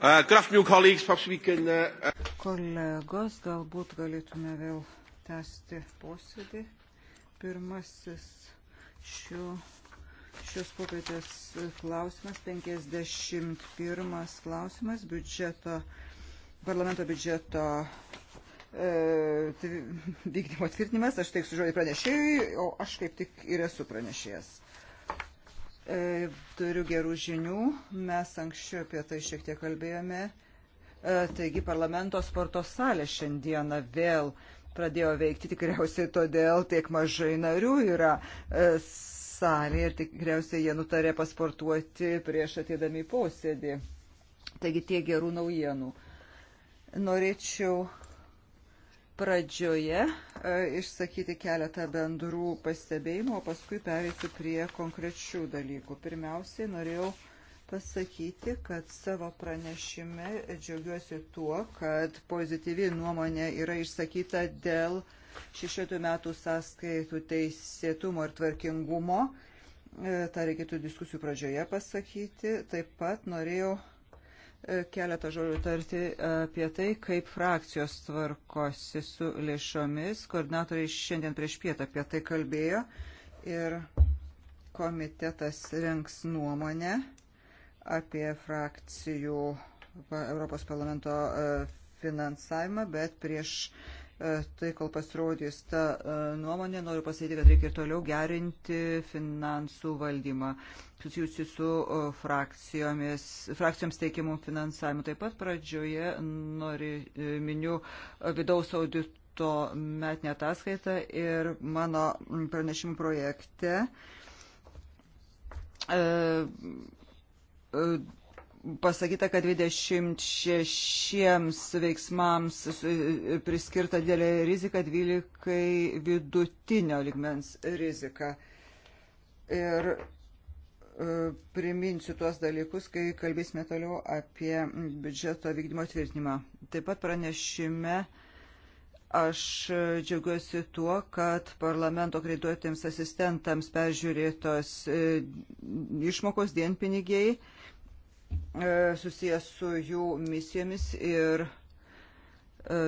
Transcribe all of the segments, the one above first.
Uh, uh, uh, Kolegos, galbūt galėtume vėl tęsti posėdį. Pirmasis šio, šios popietės klausimas, 51 klausimas, biudžeto, parlamento biudžeto E, vykdymo tvirtinimas, aš teiksiu žodį pranešėjui, o aš kaip tik ir esu pranešėjas. E, turiu gerų žinių, mes anksčiau apie tai šiek tiek kalbėjome. E, taigi parlamento sporto salė šiandieną vėl pradėjo veikti tikriausiai todėl tiek mažai narių yra salėje ir tikriausiai jie nutarė pasportuoti prieš atėdami į posėdį. Taigi tie gerų naujienų. Norėčiau pradžioje e, išsakyti keletą bendrų pastebėjimų, o paskui pereisiu prie konkrečių dalykų. Pirmiausiai norėjau pasakyti, kad savo pranešime džiaugiuosi tuo, kad pozityvi nuomonė yra išsakyta dėl 16 metų sąskaitų teisėtumo ir tvarkingumo. E, Ta reikėtų diskusijų pradžioje pasakyti. Taip pat norėjau E, keletą žodžių tarti apie tai, kaip frakcijos tvarkosi su lėšomis. Koordinatoriai šiandien prieš pietą apie tai kalbėjo ir komitetas renks nuomonę apie frakcijų Europos parlamento e, finansavimą, bet prieš E, tai kol pasirodys ta e, nuomonė, noriu pasakyti, kad reikia ir toliau gerinti finansų valdymą, susijusi su e, frakcijomis, frakcijoms teikimų finansavimu. Taip pat pradžioje nori, miniu vidaus audito metinę ataskaitą ir mano pranešimų projekte. E, e, pasakyta, kad 26 veiksmams priskirta dėlė rizika, 12 vidutinio ligmens rizika. Ir e, priminsiu tuos dalykus, kai kalbėsime toliau apie biudžeto vykdymo tvirtinimą. Taip pat pranešime aš džiaugiuosi tuo, kad parlamento kredituotėms asistentams peržiūrėtos e, išmokos dienpinigiai E, susijęs su jų misijomis ir e,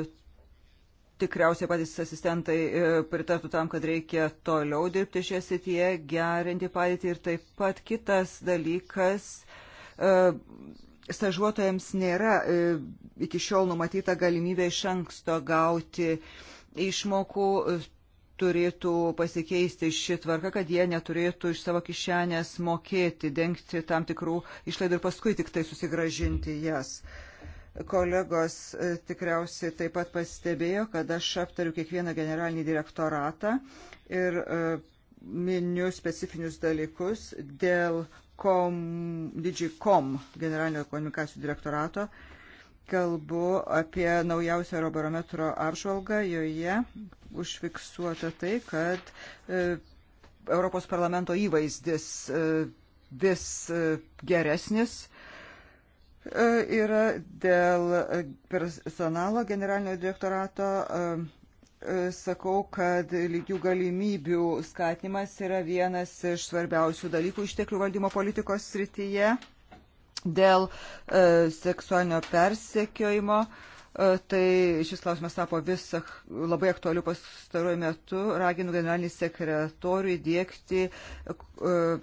tikriausiai patys asistentai e, pritartų tam, kad reikia toliau dirbti šioje srityje, gerinti padėtį ir taip pat kitas dalykas stažuotojams nėra iki šiol numatyta galimybė iš anksto gauti išmokų, turėtų pasikeisti ši tvarka, kad jie neturėtų iš savo kišenės mokėti, dengti tam tikrų išlaidų ir paskui tik tai susigražinti jas. Kolegos e, tikriausiai taip pat pastebėjo, kad aš aptariu kiekvieną generalinį direktoratą ir e, miniu specifinius dalykus dėl kom, DigiCom generalinio komunikacijų direktorato. Uh, kalbu apie naujausią Eurobarometro apžvalgą, joje užfiksuota tai, kad e, Europos parlamento įvaizdis e, vis e, geresnis yra dėl personalo generalinio direktorato. Sakau, kad lygių galimybių skatinimas yra vienas iš svarbiausių dalykų išteklių valdymo politikos srityje. Dėl e, seksualinio persekiojimo, e, tai šis klausimas tapo vis labai aktualiu pastaruoju metu. Raginu generalinį sekretorių įdėkti. E,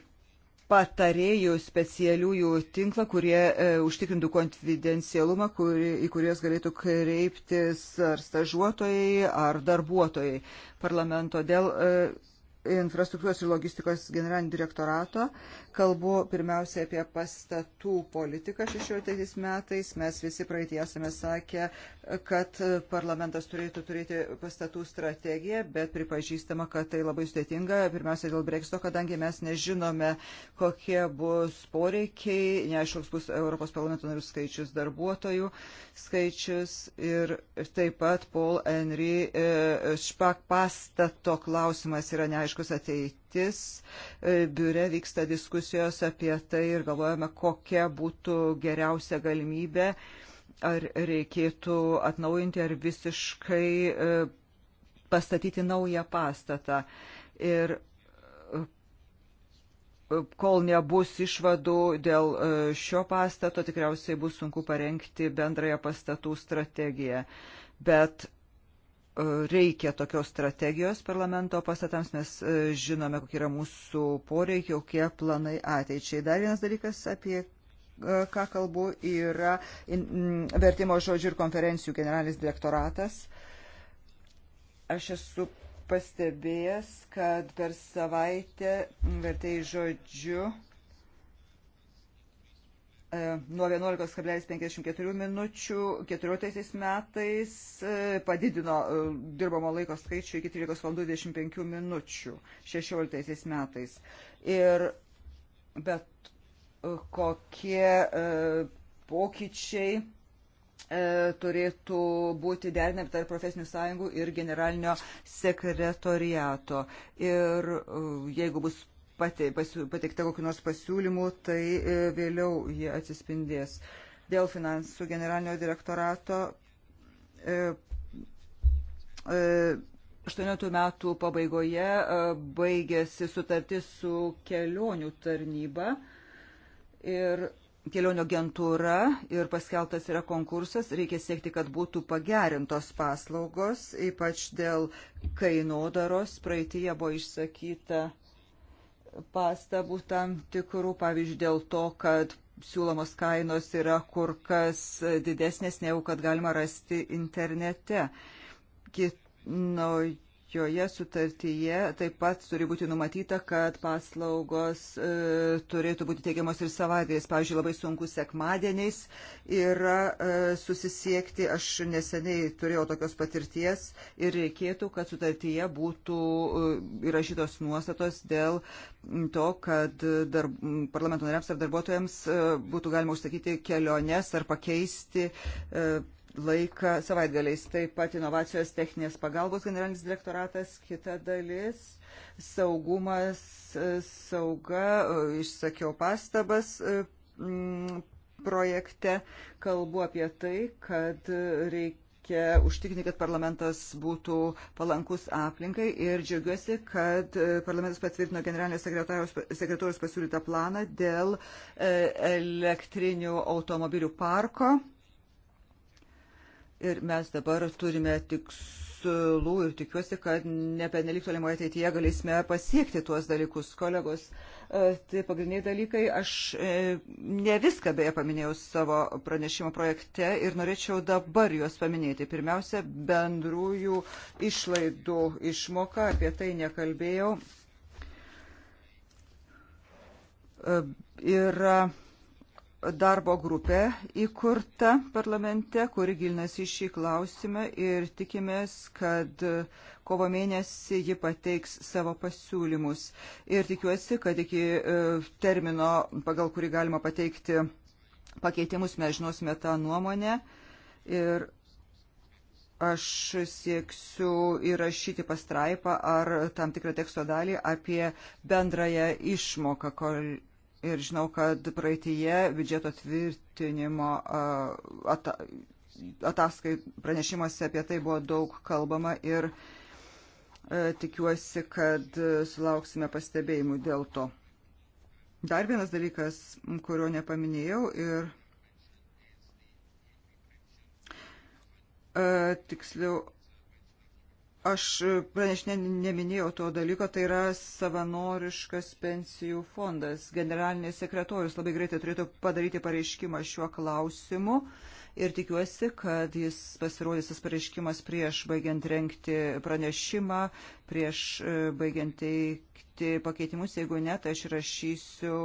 patarėjų specialiųjų tinklą, kurie e, užtikrintų konfidencialumą, kuri, į kurias galėtų kreiptis ar stažuotojai, ar darbuotojai parlamento dėl e, infrastruktūros ir logistikos generalinio direktorato. Kalbu pirmiausia apie pastatų politiką 16 metais. Mes visi praeitie esame sakę, kad parlamentas turėtų turėti pastatų strategiją, bet pripažįstama, kad tai labai sudėtinga. Pirmiausia dėl Brexito, kadangi mes nežinome, kokie bus poreikiai, neaiškus bus Europos parlamento narių skaičius, darbuotojų skaičius ir taip pat Paul Henry e, Špak pastato klausimas yra neaiškus aiškus ateitis. E, biure vyksta diskusijos apie tai ir galvojame, kokia būtų geriausia galimybė, ar reikėtų atnaujinti ar visiškai e, pastatyti naują pastatą. Ir e, kol nebus išvadų dėl šio pastato, tikriausiai bus sunku parengti bendrąją pastatų strategiją. Bet reikia tokios strategijos parlamento pastatams, mes e, žinome, kokie yra mūsų poreikiai, kokie planai ateičiai. Dar vienas dalykas, apie e, ką kalbu, yra vertimo žodžių ir konferencijų generalinis direktoratas. Aš esu pastebėjęs, kad per savaitę vertai žodžiu E, nuo 11,54 minučių 14 metais e, padidino e, dirbamo laiko skaičių iki 13,25 minučių 16 metais. Ir bet kokie pokyčiai turėtų būti derinami tarp profesinių sąjungų ir generalinio sekretoriato. Ir jeigu bus pateikta kokiu nors pasiūlymu, tai e, vėliau jie atsispindės. Dėl finansų generalinio direktorato 18 e, e, metų pabaigoje baigėsi sutartis su kelionių tarnyba ir kelionių agentūra ir paskeltas yra konkursas. Reikia siekti, kad būtų pagerintos paslaugos, ypač dėl kainodaros. Praeitie buvo išsakyta pastabų tam tikrų, pavyzdžiui, dėl to, kad siūlomos kainos yra kur kas didesnės, negu kad galima rasti internete. Kit, nu, Joje sutartyje taip pat turi būti numatyta, kad paslaugos e, turėtų būti teikiamos ir savaitės. Pavyzdžiui, labai sunku sekmadieniais yra e, susisiekti. Aš neseniai turėjau tokios patirties ir reikėtų, kad sutartyje būtų e, įrašytos nuostatos dėl to, kad darb, parlamento nariams ar darbuotojams e, būtų galima užsakyti keliones ar pakeisti. E, laiką savaitgaliais. Taip pat inovacijos techninės pagalbos generalinis direktoratas, kita dalis, saugumas, sauga, išsakiau pastabas mm, projekte, kalbu apie tai, kad reikia reikia užtikrinti, kad parlamentas būtų palankus aplinkai ir džiaugiuosi, kad parlamentas patvirtino generalinio sekretoriaus pasiūlytą planą dėl e, elektrinių automobilių parko Ir mes dabar turime tikslų ir tikiuosi, kad nepenelik tolimoje ateityje galėsime pasiekti tuos dalykus. Kolegos, e, tai pagrindiniai dalykai. Aš e, ne viską beje paminėjau savo pranešimo projekte ir norėčiau dabar juos paminėti. Pirmiausia, bendrųjų išlaidų išmoka, apie tai nekalbėjau. E, yra darbo grupė įkurta parlamente, kuri gilinasi į šį klausimą ir tikimės, kad kovo mėnesį ji pateiks savo pasiūlymus. Ir tikiuosi, kad iki e, termino, pagal kurį galima pateikti pakeitimus, mes žinosime tą nuomonę. Ir aš sieksiu įrašyti pastraipą ar tam tikrą teksto dalį apie bendrąją išmoką, kol ir žinau, kad praeitįje biudžeto tvirtinimo ata, ataskai pranešimuose apie tai buvo daug kalbama ir e, tikiuosi, kad e, sulauksime pastebėjimų dėl to. Dar vienas dalykas, kurio nepaminėjau ir e, tiksliau Aš e, pranešinė neminėjau to dalyko, tai yra savanoriškas pensijų fondas. Generalinis sekretorius labai greitai turėtų padaryti pareiškimą šiuo klausimu. Uh, ir tikiuosi, kad jis pasirodys tas pareiškimas prieš baigiant renkti pranešimą, prieš e, baigiant teikti pakeitimus, jeigu ne, tai aš rašysiu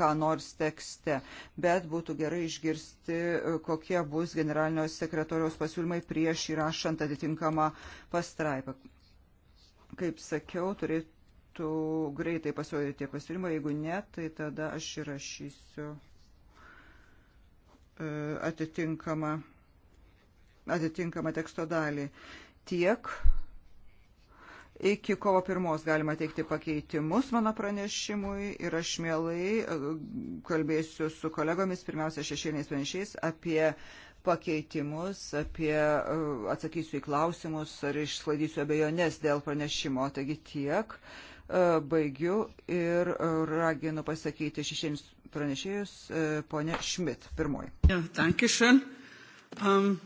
ką nors tekste. Bet būtų gerai išgirsti, e, kokie bus generalinio sekretoriaus pasiūlymai prieš įrašant atitinkamą pastraipą. Kaip sakiau, turėtų greitai pasirodyti tie pasiūlymai, jeigu ne, tai tada aš įrašysiu E, atitinkamą, atitinkamą teksto dalį. Tiek Iki kovo pirmos galima teikti pakeitimus mano pranešimui ir aš mielai e, kalbėsiu su kolegomis, pirmiausia šešėliniais pranešėjais, apie pakeitimus, apie e, atsakysiu į klausimus ar išsklaidysiu abejonės dėl pranešimo. Taigi tiek baigiu ir raginu pasakyti šešėlinius pranešėjus e, ponė Šmit. Pirmoji. Ja, dankeschön. Um, ähm,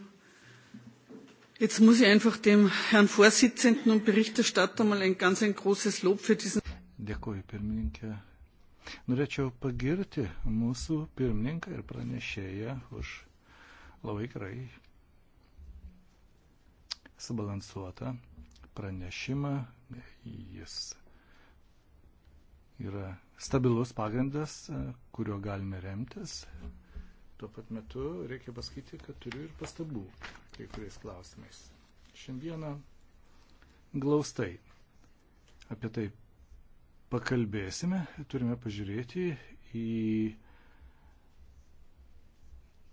jetzt muss ich einfach dem Herrn Vorsitzenden und Berichterstatter mal ein ganz ein großes Lob für diesen. Dėkuoju, pirmininkė. Norėčiau pagirti mūsų pirmininką ir pranešėją už labai gerai subalansuotą pranešimą. Jis yra stabilus pagrindas, e, kuriuo galime remtis. Tuo pat metu reikia pasakyti, kad turiu ir pastabų kai kuriais klausimais. Šiandieną glaustai apie tai pakalbėsime, turime pažiūrėti į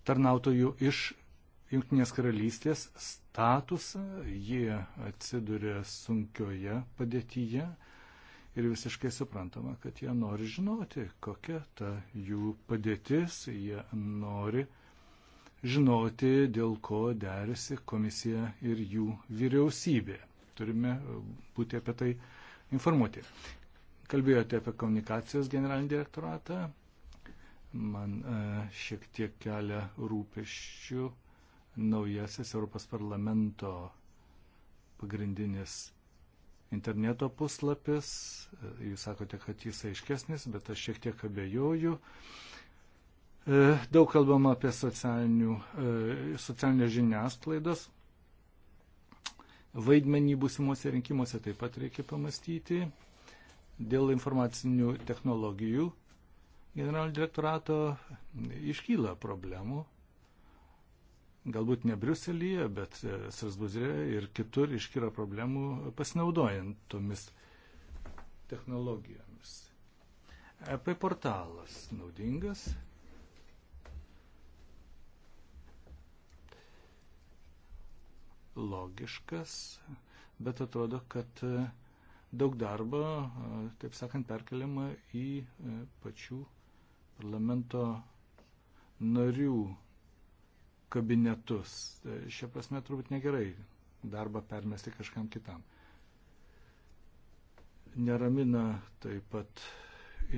tarnautojų iš Junktinės karalystės statusą, jie atsiduria sunkioje padėtyje, Ir visiškai suprantama, kad jie nori žinoti, kokia ta jų padėtis, jie nori žinoti, dėl ko derisi komisija ir jų vyriausybė. Turime e, būti apie tai informuoti. Kalbėjote apie komunikacijos generalinį direktoratą. Man e, šiek tiek kelia rūpeščių naujasis Europos parlamento pagrindinis interneto puslapis. Jūs sakote, kad jis aiškesnis, bet aš šiek tiek abejoju. E, daug kalbama apie e, socialinės žiniasklaidos vaidmenį būsimuose rinkimuose taip pat reikia pamastyti. Dėl informacinių technologijų generalinio direktorato iškyla problemų galbūt ne Briuselyje, bet e, Strasbūzė ir kitur iškyra problemų pasinaudojant tomis technologijomis. EP portalas naudingas. Logiškas, bet atrodo, kad e, daug darbo, e, taip sakant, perkeliama į pačių parlamento narių kabinetus. Tai šia prasme turbūt negerai darbą permesti kažkam kitam. Neramina taip pat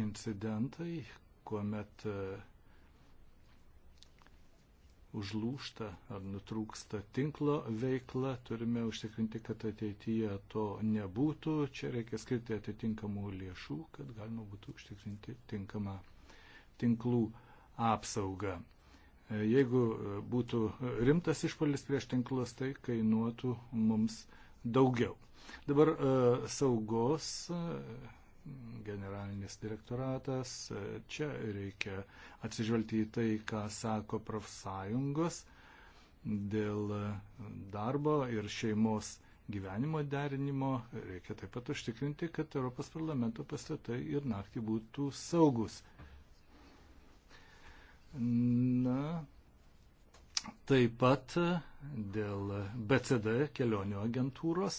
incidentai, kuomet e, užlūšta ar nutrūksta tinklo veikla, turime užtikrinti, kad ateityje to nebūtų. Čia reikia skirti atitinkamų lėšų, kad galima būtų užtikrinti tinkamą tinklų apsaugą. Jeigu e, būtų rimtas išpolis prieš tinklus, tai kainuotų mums daugiau. Dabar e, saugos e, generalinis direktoratas, čia reikia atsižvelgti į tai, ką sako profsąjungos dėl darbo ir šeimos gyvenimo derinimo, reikia taip pat užtikrinti, kad Europos parlamento pastatai ir naktį būtų saugus. Na, taip pat dėl BCD kelionių agentūros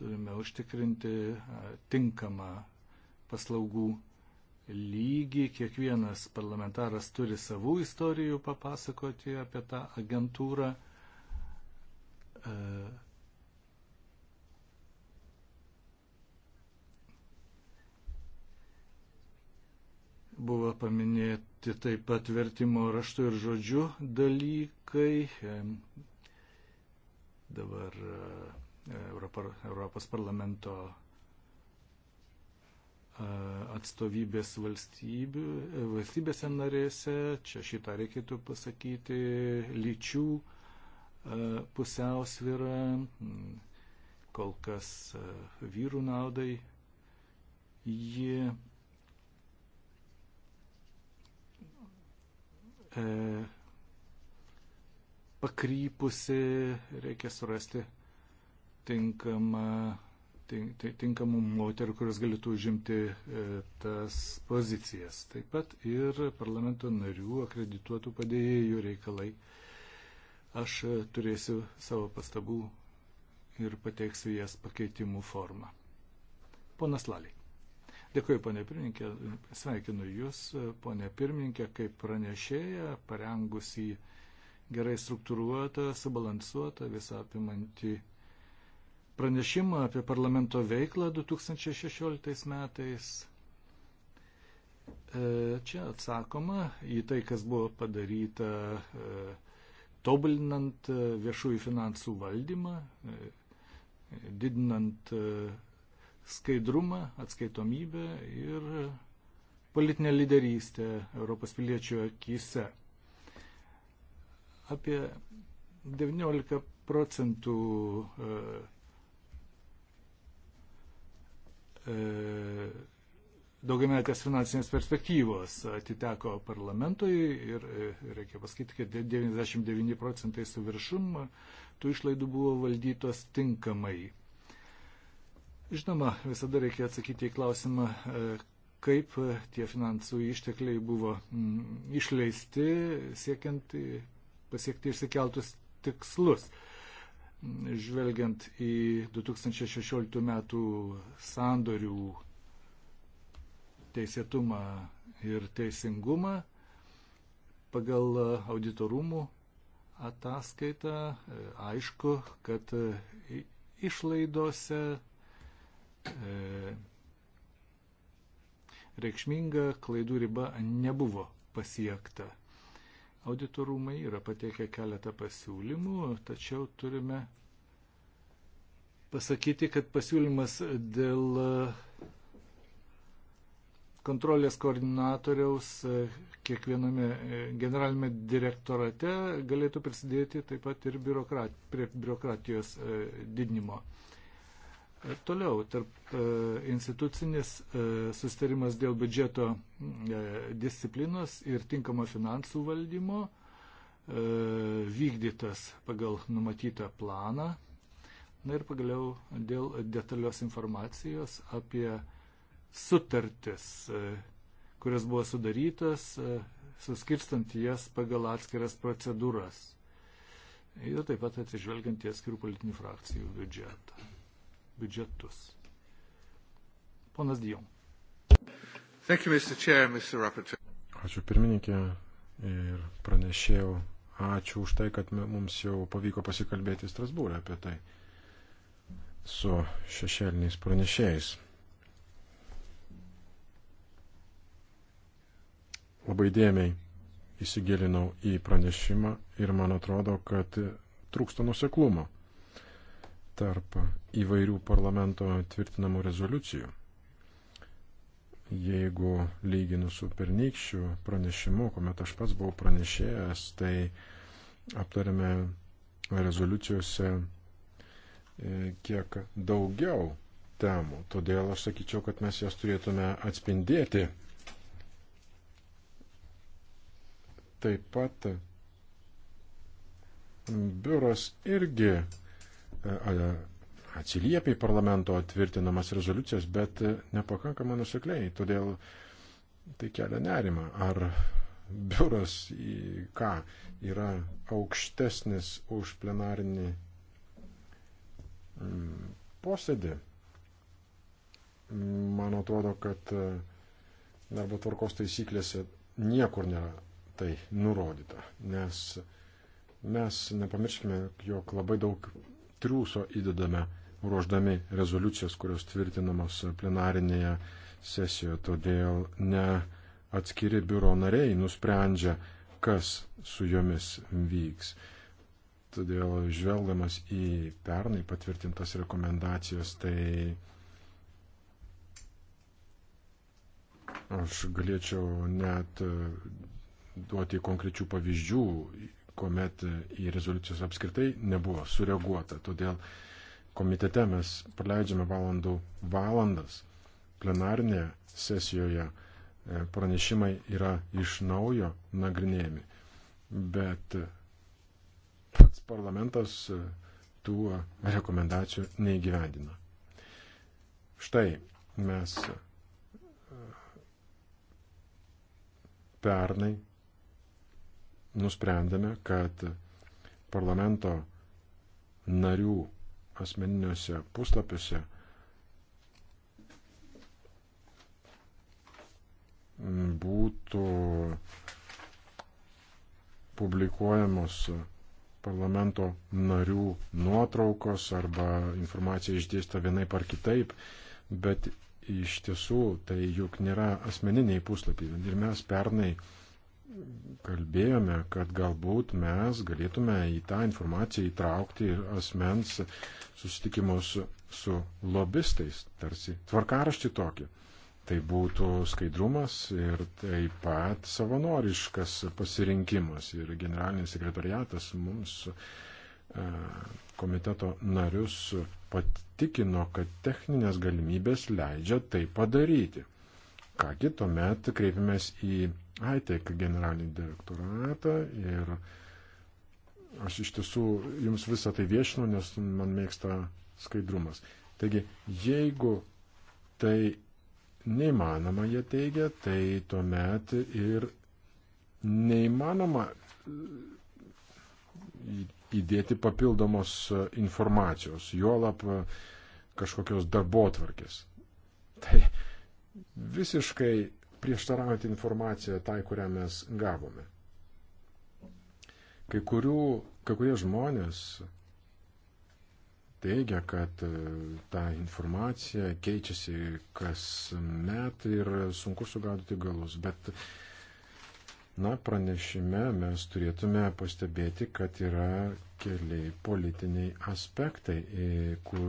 turime užtikrinti tinkamą paslaugų lygį. Kiekvienas parlamentaras turi savų istorijų papasakoti apie tą agentūrą. E, Buvo paminėti taip pat vertimo raštu ir žodžiu dalykai. Dabar e, Europos parlamento e, atstovybės valstybių, e, valstybėse narėse, čia šitą reikėtų pasakyti, lyčių pusiausvyrą, kol kas vyrų naudai ji e, pakrypusi, reikia surasti tinkamą, tink, tinkamų moterų, kurios galėtų užimti e, tas pozicijas. Taip pat ir parlamento narių akredituotų padėjėjų reikalai. Aš e, turėsiu savo pastabų ir pateiksiu jas pakeitimų formą. Ponas Laliai. Dėkuoju, ponė pirmininkė, sveikinu Jūs, ponė pirmininkė, kaip pranešėja, parengusi gerai struktūruotą, subalansuotą, visą apimantį pranešimą apie parlamento veiklą 2016 metais. E, čia atsakoma į tai, kas buvo padaryta e, tobulinant e, viešųjų finansų valdymą, didinant skaidrumą, atskaitomybę ir politinę lyderystę Europos piliečių akise. Apie 19 procentų e, e, daugiametės finansinės perspektyvos atiteko parlamentui ir e, reikia pasakyti, kad 99 procentai su viršum tų išlaidų buvo valdytos tinkamai. Žinoma, visada reikia atsakyti į klausimą, e, kaip e, tie finansų ištekliai buvo išleisti siekiant pasiekti išsikeltus tikslus. Žvelgiant į 2016 metų sandorių teisėtumą ir teisingumą, pagal auditorumų ataskaitą e, aišku, kad išlaidose E, reikšminga klaidų riba nebuvo pasiekta. Auditorumai yra pateikę keletą pasiūlymų, tačiau turime pasakyti, kad pasiūlymas dėl e, kontrolės koordinatoriaus e, kiekviename generalinėme direktorate galėtų prisidėti taip pat ir biurokrat, prie biurokratijos didinimo. E, toliau, tarp e, institucinis e, sustarimas dėl biudžeto disciplinos ir tinkamo finansų valdymo vykdytas pagal numatytą planą. Na ir pagaliau dėl detalios informacijos apie sutartis, kurios buvo sudarytas, suskirstant jas pagal atskiras procedūras. Ir taip pat atsižvelgiant į atskirų politinių frakcijų biudžetą biudžetus. Ponas Dijon. Ačiū pirmininkė ir pranešėjau. Ačiū už tai, kad mums jau pavyko pasikalbėti Strasbūrė apie tai su šešėliniais pranešėjais. Labai dėmiai įsigilinau į pranešimą ir man atrodo, kad trūksta nuseklumo tarp įvairių parlamento tvirtinamų rezoliucijų. Jeigu lyginu su pernykščiu pranešimu, kuomet aš pats buvau pranešėjęs, tai aptarėme rezoliucijose e, kiek daugiau temų. Todėl aš sakyčiau, kad mes jas turėtume atspindėti. Taip pat biuras irgi atsiliepia į parlamento atvirtinamas rezoliucijas, bet nepakankamai nusekliai. Todėl tai kelia nerima. Ar biuras į ką yra aukštesnis už plenarinį mm, posėdį? Man atrodo, kad e, darbo tvarkos taisyklėse niekur nėra tai nurodyta, nes mes nepamirškime, jog labai daug triūso įdedame ruoždami rezoliucijas, kurios tvirtinamos plenarinėje sesijoje. Todėl ne atskiri biuro nariai nusprendžia, kas su jomis vyks. Todėl žvelgdamas į pernai patvirtintas rekomendacijas, tai aš galėčiau net duoti konkrečių pavyzdžių, kuomet į rezoliucijos apskritai nebuvo sureaguota. Todėl komitete mes praleidžiame valandų valandas. Plenarinėje sesijoje e, pranešimai yra iš naujo nagrinėjami. Bet pats parlamentas e, tų rekomendacijų neįgyvendina. Štai mes e, pernai nusprendėme, kad parlamento narių asmeniniuose puslapiuose būtų publikuojamos parlamento narių nuotraukos arba informacija išdėsta vienaip ar kitaip, bet iš tiesų tai juk nėra asmeniniai puslapiai. Ir mes pernai kalbėjome, kad galbūt mes galėtume į tą informaciją įtraukti ir asmens susitikimus su lobistais, tarsi tvarkaraštį tokį. Tai būtų skaidrumas ir taip pat savanoriškas pasirinkimas. Ir generalinis sekretariatas mums e, komiteto narius patikino, kad techninės galimybės leidžia tai padaryti. Kągi tuomet kreipiamės į ITEC generalinį direktoratą ir aš iš tiesų jums visą tai viešinu, nes man mėgsta skaidrumas. Taigi, jeigu tai neįmanoma, jie teigia, tai tuomet ir neįmanoma įdėti papildomos informacijos, juolap kažkokios darbo tvarkės. Tai visiškai prieštaraujantį informaciją tai, kurią mes gavome. Kai, kurių, kai kurie žmonės teigia, kad e, ta informacija keičiasi kas met ir sunku sugaudyti galus, bet Na, pranešime mes turėtume pastebėti, kad yra keli politiniai aspektai, e, kur,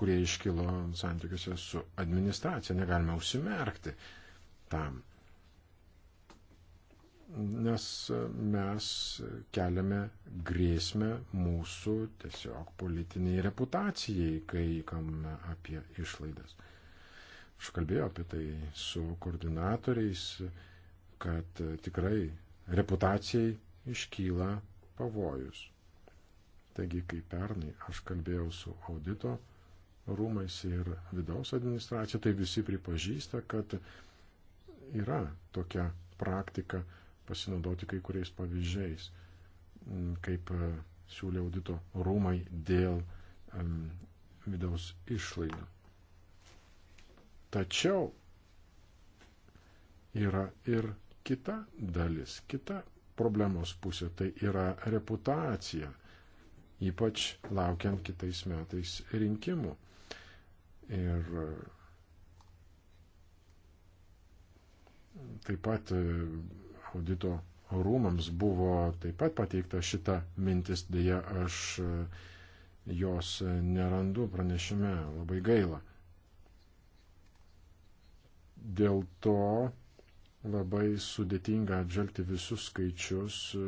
kurie iškilo santykiuose su administracija. Negalime užsimerkti. Uh, tam. Nes mes keliame grėsmę mūsų tiesiog politiniai reputacijai, kai kalbame apie išlaidas. Aš kalbėjau apie tai su koordinatoriais, kad tikrai reputacijai iškyla pavojus. Taigi, kai pernai aš kalbėjau su audito rūmais ir vidaus administracija, tai visi pripažįsta, kad yra tokia praktika pasinaudoti kai kuriais pavyzdžiais, kaip e, siūlė audito rūmai dėl vidaus išlaidų. Tačiau yra ir kita dalis, kita problemos pusė, tai yra reputacija, ypač laukiant kitais metais rinkimų. Ir Taip pat e, audito rūmams buvo taip pat pateikta šita mintis, dėja aš e, jos nerandu pranešime, labai gaila. Dėl to labai sudėtinga apžvelgti visus skaičius e,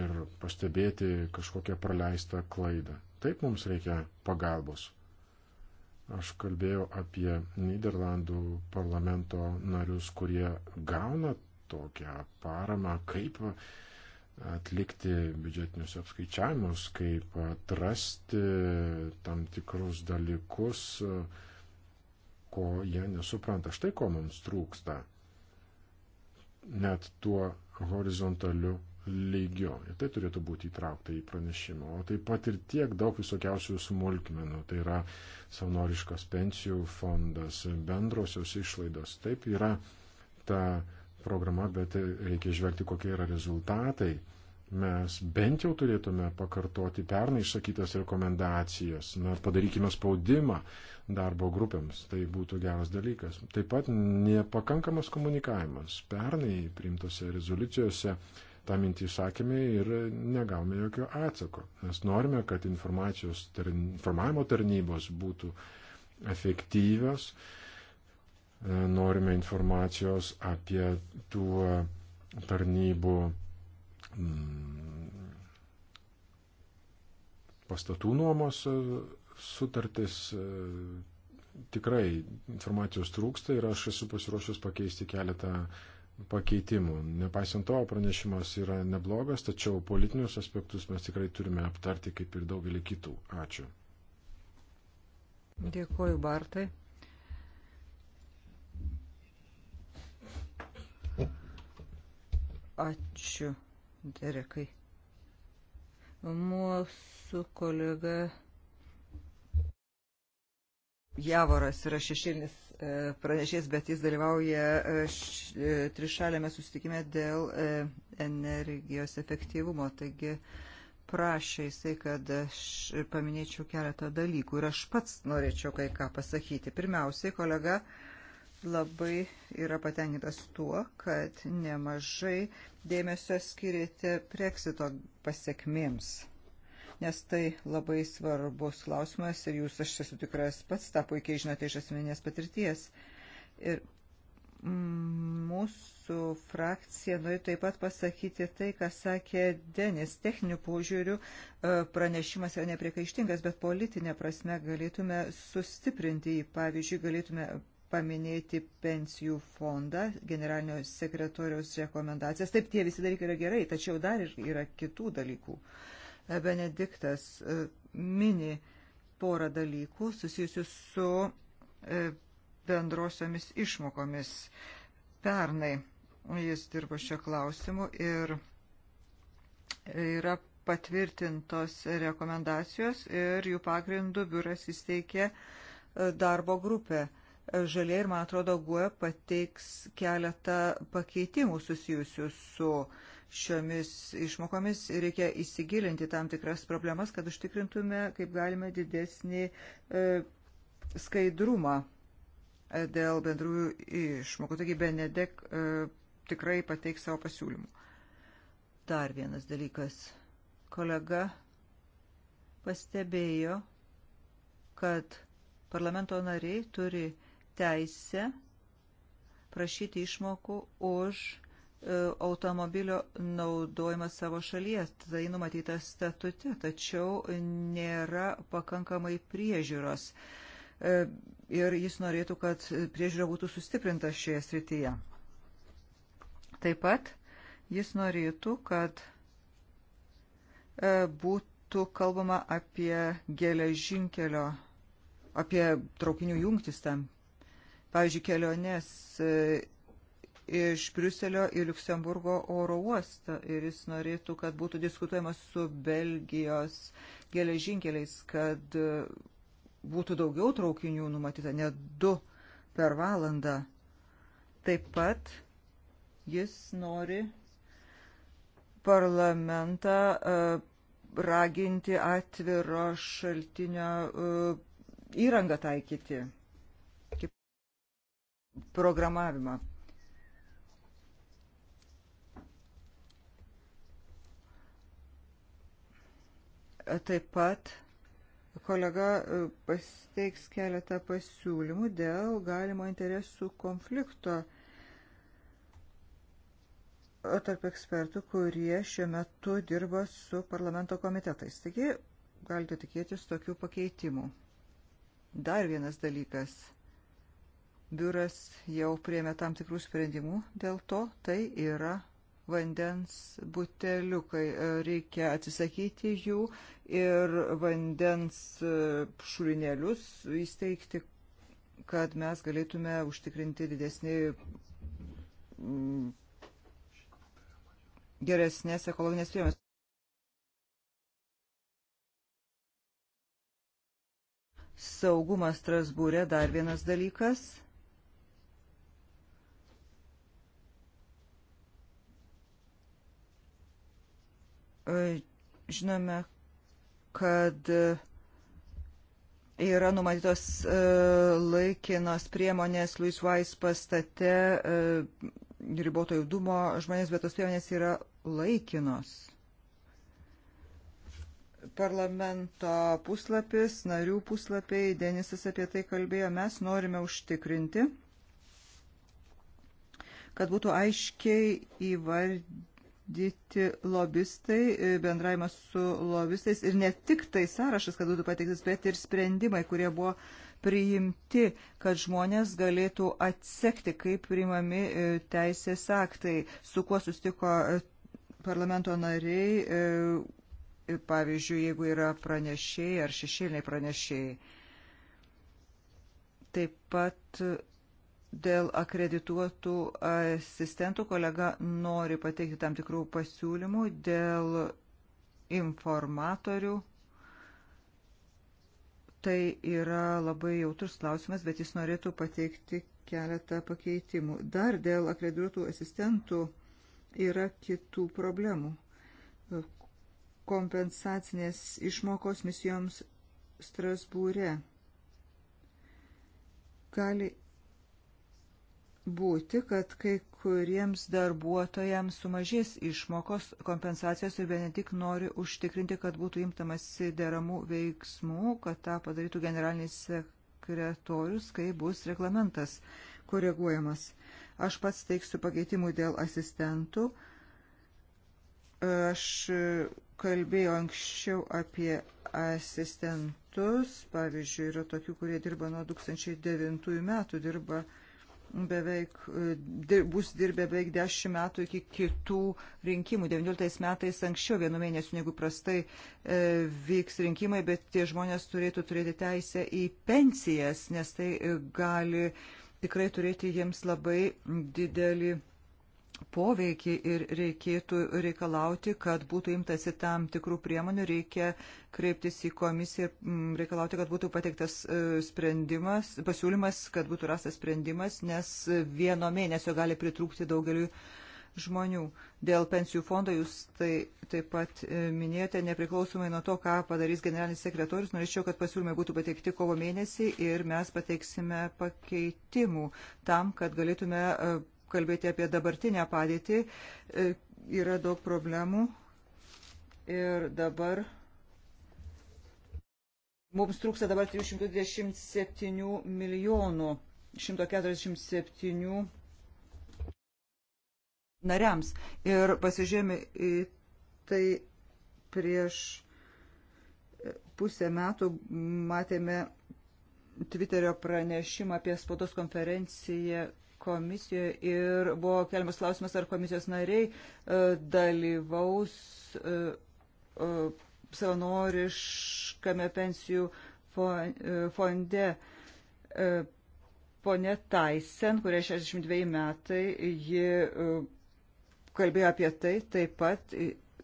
ir pastebėti kažkokią praleistą klaidą. Taip mums reikia pagalbos. Aš kalbėjau apie Niderlandų parlamento narius, kurie gauna tokią paramą, kaip atlikti biudžetinius apskaičiavimus, kaip atrasti tam tikrus dalykus, ko jie nesupranta. Štai ko mums trūksta. Net tuo horizontaliu lygiu. Ir tai turėtų būti įtraukta į pranešimą. O taip pat ir tiek daug visokiausių smulkmenų. Tai yra savanoriškas pensijų fondas, bendrosios išlaidos. Taip yra ta programa, bet reikia žvelgti, kokie yra rezultatai. Mes bent jau turėtume pakartoti pernai išsakytas rekomendacijas. Na, padarykime spaudimą darbo grupėms. Tai būtų geras dalykas. Taip pat nepakankamas komunikavimas. Pernai priimtose rezoliucijose uh, tą mintį išsakėme ir negavome jokio atsako. Mes norime, kad informacijos, informavimo tarnybos būtų efektyvios, e, norime informacijos apie tų e, tarnybų mm, pastatų nuomos e, sutartis. Tikrai informacijos trūksta ir aš esu pasiruošęs pakeisti keletą pakeitimų. Nepaisant to, pranešimas yra neblogas, tačiau politinius aspektus mes tikrai turime aptarti kaip ir daugelį kitų. Ačiū. Dėkuoju, Bartai. Ačiū, Derekai. Mūsų kolega Javoras yra šešėlis E, pranešės, bet jis dalyvauja e, e, trišalėme susitikime dėl energijos efektyvumo. Taigi prašė jisai, kad aš paminėčiau keletą dalykų ir aš pats norėčiau kai ką pasakyti. Pirmiausiai, kolega labai yra patenkintas tuo, kad nemažai dėmesio skiriate Brexito pasiekmėms nes tai labai svarbus klausimas ir jūs, aš esu tikras, pats tą puikiai žinote iš asmeninės patirties. Ir mūsų frakcija nori taip pat pasakyti tai, ką sakė Denis. Techninių požiūrių e, pranešimas yra nepriekaištingas, bet politinė prasme galėtume sustiprinti jį. Pavyzdžiui, galėtume paminėti pensijų fondą, generalinio sekretoriaus rekomendacijas. Taip, tie visi dalykai yra gerai, tačiau dar yra kitų dalykų. Uh, Benediktas e, mini porą dalykų susijusių su e, bendrosiomis išmokomis. Pernai jis dirbo šio klausimu ir yra patvirtintos rekomendacijos ir jų pagrindų biuras įsteigė e, darbo grupę. Žaliai ir, man atrodo, GUE pateiks keletą pakeitimų susijusių su uh, šiomis išmokomis ir reikia įsigilinti tam tikras problemas, kad užtikrintume, kaip galime, didesnį e, skaidrumą e, dėl bendrųjų išmokų. Taigi Benedek e, tikrai pateiks savo pasiūlymų. Dar vienas dalykas. Kolega pastebėjo, kad parlamento nariai turi teisę prašyti išmokų už E, automobilio naudojimas savo šalyje. Tai numatyta statute, tačiau nėra pakankamai priežiūros. E, ir jis norėtų, kad priežiūra būtų sustiprinta šioje srityje. Taip pat jis norėtų, kad e, būtų kalbama apie geležinkelio, apie traukinių jungtis tam. Pavyzdžiui, keliones iš Briuselio į Luksemburgo oro uostą ir jis norėtų, kad būtų diskutuojama su Belgijos geležinkeliais, kad e, būtų daugiau traukinių numatyta, ne du per valandą. Taip pat jis nori parlamentą e, raginti atviro šaltinio e, įrangą taikyti, kaip programavimą. Taip pat kolega e, pasteiks keletą pasiūlymų dėl galimo interesų konflikto e, tarp ekspertų, kurie šiuo metu dirba su parlamento komitetais. Taigi, galite tikėtis tokių pakeitimų. Dar vienas dalykas. Biuras jau priemė tam tikrų sprendimų, dėl to tai yra vandens buteliukai. Reikia atsisakyti jų ir vandens e, šulinėlius įsteigti, kad mes galėtume užtikrinti didesnį mm, geresnės ekologinės priemonės. Saugumas Strasbūrė dar vienas dalykas. Žinome, kad yra numatytos e, laikinos priemonės Louis Weiss pastate e, riboto judumo žmonės, bet tos priemonės yra laikinos. Parlamento puslapis, narių puslapiai, Denisas apie tai kalbėjo, mes norime užtikrinti, kad būtų aiškiai įvardinti nustatyti lobistai, e, bendravimas su lobistais ir ne tik tai sąrašas, kad būtų pateiktas, bet ir sprendimai, kurie buvo priimti, kad žmonės galėtų atsekti, kaip priimami e, teisės aktai, su kuo sustiko e, parlamento nariai, pavyzdžiui, jeigu yra pranešėjai ar šešėliniai pranešėjai. Taip pat Dėl akredituotų asistentų kolega nori pateikti tam tikrų pasiūlymų dėl informatorių. Tai yra labai jautrus klausimas, bet jis norėtų pateikti keletą pakeitimų. Dar dėl akredituotų asistentų yra kitų problemų. Kompensacinės išmokos misijoms Strasbūre gali būti, kad kai kuriems darbuotojams sumažės išmokos kompensacijos ir Benedik nori užtikrinti, kad būtų imtamasi deramų veiksmų, kad tą padarytų generalinis sekretorius, kai bus reglamentas koreguojamas. Aš pats teiksiu pakeitimų dėl asistentų. Aš kalbėjau anksčiau apie asistentus. Pavyzdžiui, yra tokių, kurie dirba nuo 2009 metų, dirba uh, beveik, e, bus dirbę beveik 10 metų iki kitų rinkimų. 19 metais anksčiau vienu mėnesiu negu prastai e, vyks rinkimai, bet tie žmonės turėtų turėti teisę į pensijas, nes tai e, gali tikrai turėti jiems labai didelį poveikį ir reikėtų reikalauti, kad būtų imtasi tam tikrų priemonių, reikia kreiptis į komisiją ir mm, reikalauti, kad būtų pateiktas e, sprendimas, pasiūlymas, kad būtų rastas sprendimas, nes vieno mėnesio gali pritrūkti daugeliu žmonių. Dėl pensijų fondo jūs tai taip pat e, minėjote, nepriklausomai nuo to, ką padarys generalinis sekretorius, norėčiau, kad pasiūlymai būtų pateikti kovo mėnesį ir mes pateiksime pakeitimų tam, kad galėtume e, kalbėti apie dabartinę padėtį. E, yra daug problemų ir dabar mums trūksta dabar 327 milijonų 147 nariams. Ir pasižiūrėjome į tai prieš pusę metų matėme Twitterio pranešimą apie spaudos konferenciją komisijoje ir buvo keliamas klausimas, ar komisijos nariai e, dalyvaus e, e, savanoriškame pensijų fonde. Pone Taisen, kuria 62 metai, ji kalbėjo apie tai taip pat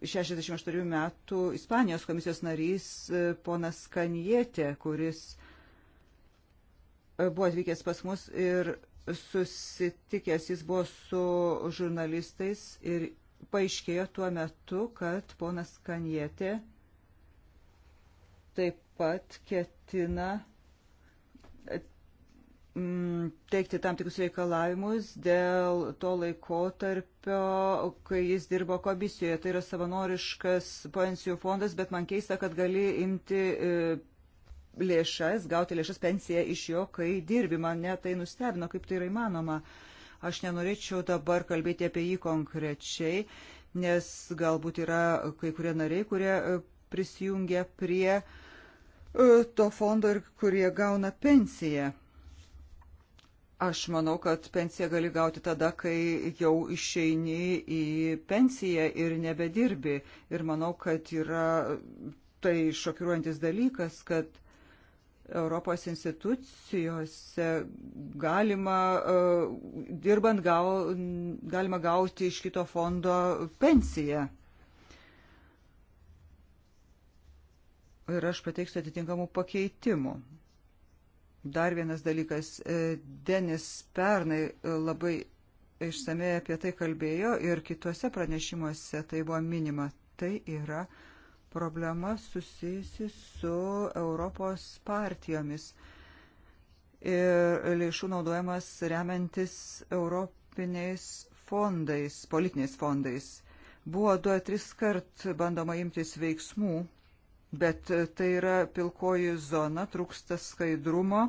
68 metų Ispanijos komisijos narys ponas Kanietė, kuris buvo atvykęs pas mus ir susitikęs jis buvo su žurnalistais ir paaiškėjo tuo metu, kad ponas Kanjetė taip pat ketina mm, teikti tam tikrus reikalavimus dėl to laikotarpio, kai jis dirbo komisijoje. Tai yra savanoriškas pensijų fondas, bet man keista, kad gali imti e, lėšas, gauti lėšas pensiją iš jo, kai dirbi. Mane tai nustebino, kaip tai yra įmanoma. Aš nenorėčiau dabar kalbėti apie jį konkrečiai, nes galbūt yra kai kurie nariai, kurie e, prisijungia prie e, to fondo ir kurie gauna pensiją. Aš manau, kad pensiją gali gauti tada, kai jau išeini į pensiją ir nebedirbi. Ir manau, kad yra tai šokiruojantis dalykas, kad Europos institucijose galima, e, dirbant gau, galima gauti iš kito fondo pensiją. Ir aš pateiksiu atitinkamų pakeitimų. Dar vienas dalykas. E, Denis pernai labai išsamei apie tai kalbėjo ir kituose pranešimuose tai buvo minima. Tai yra uh, problema susijusi su Europos partijomis ir lėšų naudojamas remiantis europiniais fondais, politiniais fondais. Buvo du ar tris kart bandoma imtis veiksmų, bet tai yra pilkoji zona, trūksta skaidrumo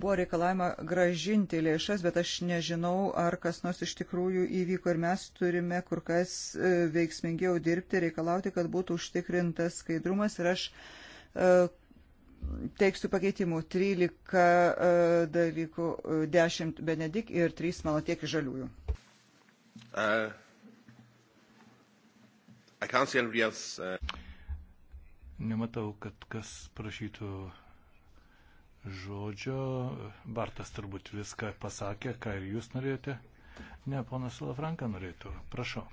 Buvo reikalavima gražinti lėšas, bet aš nežinau, ar kas nors iš tikrųjų įvyko ir mes turime kur kas e, veiksmingiau dirbti, reikalauti, kad būtų užtikrintas skaidrumas ir aš e, teiksiu pakeitimų 13 e, dalykų, 10 Benedik ir 3 mano tiek žaliųjų. Uh, else, uh... Nematau, kad kas prašytų žodžio. Bartas turbūt viską pasakė, ką ir jūs norėjote. Ne, ponas Lafranka norėtų. Prašau.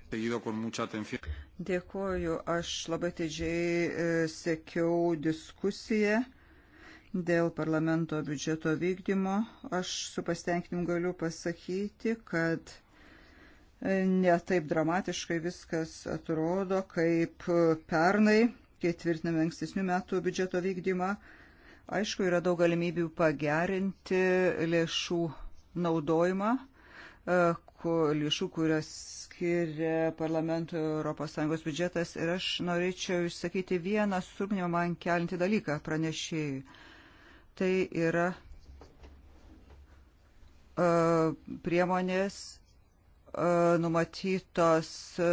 Dėkuoju. Aš labai teidžiai e, sekiau diskusiją dėl parlamento biudžeto vykdymo. Aš su pasitenkinimu galiu pasakyti, kad e, netaip dramatiškai viskas atrodo, kaip e, pernai, kai tvirtiname ankstesnių metų biudžeto vykdymą. Aišku, yra daug galimybių pagerinti lėšų naudojimą, e, lėšų, kurias skiria parlamentų ES biudžetas. Ir aš norėčiau išsakyti vieną surminimą man kelinti dalyką pranešėjui. Tai yra e, priemonės E, numatytos e,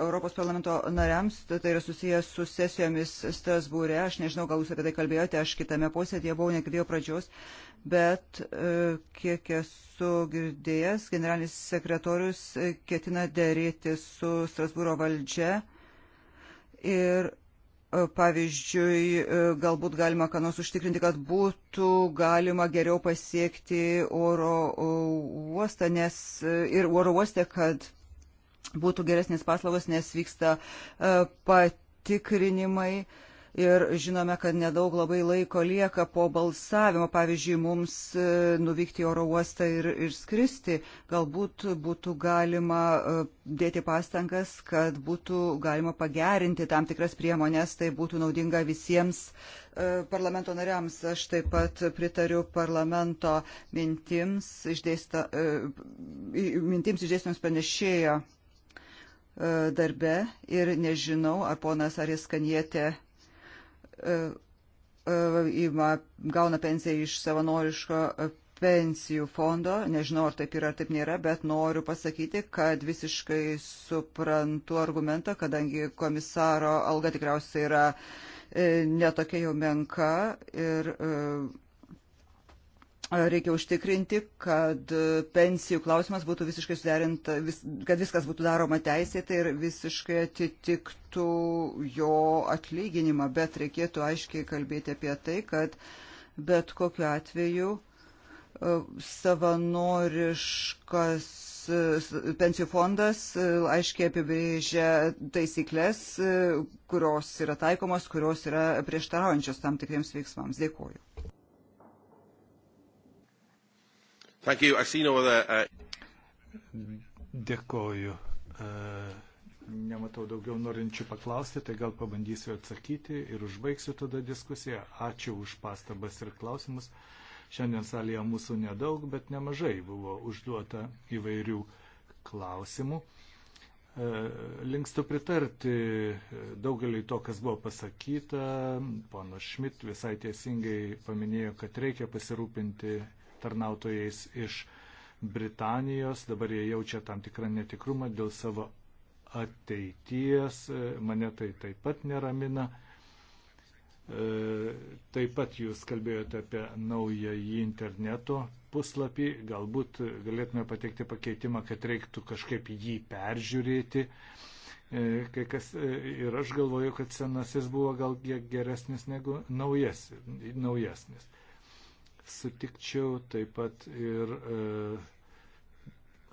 Europos parlamento nariams, tai yra susijęs su sesijomis Strasbūrė. Aš nežinau, gal jūs apie tai kalbėjote, aš kitame posėdėje buvau, negirdėjau pradžios, bet e, kiek esu girdėjęs, generalinis sekretorius ketina dėrėti su Strasbūro valdžia ir Pavyzdžiui, e, galbūt galima ką nors užtikrinti, kad būtų galima geriau pasiekti oro e, uostą nes, e, ir oro uoste, kad būtų geresnės paslaugos, nes vyksta patikrinimai. Uh, ir žinome, kad nedaug labai laiko lieka po balsavimo. Pavyzdžiui, mums e, nuvykti į oro uostą ir, ir skristi. Galbūt būtų galima e, dėti pastangas, kad būtų galima pagerinti tam tikras priemonės, tai būtų naudinga visiems e, parlamento nariams. Aš taip pat pritariu parlamento mintims, išdėsta, mintims išdėstams pranešėjo darbe ir nežinau, ar ponas Ariskanietė E, e, ima, gauna pensiją iš savanoriško pensijų fondo, nežinau ar taip yra ar taip nėra, bet noriu pasakyti, kad visiškai suprantu argumentą, kadangi komisaro alga tikriausiai yra e, netokia jau menka ir e, reikia užtikrinti, kad e, pensijų klausimas būtų visiškai suderinta, vis, kad viskas būtų daroma teisėtai ir visiškai atitiktų jo atlyginimą, bet reikėtų aiškiai kalbėti apie tai, kad bet kokiu atveju e, savanoriškas e, pensijų fondas aiškiai apibrėžia taisyklės, kurios yra taikomos, kurios yra prieštaraujančios tam tikriems veiksmams. Dėkuoju. No other... Uh, Dėkoju. E, nematau daugiau norinčių paklausti, tai gal pabandysiu atsakyti ir užbaigsiu tada diskusiją. Ačiū už pastabas ir klausimus. Šiandien salėje mūsų nedaug, bet nemažai buvo užduota įvairių klausimų. E, linkstu pritarti daugeliu to, kas buvo pasakyta. Pono Šmit visai tiesingai paminėjo, kad reikia pasirūpinti tarnautojais iš Britanijos. Dabar jie jaučia tam tikrą netikrumą dėl savo ateities. Mane tai taip pat neramina. E, taip pat jūs kalbėjote apie naująjį interneto puslapį, galbūt galėtume pateikti pakeitimą, kad reiktų kažkaip jį peržiūrėti. E, kai kas, e, ir aš galvoju, kad senasis buvo gal geresnis negu naujasis. naujesnis sutikčiau taip pat ir e,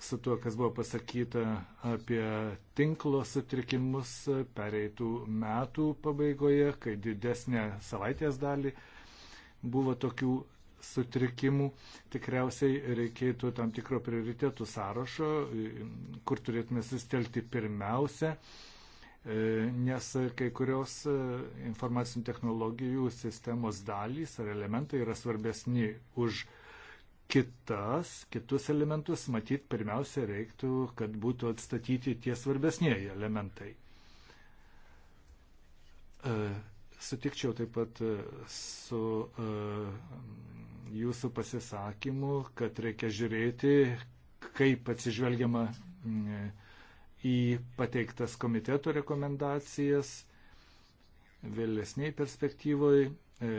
su tuo, kas buvo pasakyta apie tinklo sutrikimus e, pereitų metų pabaigoje, kai didesnę savaitės dalį buvo tokių sutrikimų. Tikriausiai reikėtų tam tikro prioritėtų sąrašo, kur turėtume sustelti pirmiausia E, nes kai kurios e, informacinių technologijų sistemos dalys ar elementai yra svarbesni už kitas, kitus elementus, matyt, pirmiausia reiktų, kad būtų atstatyti tie svarbesnėji elementai. E, sutikčiau taip pat su jūsų pasisakymu, kad reikia žiūrėti, kaip atsižvelgiama į pateiktas komiteto rekomendacijas vėlesniai perspektyvoj e,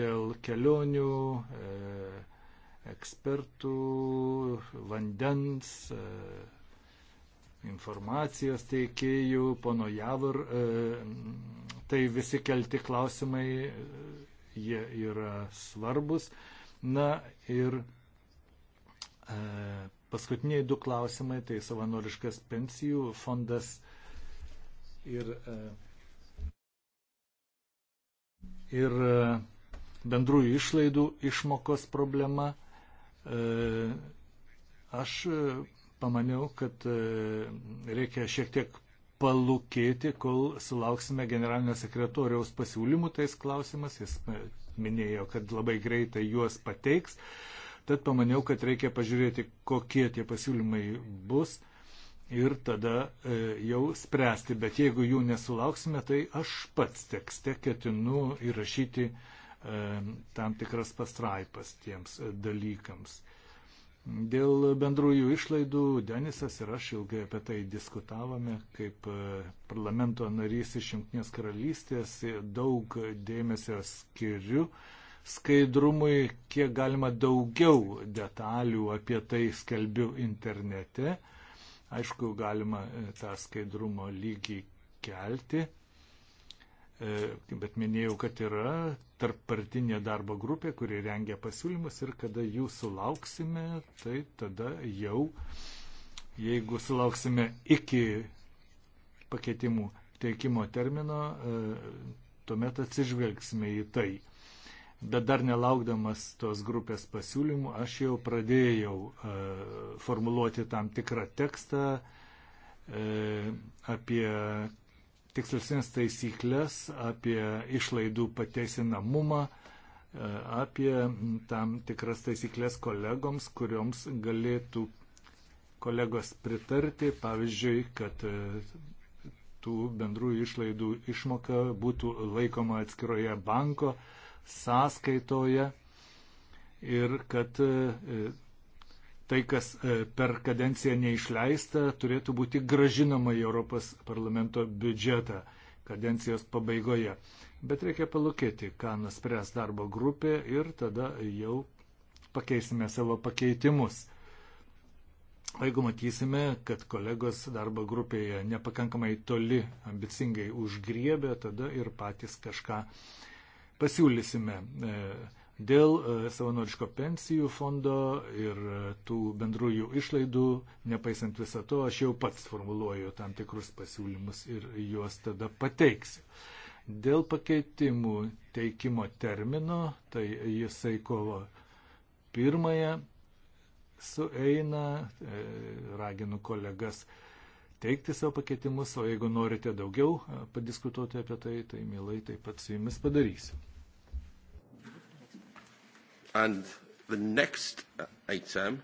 dėl kelionių, e, ekspertų, vandens, e, informacijos teikėjų, pono Javor. Tai visi kelti klausimai, jie yra svarbus. Na ir Paskutiniai du klausimai - tai savanoriškas pensijų fondas ir, e, ir e, bendrųjų išlaidų išmokos problema. E, aš pamaniau, kad reikia šiek tiek palūkėti, kol sulauksime generalinio sekretoriaus pasiūlymų tais klausimas. Jis minėjo, kad labai greitai juos pateiks. Tad pamaniau, kad reikia pažiūrėti, kokie tie pasiūlymai bus ir tada e, jau spręsti. Bet jeigu jų nesulauksime, tai aš pats tekste ketinu įrašyti e, tam tikras pastraipas tiems e, dalykams. Dėl bendrųjų išlaidų Denisas ir aš ilgai apie tai diskutavome, kaip e, parlamento narys iš Junktinės karalystės daug dėmesio skiriu skaidrumui kiek galima daugiau detalių apie tai skelbiu internete. Aišku, galima e, tą skaidrumo lygį kelti, e, bet minėjau, kad yra tarppartinė darbo grupė, kuri rengia pasiūlymus ir kada jų sulauksime, tai tada jau, jeigu sulauksime iki pakeitimų teikimo termino, e, tuomet atsižvelgsime į tai bet dar nelaukdamas tos grupės pasiūlymų, aš jau pradėjau e, formuluoti tam tikrą tekstą e, apie tikslesnės taisyklės, apie išlaidų pateisinamumą, e, apie tam tikras taisyklės kolegoms, kurioms galėtų kolegos pritarti, pavyzdžiui, kad e, tų bendrųjų išlaidų išmoka būtų laikoma atskiroje banko e, sąskaitoje ir kad e, tai, kas e, per kadenciją neišleista, turėtų būti gražinama į Europos parlamento biudžetą kadencijos pabaigoje. Bet reikia palūkėti, ką nuspręs darbo grupė ir tada jau pakeisime savo pakeitimus. Jeigu matysime, kad kolegos darbo grupėje nepakankamai toli ambicingai užgriebė, tada ir patys kažką uh, pasiūlysime e, dėl e, savanoriško pensijų fondo ir e, tų bendrųjų išlaidų, nepaisant viso to, aš jau pats formuluoju tam tikrus pasiūlymus ir juos tada pateiksiu. Dėl pakeitimų teikimo termino, tai jisai kovo pirmąją sueina, raginu kolegas teikti savo pakeitimus, o jeigu norite daugiau padiskutuoti apie tai, tai mielai taip pat su jumis padarysiu. And the next uh, item.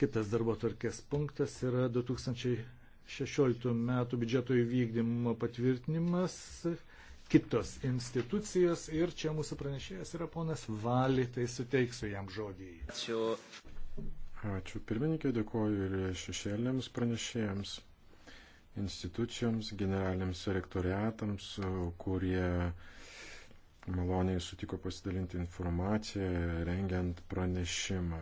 Kitas darbo tvarkės punktas yra 2016 metų biudžeto įvykdymo patvirtinimas, kitos institucijos ir čia mūsų pranešėjas yra ponas Vali, tai suteiksiu jam žodį. Ačiū. Ačiū pirmininkė, dėkoju ir šešėlėms pranešėjams, institucijoms, generaliniams rektoriatams, kurie maloniai sutiko pasidalinti informaciją, rengiant pranešimą.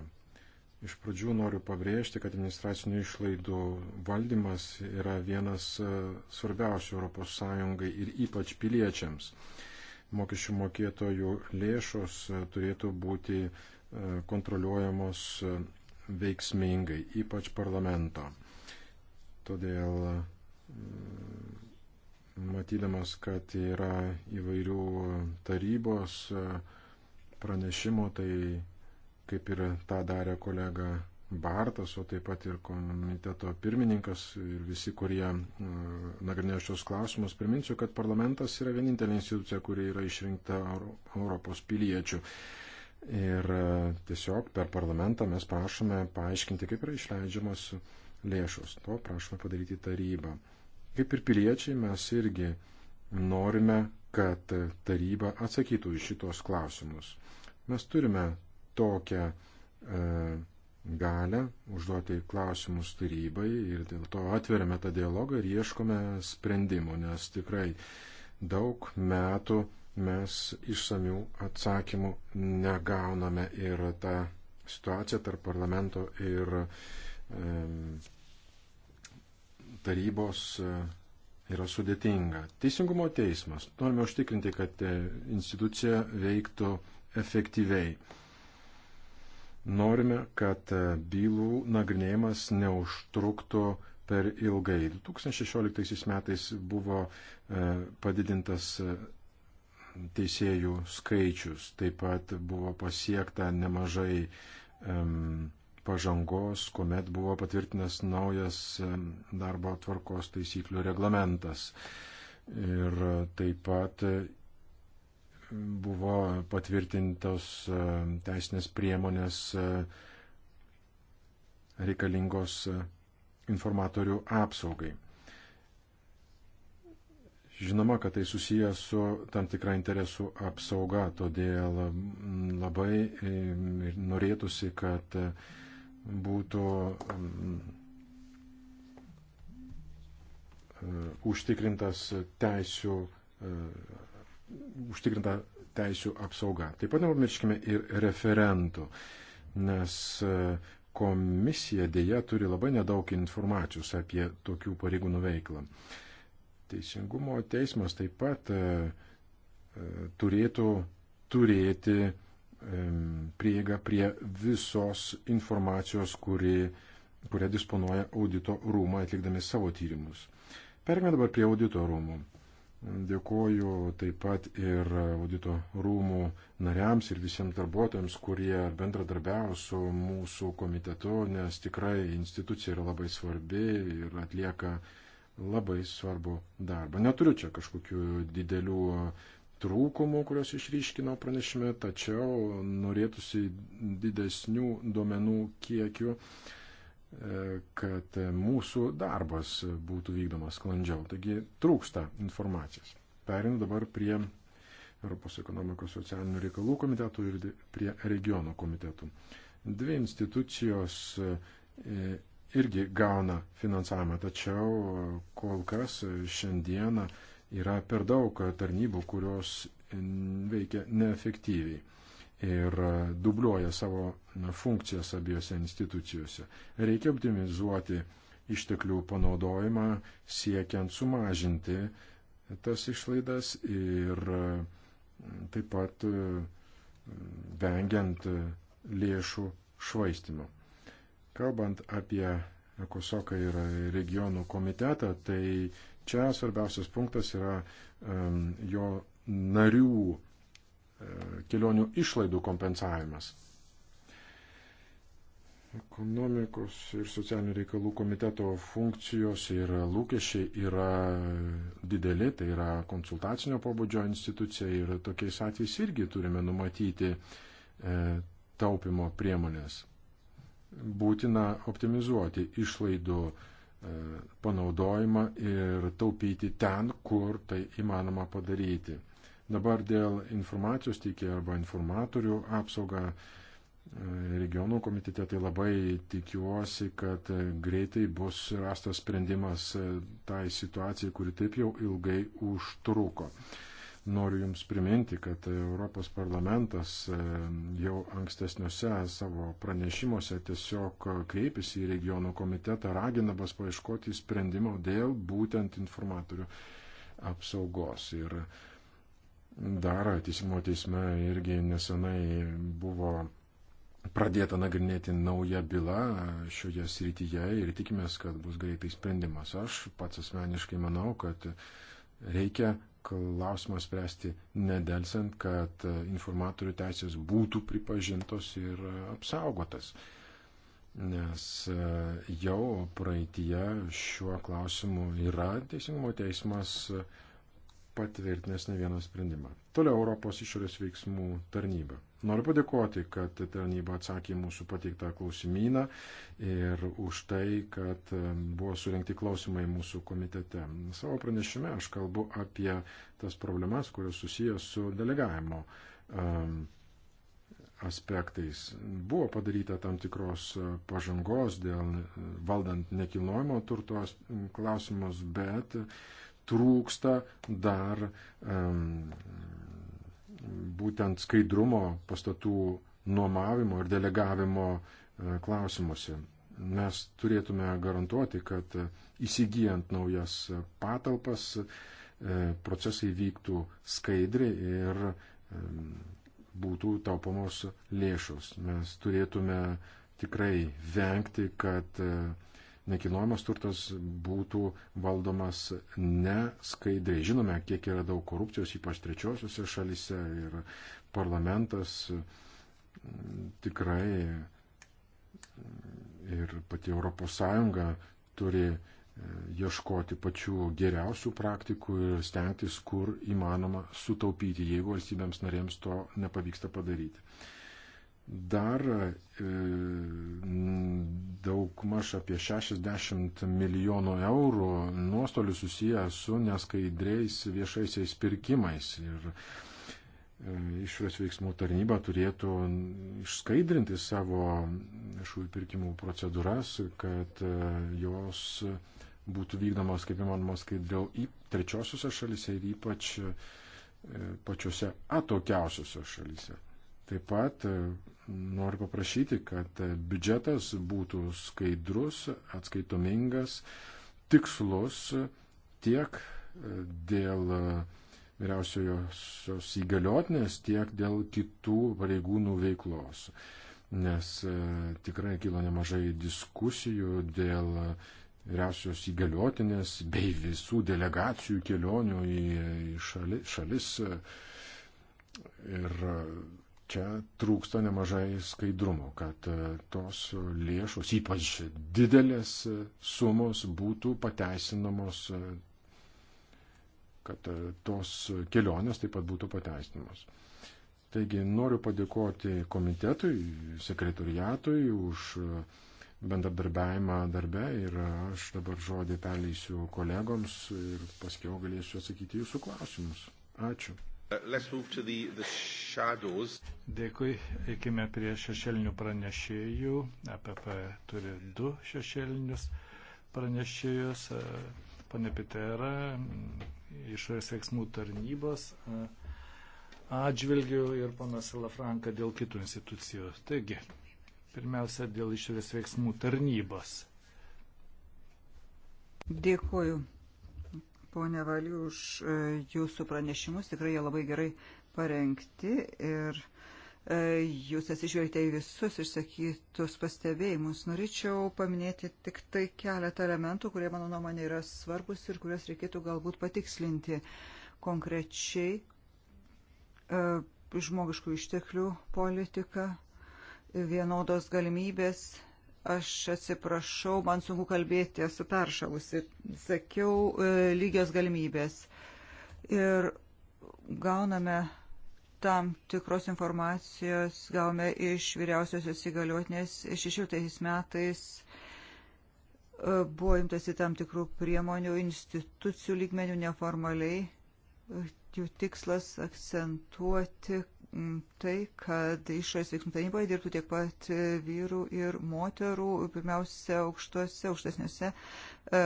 Iš pradžių noriu pabrėžti, kad administracinių išlaidų valdymas yra vienas e, svarbiausių ES ir ypač piliečiams. Mokesčių mokėtojų lėšos e, turėtų būti e, kontroliuojamos veiksmingai, ypač parlamento. Todėl matydamas, kad yra įvairių tarybos pranešimų, tai kaip ir tą darė kolega Bartas, o taip pat ir komiteto pirmininkas ir visi, kurie nagrinėjo šios klausimus, priminsiu, kad parlamentas yra vienintelė institucija, kuri yra išrinkta Europos piliečių. Ir e, tiesiog per parlamentą mes prašome paaiškinti, kaip yra išleidžiamos lėšos. To prašome padaryti tarybą. Kaip ir piliečiai mes irgi norime, kad taryba atsakytų į šitos klausimus. Mes turime tokią e, galę užduoti klausimus tarybai ir dėl to atveriame tą dialogą ir ieškome sprendimų, nes tikrai daug metų mes išsamių atsakymų negauname ir ta situacija tarp parlamento ir e, tarybos e, yra sudėtinga. Teisingumo teismas. Norime užtikrinti, kad e, institucija veiktų efektyviai. Norime, kad e, bylų nagrinėjimas neužtruktų per ilgai. 2016 metais buvo padidintas teisėjų skaičius, taip pat buvo pasiekta nemažai um, pažangos, kuomet buvo patvirtinas naujas darbo tvarkos taisyklių reglamentas. Ir taip pat e, buvo patvirtintos e, teisinės priemonės e, reikalingos informatorių apsaugai. Žinoma, kad tai susijęs su tam tikra interesų apsauga, todėl labai norėtųsi, kad būtų um, uh, užtikrintas teisų, uh, užtikrinta teisų apsauga. Taip pat nepamirškime ir referentų, nes uh, komisija dėja turi labai nedaug informacijos apie tokių pareigūnų veiklą. Teisingumo teismas taip pat turėtų turėti prieiga prie visos informacijos, kuri, kurią disponuoja audito rūmai atlikdami savo tyrimus. Perėmė dabar prie audito rūmų. Dėkuoju taip pat ir audito rūmų nariams ir visiems darbuotojams, kurie bendradarbiavo su mūsų komitetu, nes tikrai institucija yra labai svarbi ir atlieka labai svarbu darbą. Neturiu čia kažkokių didelių trūkumų, kurios išryškino pranešime, tačiau norėtųsi didesnių duomenų kiekių, e, kad mūsų darbas būtų vykdomas sklandžiau. Taigi trūksta informacijos. Perinu dabar prie Europos ekonomikos socialinių reikalų komitetų ir prie regiono komitetų. Dvi institucijos e, irgi gauna finansavimą, tačiau kol kas šiandieną Yra per daug tarnybų, kurios veikia neefektyviai ir dubliuoja savo funkcijas abiejose institucijose. Reikia optimizuoti išteklių panaudojimą, siekiant sumažinti tas išlaidas ir taip pat vengiant lėšų švaistimo. Kalbant apie Ekosoką ir regionų komitetą, tai Čia svarbiausias punktas yra jo narių e, kelionių išlaidų kompensavimas. Ekonomikos ir socialinių reikalų komiteto funkcijos ir lūkesčiai yra dideli, tai yra konsultacinio pobūdžio institucija ir tokiais atvejais irgi turime numatyti e, taupimo priemonės. Būtina optimizuoti išlaidų e, E, panaudojimą ir taupyti ten, kur tai įmanoma padaryti. Dabar dėl informacijos teikėjo arba informatorių apsaugą e, regionų komitete, tai labai tikiuosi, kad greitai bus rastas sprendimas e, tai situacijai, kuri taip jau ilgai užtruko. Noriu Jums priminti, kad Europos parlamentas e, jau ankstesniuose savo pranešimuose tiesiog kreipėsi į regionų komitetą, raginamas paieškoti sprendimo dėl būtent informatorių apsaugos. Ir dar teisimo teisme irgi nesenai buvo pradėta nagrinėti nauja byla šioje srityje ir tikimės, kad bus greitai sprendimas. Aš pats asmeniškai manau, kad reikia klausimą spręsti nedelsant, kad informatorių teisės būtų pripažintos ir apsaugotas. Nes e, jau praeitie šiuo klausimu yra Teisingumo teismas patvirtinęs ne vieną sprendimą. Toliau Europos išorės veiksmų tarnyba. Noriu padėkoti, kad tarnyba atsakė mūsų pateiktą klausimyną ir už tai, kad buvo surinkti klausimai mūsų komitete. Savo pranešime aš kalbu apie tas problemas, kurios susijęs su delegavimo um, aspektais. Buvo padaryta tam tikros pažangos dėl valdant nekilnojimo turtos klausimus, bet uh, trūksta dar um, būtent skaidrumo pastatų nuomavimo ir delegavimo e, klausimuose. Mes turėtume garantuoti, kad įsigijant naujas patalpas e, procesai vyktų skaidriai ir būtų taupomos lėšos. Mes turėtume tikrai vengti, kad e, nekilnojamas turtas būtų valdomas neskaidriai. Žinome, kiek yra daug korupcijos, ypač trečiosiuose šalise ir parlamentas mm, tikrai mm, ir pati ES turi e, ieškoti pačių geriausių praktikų ir stengtis, kur įmanoma sutaupyti, jeigu valstybėms narėms to nepavyksta padaryti dar e, daugmaž apie 60 milijonų eurų nuostolių susiję su neskaidriais viešaisiais pirkimais. Ir e, išvės veiksmų tarnyba turėtų išskaidrinti savo viešųjų pirkimų procedūras, kad e, jos būtų vykdomos kaip įmanoma skaidriau į trečiosiuose šalise ir ypač e, pačiuose atokiausiuose šalise. Taip pat e, noriu paprašyti, kad biudžetas būtų skaidrus, atskaitomingas, tikslus tiek e, dėl vyriausiosios įgaliotinės, tiek dėl kitų pareigūnų veiklos. Nes e, tikrai kilo nemažai diskusijų dėl vyriausios įgaliotinės bei visų delegacijų kelionių į šali, šalis. Ir čia trūksta nemažai skaidrumo, kad e, tos lėšos, ypač didelės e, sumos, būtų pateisinamos, e, kad tos kelionės taip pat būtų pateisinamos. Taigi noriu padėkoti komitetui, sekretoriatui už bendradarbiavimą darbe ir aš dabar žodį perleisiu kolegoms ir paskiau galėsiu atsakyti jūsų klausimus. Ačiū. Uh, Dėkui, eikime prie šešėlinių pranešėjų. APP e turi du šešėlinius pranešėjus. E, Pane Pitera, mm, išorės veiksmų tarnybos e, atžvilgių ir panas Lafranka dėl kitų institucijų. Taigi, pirmiausia, dėl išorės veiksmų tarnybos. Dėkuoju ponė Vali, už e, jūsų pranešimus. Tikrai jie labai gerai parengti ir e, jūs atsižvelgite į visus išsakytus pastebėjimus. Norėčiau paminėti tik tai keletą elementų, kurie mano nuomonė yra svarbus ir kuriuos reikėtų galbūt patikslinti konkrečiai e, žmogiškų išteklių politiką, vienodos galimybės Aš atsiprašau, man sunku kalbėti, esu peršalusi. Sakiau e, lygios galimybės. Ir gauname tam tikros informacijos, gavome iš vyriausiosios įgaliotinės 16 metais e, buvo imtasi tam tikrų priemonių institucijų lygmenių neformaliai. E, jų tikslas akcentuoti, tai, kad išorės veiksmų tarnyboje dirbtų tiek pat vyrų ir moterų, pirmiausia, aukštuose, aukštesniuose e,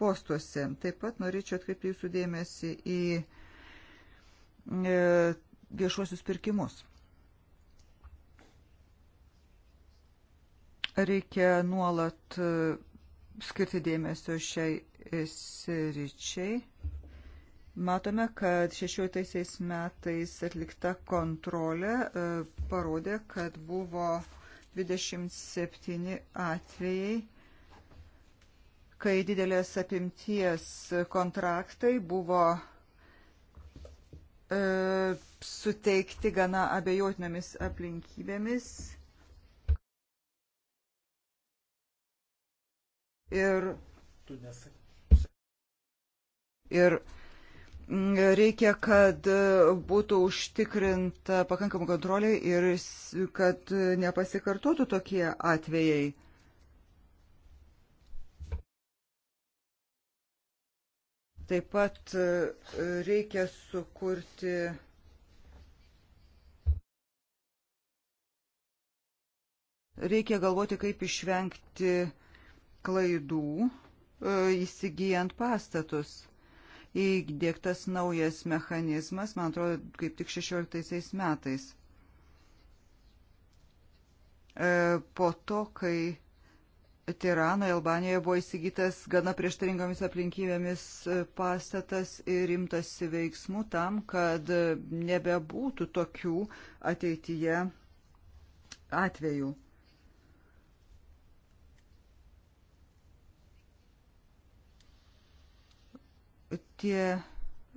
postuose. Taip pat norėčiau atkreipti jūsų dėmesį į e, viešuosius pirkimus. Reikia nuolat e, skirti dėmesio šiai sričiai Matome, kad 16 metais atlikta kontrolė e, parodė, kad buvo 27 atvejai, kai didelės apimties kontraktai buvo e, suteikti gana abejotinomis aplinkybėmis. Ir, ir reikia, kad būtų užtikrinta pakankama kontrolė ir kad nepasikartotų tokie atvejai. Taip pat e, reikia sukurti Reikia galvoti, kaip išvengti klaidų e, įsigijant pastatus įdėktas naujas mechanizmas, man atrodo, kaip tik 16 metais. E, po to, kai Tiranoje, Albanijoje buvo įsigytas gana prieštaringomis aplinkybėmis e, pastatas ir imtasi veiksmų tam, kad nebebūtų tokių ateityje atvejų. tie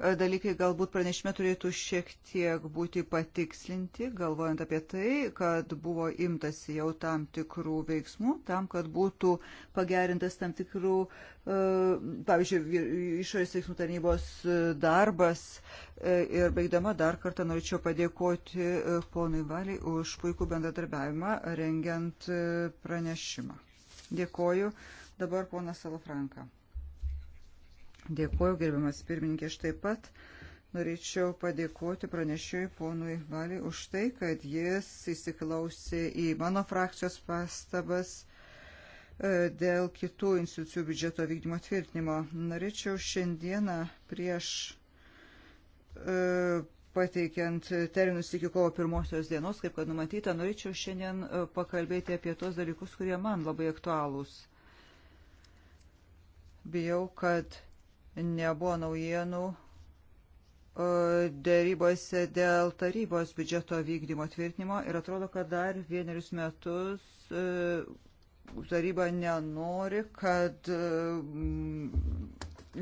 e, dalykai galbūt pranešime turėtų šiek tiek būti patikslinti, galvojant apie tai, kad buvo imtasi jau tam tikrų veiksmų, tam, kad būtų pagerintas tam tikrų, e, pavyzdžiui, išorės veiksmų tarnybos e, darbas. Ir baigdama dar kartą norėčiau padėkoti ponui Valiai už puikų bendradarbiavimą rengiant pranešimą. Dėkoju. Dabar ponas Salafranka. Dėkuoju, gerbiamas pirmininkė, aš taip pat norėčiau padėkoti pranešiui ponui Valiui už tai, kad jis įsiklausė į mano frakcijos pastabas e, dėl kitų institucijų biudžeto vykdymo tvirtinimo. Norėčiau šiandieną prieš e, pateikiant terminus iki kovo pirmosios dienos, kaip kad numatyta, norėčiau šiandien e, pakalbėti apie tos dalykus, kurie man labai aktualūs. Bijau, kad nebuvo naujienų e, dėrybose dėl tarybos biudžeto vykdymo tvirtinimo ir atrodo, kad dar vienerius metus e, taryba nenori, kad e,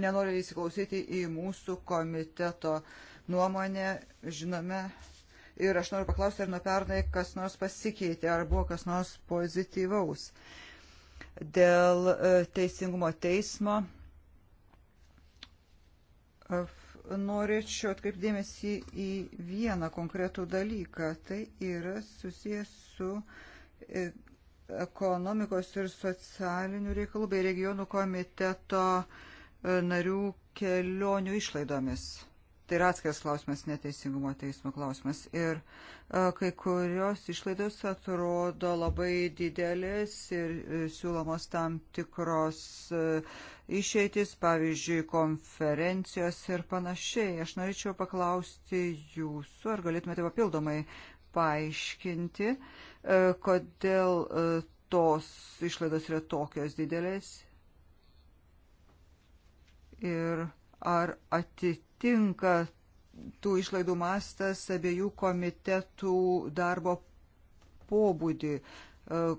nenori įsiklausyti į mūsų komiteto nuomonę, žinome. Ir aš noriu paklausti, ar nuo pernai kas nors pasikeitė, ar buvo kas nors pozityvaus. Dėl teisingumo teismo Norėčiau atkreipdėmėsi į vieną konkretų dalyką. Tai yra susijęs su e, ekonomikos ir socialinių reikalų bei regionų komiteto e, narių kelionių išlaidomis tai yra atskiras klausimas, neteisingumo teismo klausimas. Ir e, kai kurios išlaidos atrodo labai didelės ir e, siūlomos tam tikros e, išeitis, pavyzdžiui, konferencijos ir panašiai. Aš norėčiau paklausti jūsų, ar galėtumėte papildomai paaiškinti, kodėl tos išlaidos yra tokios didelės ir ar atitinka atitinka tų išlaidų mastas abiejų komitetų darbo pobūdį. E,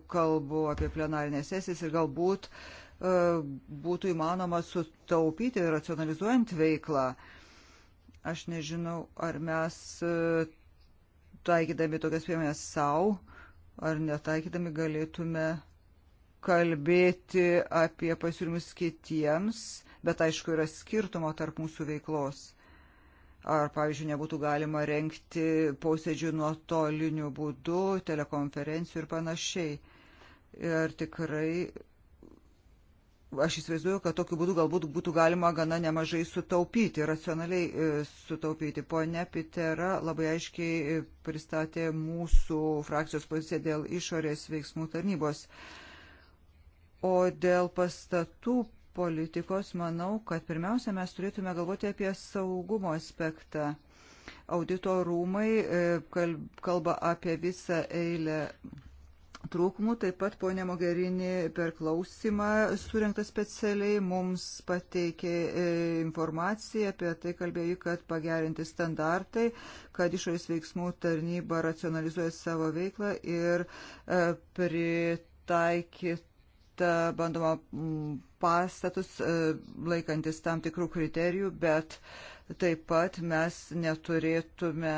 kalbu apie plenarinės sesijas ir galbūt e, būtų įmanoma sutaupyti racionalizuojant veiklą. Aš nežinau, ar mes e, taikydami tokias priemonės savo, ar netaikydami galėtume kalbėti apie pasiūlymus kitiems, bet aišku yra skirtumo tarp mūsų veiklos ar, pavyzdžiui, nebūtų galima renkti posėdžių nuotoliniu būdu, telekonferencijų ir panašiai. Ir tikrai aš įsivaizduoju, kad tokiu būdu galbūt būtų galima gana nemažai sutaupyti, racionaliai e, sutaupyti. Pone Pitera labai aiškiai e, pristatė mūsų frakcijos poziciją dėl išorės veiksmų tarnybos. O dėl pastatų politikos, manau, kad pirmiausia, mes turėtume galvoti apie saugumo aspektą. Audito rūmai e, kalba apie visą eilę trūkumų. Taip pat ponė Mogerini per klausimą surinktą specialiai mums pateikė e, informaciją apie tai, kalbėjo, kad pagerinti standartai, kad išorės veiksmų tarnyba racionalizuoja savo veiklą ir e, pritaikyt kartą bandoma pastatus e, laikantis tam tikrų kriterijų, bet taip pat mes neturėtume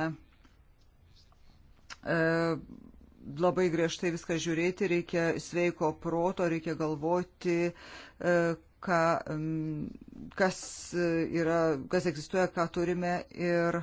e, labai griežtai viską žiūrėti, reikia sveiko proto, reikia galvoti, e, ką, kas, yra, kas egzistuoja, ką turime ir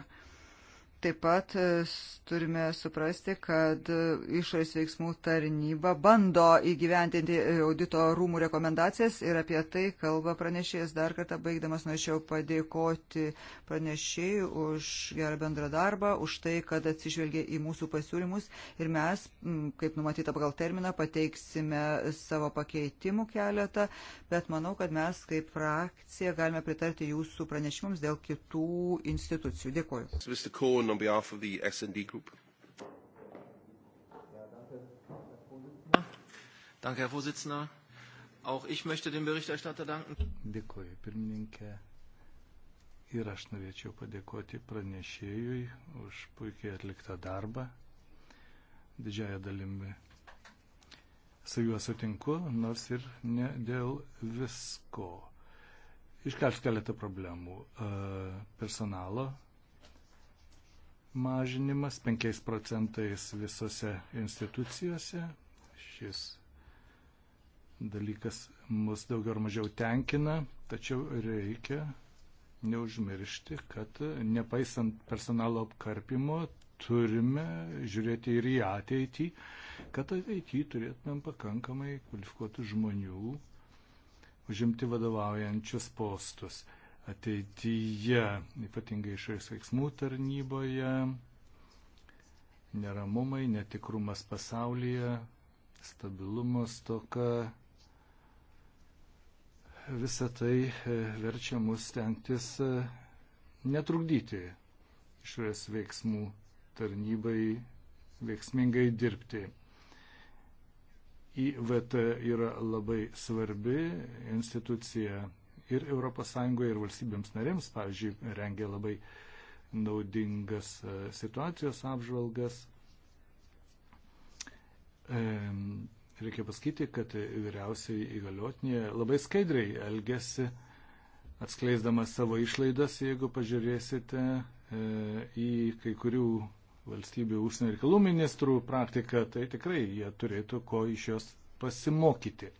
Taip pat e, turime suprasti, kad e, išorės veiksmų tarnyba bando įgyventinti e, audito rūmų rekomendacijas ir apie tai kalba pranešėjas. Dar kartą baigdamas norėčiau padėkoti pranešėjui už gerą bendrą darbą, už tai, kad atsižvelgė į mūsų pasiūlymus ir mes, kaip numatyta pagal terminą, pateiksime savo pakeitimų keletą, bet manau, kad mes kaip frakcija galime pritarti jūsų pranešimams dėl kitų institucijų. Dėkuoju on behalf of the S&D Group. Danke, Herr Vorsitzender. Auch ich möchte dem Berichterstatter danken. Dėkuoju, pirmininkė. Ir aš norėčiau padėkoti pranešėjui už puikiai atliktą darbą. Didžiaja dalimi su juo sutinku, nors ir ne dėl visko. Iškelsiu keletą problemų. Personalo mažinimas 5 procentais visose institucijose. Šis dalykas mus daugiau ar mažiau tenkina, tačiau reikia neužmiršti, kad nepaisant personalo apkarpimo turime žiūrėti ir į ateitį, kad ateityje turėtumėm pakankamai kvalifikuotų žmonių užimti vadovaujančius postus ateityje, ypatingai išorės veiksmų tarnyboje, neramumai, netikrumas pasaulyje, stabilumo stoka. Visą tai e, verčia mus tenktis e, netrukdyti išorės veiksmų tarnybai veiksmingai dirbti. IVT yra labai svarbi institucija ir ES ir valstybėms narėms, pavyzdžiui, rengia labai naudingas e, situacijos apžvalgas. Reikia pasakyti, kad vyriausiai įgaliotinė labai skaidriai elgesi, atskleisdama savo išlaidas, jeigu pažiūrėsite e, į kai kurių valstybių užsienio reikalų ministrų praktiką, tai tikrai jie turėtų ko iš jos pasimokyti.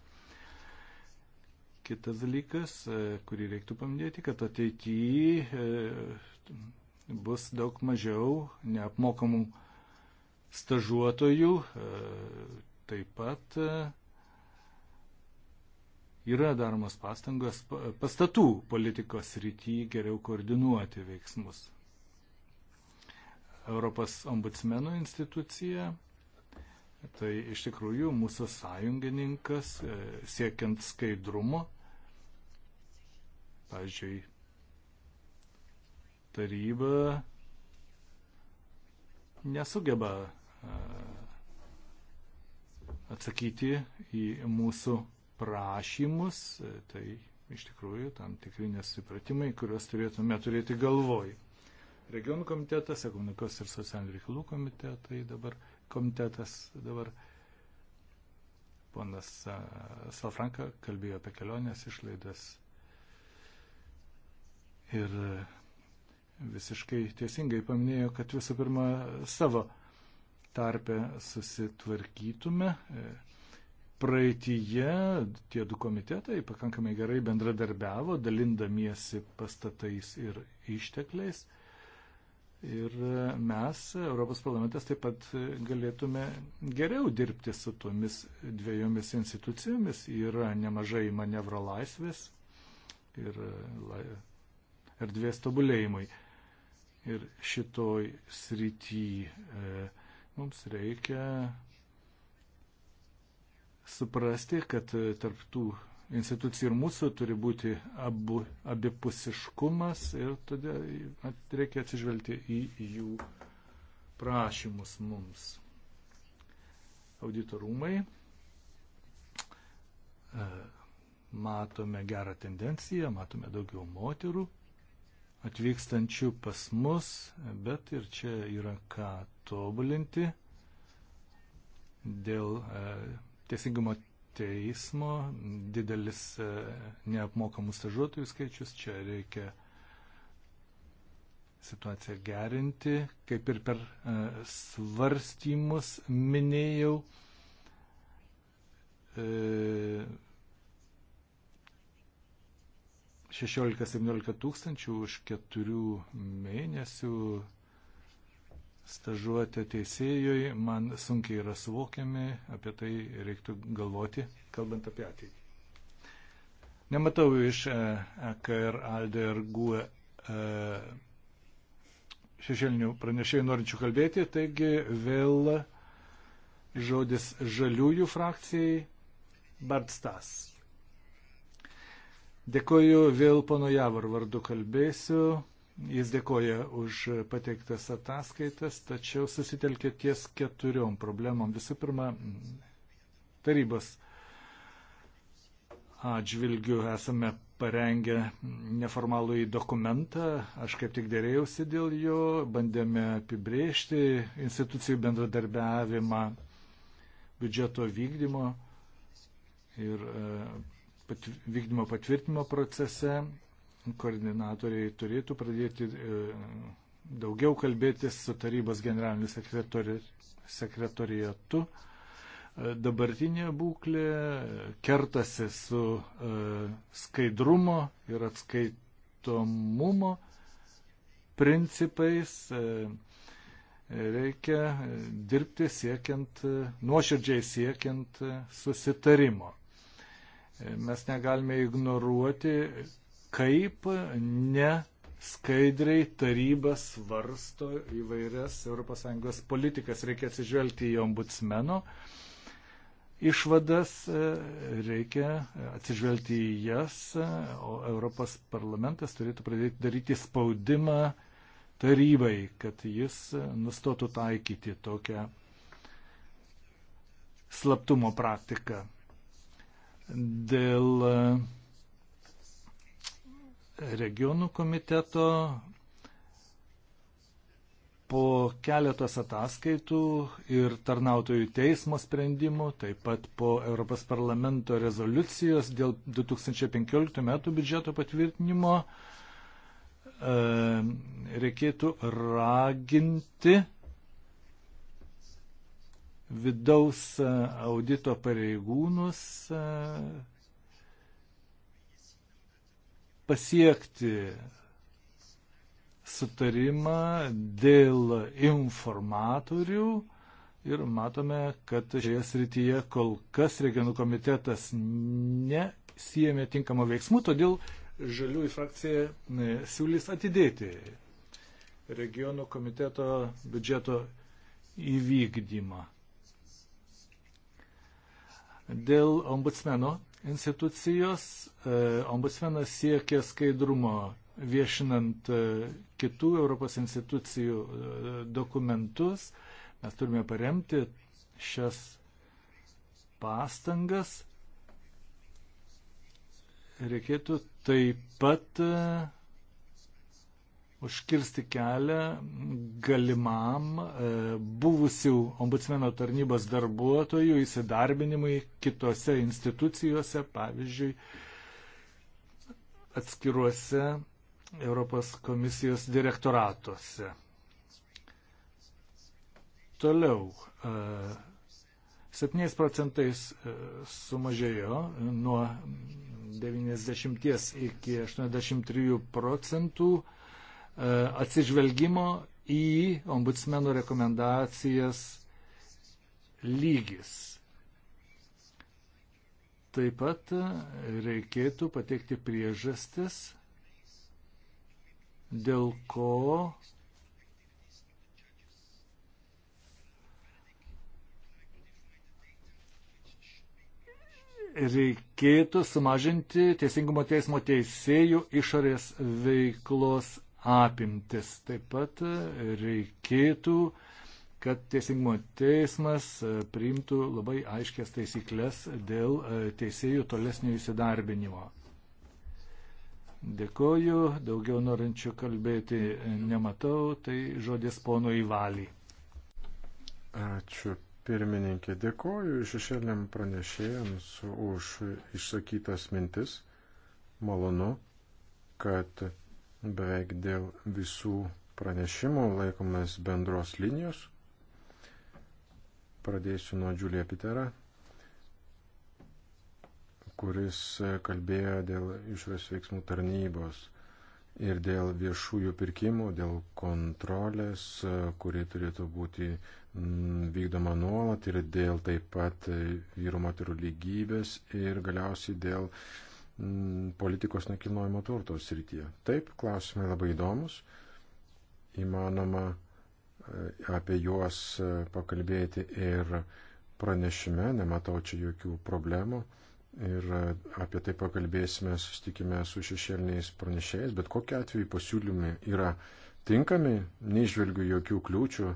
Kitas dalykas, e, kurį reiktų paminėti, kad ateityje e, bus daug mažiau neapmokamų stažuotojų. E, taip pat yra daromas pastangos pastatų politikos rytyje geriau koordinuoti veiksmus. Europos ombudsmeno institucija Tai iš tikrųjų mūsų sąjungininkas e, siekiant skaidrumo, pavyzdžiui, taryba nesugeba e, atsakyti į mūsų prašymus, e, tai iš tikrųjų tam tikri nesupratimai, kuriuos turėtume turėti galvoj. Regionų komitetas, ekonomikos ir socialinių reikalų komitetai dabar komitetas dabar. Ponas Salfranka kalbėjo apie kelionės išlaidas. Ir visiškai teisingai paminėjo, kad visų pirma savo tarpę susitvarkytume. E, Praeitįje tie du komitetai pakankamai gerai bendradarbiavo, dalindamiesi pastatais ir ištekliais. Ir e, mes, Europos parlamentas, taip pat galėtume geriau dirbti su tomis dviejomis institucijomis. Yra nemažai manevro laisvės ir e, erdvės tobulėjimui. Ir šitoj srity e, mums reikia suprasti, kad e, tarptų institucijų ir mūsų turi būti abu, abipusiškumas ir todėl reikia atsižvelgti į jų prašymus mums. Auditorumai. E, matome gerą tendenciją, matome daugiau moterų atvykstančių pas mus, bet ir čia yra ką tobulinti dėl e, teisingumo teismo, didelis e, neapmokamų stažuotojų skaičius, čia reikia situaciją gerinti, kaip ir per e, svarstymus minėjau. E, 16-17 tūkstančių už keturių mėnesių stažuotę teisėjui man sunkiai yra suvokiami, apie tai reiktų galvoti, kalbant apie ateitį. Nematau iš EKR, e ALDE ir GUE e, šešėlinių pranešėjų norinčių kalbėti, taigi vėl žodis žaliųjų frakcijai Bartstas. Dėkoju, vėl pono Javor vardu kalbėsiu. Jis dėkoja už pateiktas ataskaitas, tačiau susitelkė ties keturiom problemom. Visų pirma, tarybos atžvilgių esame parengę neformalų į dokumentą. Aš kaip tik dėrėjausi dėl jo, bandėme apibrėžti institucijų bendradarbiavimą, biudžeto vykdymo ir e, pat, vykdymo patvirtinimo procese koordinatoriai turėtų pradėti e, daugiau kalbėtis su tarybos generaliniu sekretori, sekretoriatu. E, dabartinė būklė kertasi su e, skaidrumo ir atskaitomumo principais. Reikia dirbti siekiant, nuoširdžiai siekiant susitarimo. Mes negalime ignoruoti kaip neskaidriai taryba svarsto įvairias ES politikas. Reikia atsižvelgti į ombudsmeno išvadas, reikia atsižvelgti į jas, o Europos parlamentas turėtų pradėti daryti spaudimą tarybai, kad jis nustotų taikyti tokią slaptumo praktiką. Dėl regionų komiteto po keletos ataskaitų ir tarnautojų teismo sprendimų, taip pat po Europos parlamento rezoliucijos dėl 2015 metų biudžeto patvirtinimo e, reikėtų raginti vidaus e, audito pareigūnus e, pasiekti sutarimą dėl informatorių ir matome, kad šioje srityje kol kas regionų komitetas nesijėmė tinkamų veiksmų, todėl žaliųjų frakcija e, siūlys atidėti regionų komiteto biudžeto įvykdymą. Dėl ombudsmeno institucijos. E, ombudsmenas siekia skaidrumo viešinant e, kitų Europos institucijų e, dokumentus. Mes turime paremti šias pastangas. Reikėtų taip pat užkirsti kelią galimam e, buvusių ombudsmeno tarnybos darbuotojų įsidarbinimui kitose institucijose, pavyzdžiui, atskiruose Europos komisijos direktoratuose. Toliau. 7 e, procentais e, sumažėjo nuo 90 iki 83 procentų E, atsižvelgimo į ombudsmenų rekomendacijas lygis. Taip pat reikėtų pateikti priežastis, dėl ko reikėtų sumažinti Teisingumo teismo teisėjų išorės veiklos apimtis. Taip pat e, reikėtų, kad Teisingumo teismas e, priimtų labai aiškias taisyklės dėl e, teisėjų tolesnio įsidarbinimo. Dėkoju, daugiau norinčių kalbėti nematau, tai žodis pono įvalį. Ačiū pirmininkė, dėkoju šešėliam pranešėjams už išsakytas mintis. Malonu, kad Beveik dėl visų pranešimų laikomės bendros linijos. Pradėsiu nuo Džiulio Pitera, kuris kalbėjo dėl išorės veiksmų tarnybos ir dėl viešųjų pirkimų, dėl kontrolės, kuri turėtų būti mm, vykdoma nuolat ir dėl taip pat vyrų moterų lygybės ir galiausiai dėl uh, Mm, politikos nekilnojimo turto srityje. Taip, klausimai labai įdomus. Įmanoma e, apie juos e, pakalbėti ir pranešime, nematau čia jokių problemų. Ir e, apie tai pakalbėsime, susitikime su šešėliniais pranešėjais, bet kokia atveju pasiūlymai yra tinkami, neižvelgiu jokių kliūčių,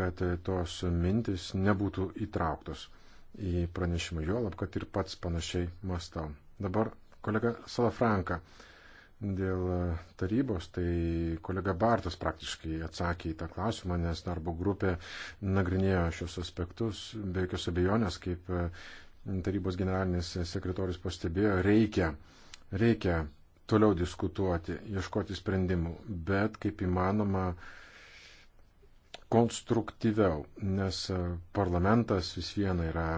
kad tos mintis nebūtų įtrauktos į pranešimą, juolab, kad ir pats panašiai mastau. Dabar kolega Salafranka. Dėl tarybos, tai kolega Bartas praktiškai atsakė į tą klausimą, nes darbo grupė nagrinėjo šios aspektus, be jokios abejonės, kaip tarybos generalinis sekretorius pastebėjo, reikia, reikia toliau diskutuoti, ieškoti sprendimų, bet kaip įmanoma konstruktyviau, nes parlamentas vis viena yra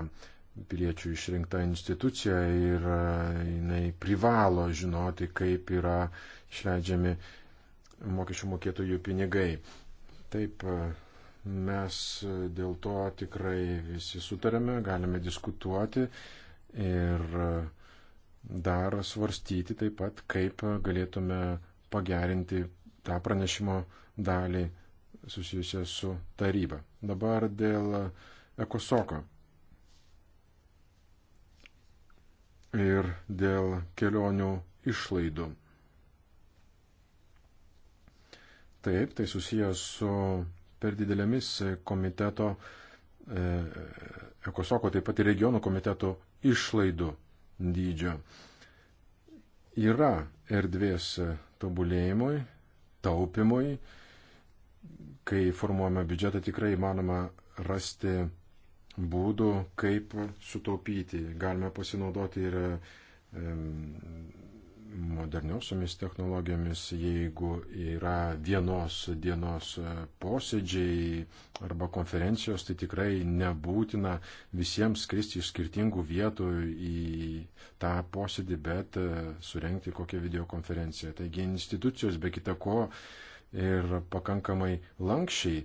piliečių išrinkta institucija ir e, jinai privalo žinoti, kaip yra išleidžiami mokesčių mokėtojų pinigai. Taip, e, mes dėl to tikrai visi sutarėme, galime diskutuoti ir e, dar svarstyti taip pat, kaip galėtume pagerinti tą pranešimo dalį susijusią su taryba. Dabar dėl ekosoko ir dėl kelionių išlaidų. Taip, tai susijęs su per didelėmis komiteto, e, ekosoko, taip pat ir regionų komiteto išlaidų dydžio. Yra erdvės tobulėjimui, taupimui, kai formuojame biudžetą tikrai įmanoma rasti būdų, kaip sutaupyti. Galime pasinaudoti ir moderniausiamis technologijomis, jeigu yra vienos dienos posėdžiai arba konferencijos, tai tikrai nebūtina visiems skristi iš skirtingų vietų į tą posėdį, bet e, surenkti kokią videokonferenciją. Taigi institucijos be kita ko ir pakankamai lankščiai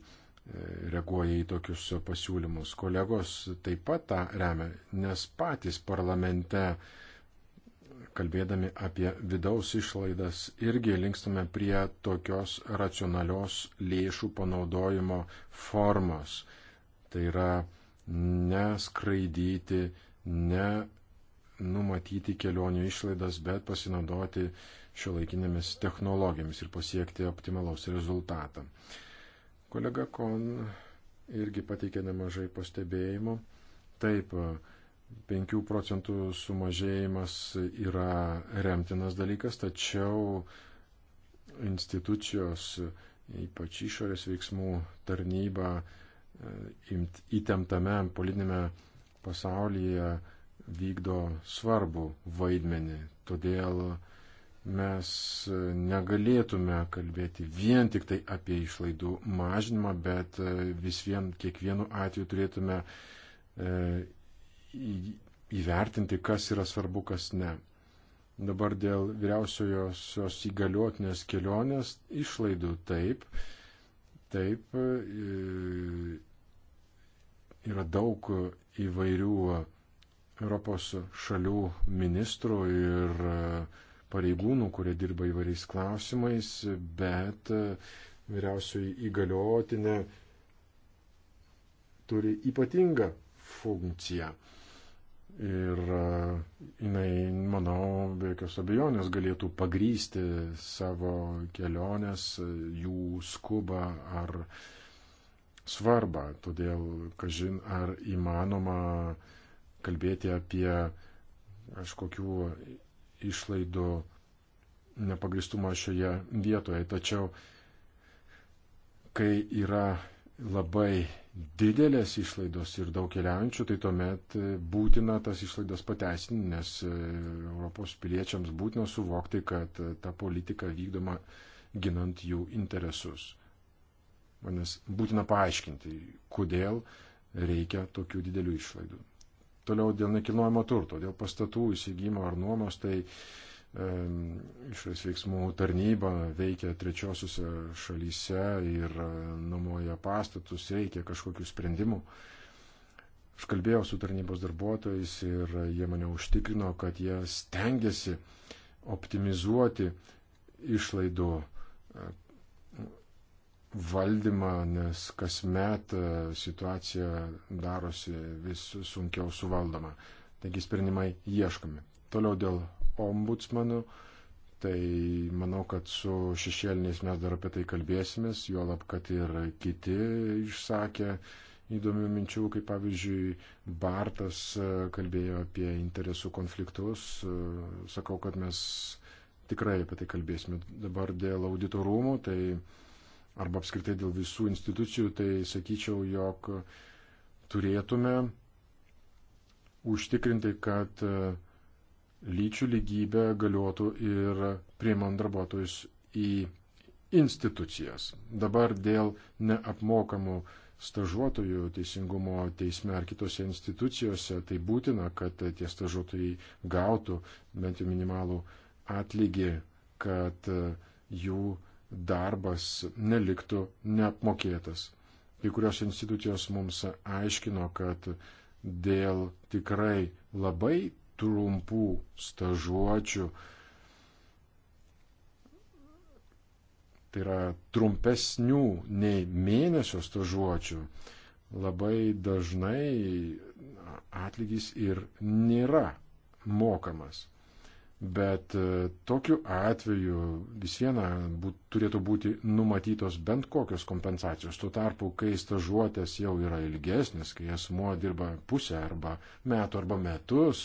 reaguoja į tokius pasiūlymus. Kolegos taip pat tą remia, nes patys parlamente, kalbėdami apie vidaus išlaidas, irgi linkstame prie tokios racionalios lėšų panaudojimo formos. Tai yra neskraidyti, ne numatyti kelionių išlaidas, bet pasinaudoti šio laikinėmis technologijomis ir pasiekti optimalaus rezultatą. Kolega Kon irgi pateikė nemažai pastebėjimų. Taip, 5 procentų sumažėjimas yra remtinas dalykas, tačiau institucijos, ypač išorės veiksmų tarnyba, įtemptame politinėme pasaulyje vykdo svarbu vaidmenį. Todėl mes negalėtume kalbėti vien tik tai apie išlaidų mažinimą, bet e, vis vien kiekvienu atveju turėtume e, įvertinti, kas yra svarbu, kas ne. Dabar dėl vyriausiojosios įgaliotinės kelionės išlaidų taip, taip e, yra daug įvairių Europos šalių ministrų ir uh, pareigūnų, kurie dirba įvairiais klausimais, bet e, vyriausioji įgaliotinė turi ypatingą funkciją. Ir e, jinai, manau, be jokios abejonės galėtų pagrysti savo keliones, e, jų skubą ar svarbą. Todėl, kažin, ar įmanoma kalbėti apie kažkokių išlaidų nepagristumą šioje vietoje. Tačiau, kai yra labai didelės išlaidos ir daug keliaujančių, tai tuomet būtina tas išlaidas pateisinti, nes e, Europos piliečiams būtina suvokti, kad e, ta politika vykdoma ginant jų interesus. Manis būtina paaiškinti, kodėl reikia tokių didelių išlaidų. Toliau dėl nekilnojamo turto, dėl pastatų įsigymo ar nuomos, tai e, išorės veiksmų tarnyba veikia trečiosiuose šalyse ir e, nuomoja pastatus, reikia kažkokių sprendimų. Aš kalbėjau su tarnybos darbuotojais ir jie mane užtikrino, kad jie stengiasi optimizuoti išlaidų e, valdymą, nes kasmet e, situacija darosi vis sunkiau suvaldoma. Taigi sprendimai ieškomi. Toliau dėl ombudsmanų, tai manau, kad su šešėliniais mes dar apie tai kalbėsimės, juolab, kad ir kiti išsakė įdomių minčių, kaip pavyzdžiui Bartas e, kalbėjo apie interesų konfliktus. E, sakau, kad mes tikrai apie tai kalbėsime. Dabar dėl auditorumų, tai arba apskritai dėl visų institucijų, tai sakyčiau, jog turėtume užtikrinti, kad e, lyčių lygybė galiotų ir priimant darbuotojus į institucijas. Dabar dėl neapmokamų stažuotojų teisingumo teisme ar kitose institucijose, tai būtina, kad tie stažuotojai gautų bent jau minimalų atlygį, kad e, jų darbas neliktų neapmokėtas. Kai kurios institucijos mums aiškino, kad dėl tikrai labai trumpų stažuočių, tai yra trumpesnių nei mėnesio stažuočių, labai dažnai atlygis ir nėra mokamas. Bet e, tokiu atveju vis viena būt, turėtų būti numatytos bent kokios kompensacijos. Tuo tarpu, kai stažuotės jau yra ilgesnis, kai asmuo dirba pusę arba metų arba metus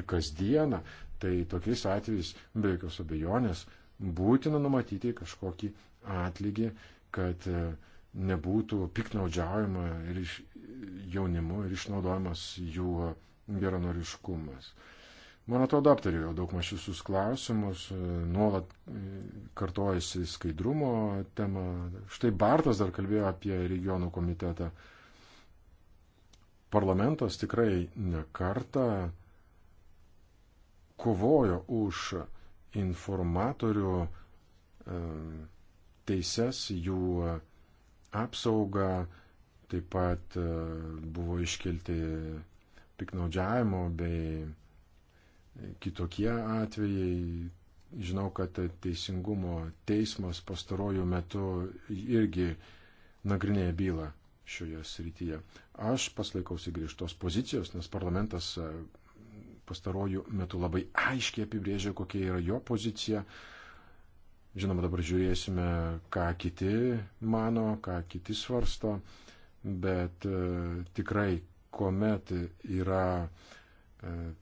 ir kasdieną, tai tokiais atvejais be jokios abejonės būtina numatyti kažkokį atlygį, kad e, nebūtų piknaudžiaujama ir iš jaunimu ir išnaudojamas jų geranoriškumas. Man atrodo, aptarėjau daug maž visus klausimus, e, nuolat e, kartojasi skaidrumo tema. Štai Bartas dar kalbėjo apie regionų komitetą. Parlamentas tikrai nekarta kovojo už informatorių e, teises, jų apsaugą, taip pat buvo iškelti piknaudžiavimo bei kitokie atvejai. Žinau, kad teisingumo teismas pastarojų metu irgi nagrinėja bylą šioje srityje. Aš paslaikausi griežtos pozicijos, nes parlamentas e, pastarojų metų labai aiškiai apibrėžė, kokia yra jo pozicija. Žinoma, dabar žiūrėsime, ką kiti mano, ką kiti svarsto, bet e, tikrai, kuomet yra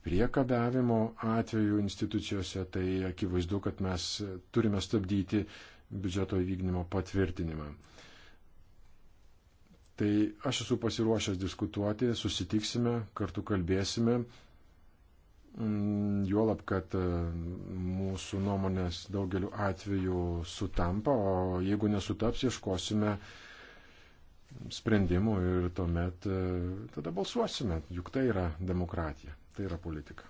priekabiavimo atveju institucijose, tai akivaizdu, kad mes turime stabdyti biudžeto įvykdymo patvirtinimą. Tai aš esu pasiruošęs diskutuoti, susitiksime, kartu kalbėsime, mm, Juolab, kad e, mūsų nuomonės daugeliu atveju sutampa, o jeigu nesutaps, ieškosime sprendimų ir tuomet e, tada balsuosime, juk tai yra demokratija. Tai yra politika.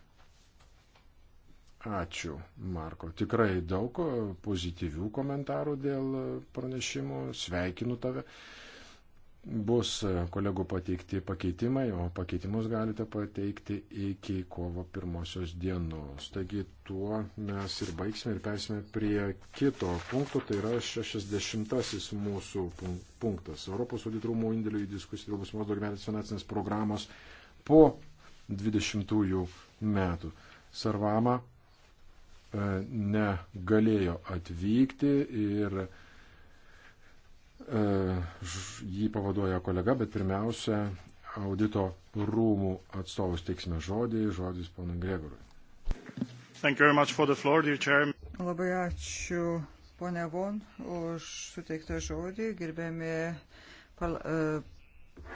Ačiū, Marko. Tikrai daug pozityvių komentarų dėl pranešimų. Sveikinu tave. Bus kolegų pateikti pakeitimai, o pakeitimus galite pateikti iki kovo pirmosios dienos. Taigi tuo mes ir baigsime ir persime prie kito punkto, tai yra 60-asis mūsų punktas. Europos auditrumų indėlių į diskusiją dėl būsimos daugiametės finansinės programos po 20 metų. Sarvama e, negalėjo atvykti ir e, jį pavaduoja kolega, bet pirmiausia, audito rūmų atstovus teiksime žodį, žodis ponui Gregorui. Floor, Labai ačiū, ponia Von, už suteiktą žodį, gerbėmi e,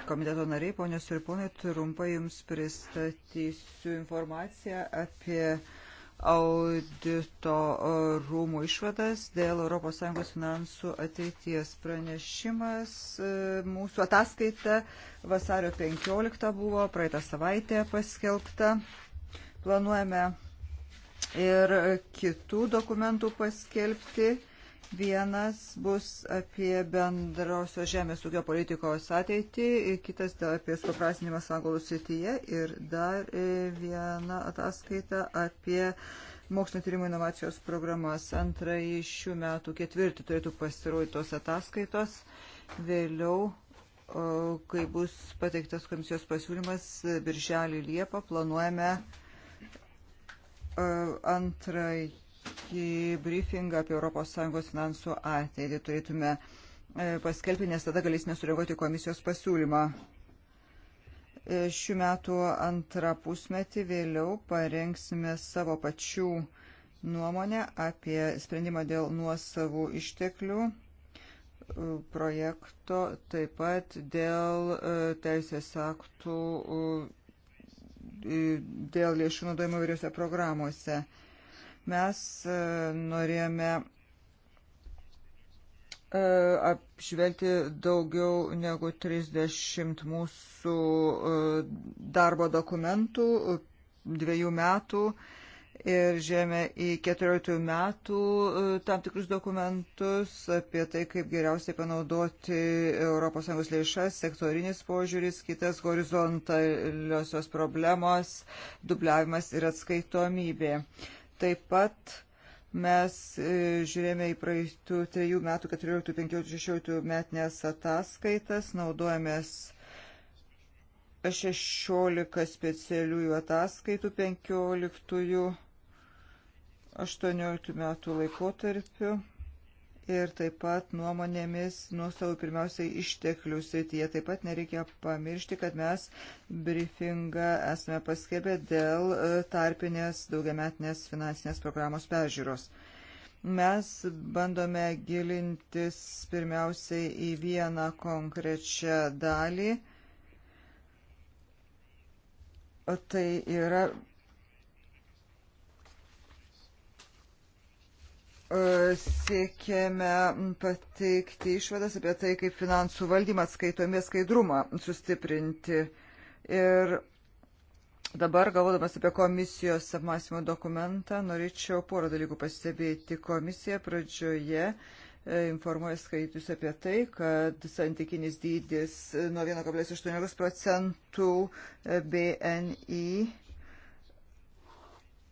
komiteto nariai, ponios ir ponai, trumpai jums pristatysiu informaciją apie audito rūmų išvadas dėl ES finansų ateities pranešimas. E, mūsų ataskaita vasario 15 buvo, praeitą savaitę paskelbta. Planuojame ir kitų dokumentų paskelbti Vienas bus apie bendrosios žemės ūkio politikos ateitį, kitas apie suprasinimą sangolų srityje ir dar e, viena ataskaita apie mokslinio tyrimo inovacijos programas. Antrąjį šių metų ketvirtį turėtų pasirodyti tos ataskaitos. Vėliau, kai bus pateiktas komisijos pasiūlymas, birželį Liepą planuojame e, antrąjį tokį briefingą apie ES finansų ateitį turėtume e, paskelbti, nes tada galėsime sureaguoti komisijos pasiūlymą. E, šių metų antrą pusmetį vėliau parengsime savo pačių nuomonę apie sprendimą dėl nuosavų išteklių e, projekto, taip pat dėl teisės aktų, dėl lėšų naudojimo vyriose programuose. Mes e, norėjome e, apžvelgti daugiau negu 30 mūsų e, darbo dokumentų dviejų metų ir žemė į 14 metų tam tikrus dokumentus apie tai, kaip geriausiai panaudoti ES lėšas, sektorinis požiūris, kitas horizontaliosios problemos, dubliavimas ir atskaitomybė. Uh, Taip pat mes e, žiūrėjome į praeitų trejų metų, 14, 15, 16 metinės ataskaitas, naudojamės 16 specialiųjų ataskaitų 15, 18 metų laikotarpiu ir taip pat nuomonėmis nuosavų pirmiausiai išteklių srityje. Taip pat nereikia pamiršti, kad mes briefingą esame paskelbę dėl e, tarpinės daugiametinės finansinės programos peržiūros. Mes bandome gilintis pirmiausiai į vieną konkrečią dalį. Tai yra E, siekėme pateikti išvadas apie tai, kaip finansų valdymą atskaitomės skaidrumą sustiprinti. Ir dabar, galvodamas apie komisijos apmąstymo dokumentą, norėčiau porą dalykų pastebėti. Komisija pradžioje e, informuoja skaitus apie tai, kad santykinis dydis nuo 1,8 procentų BNI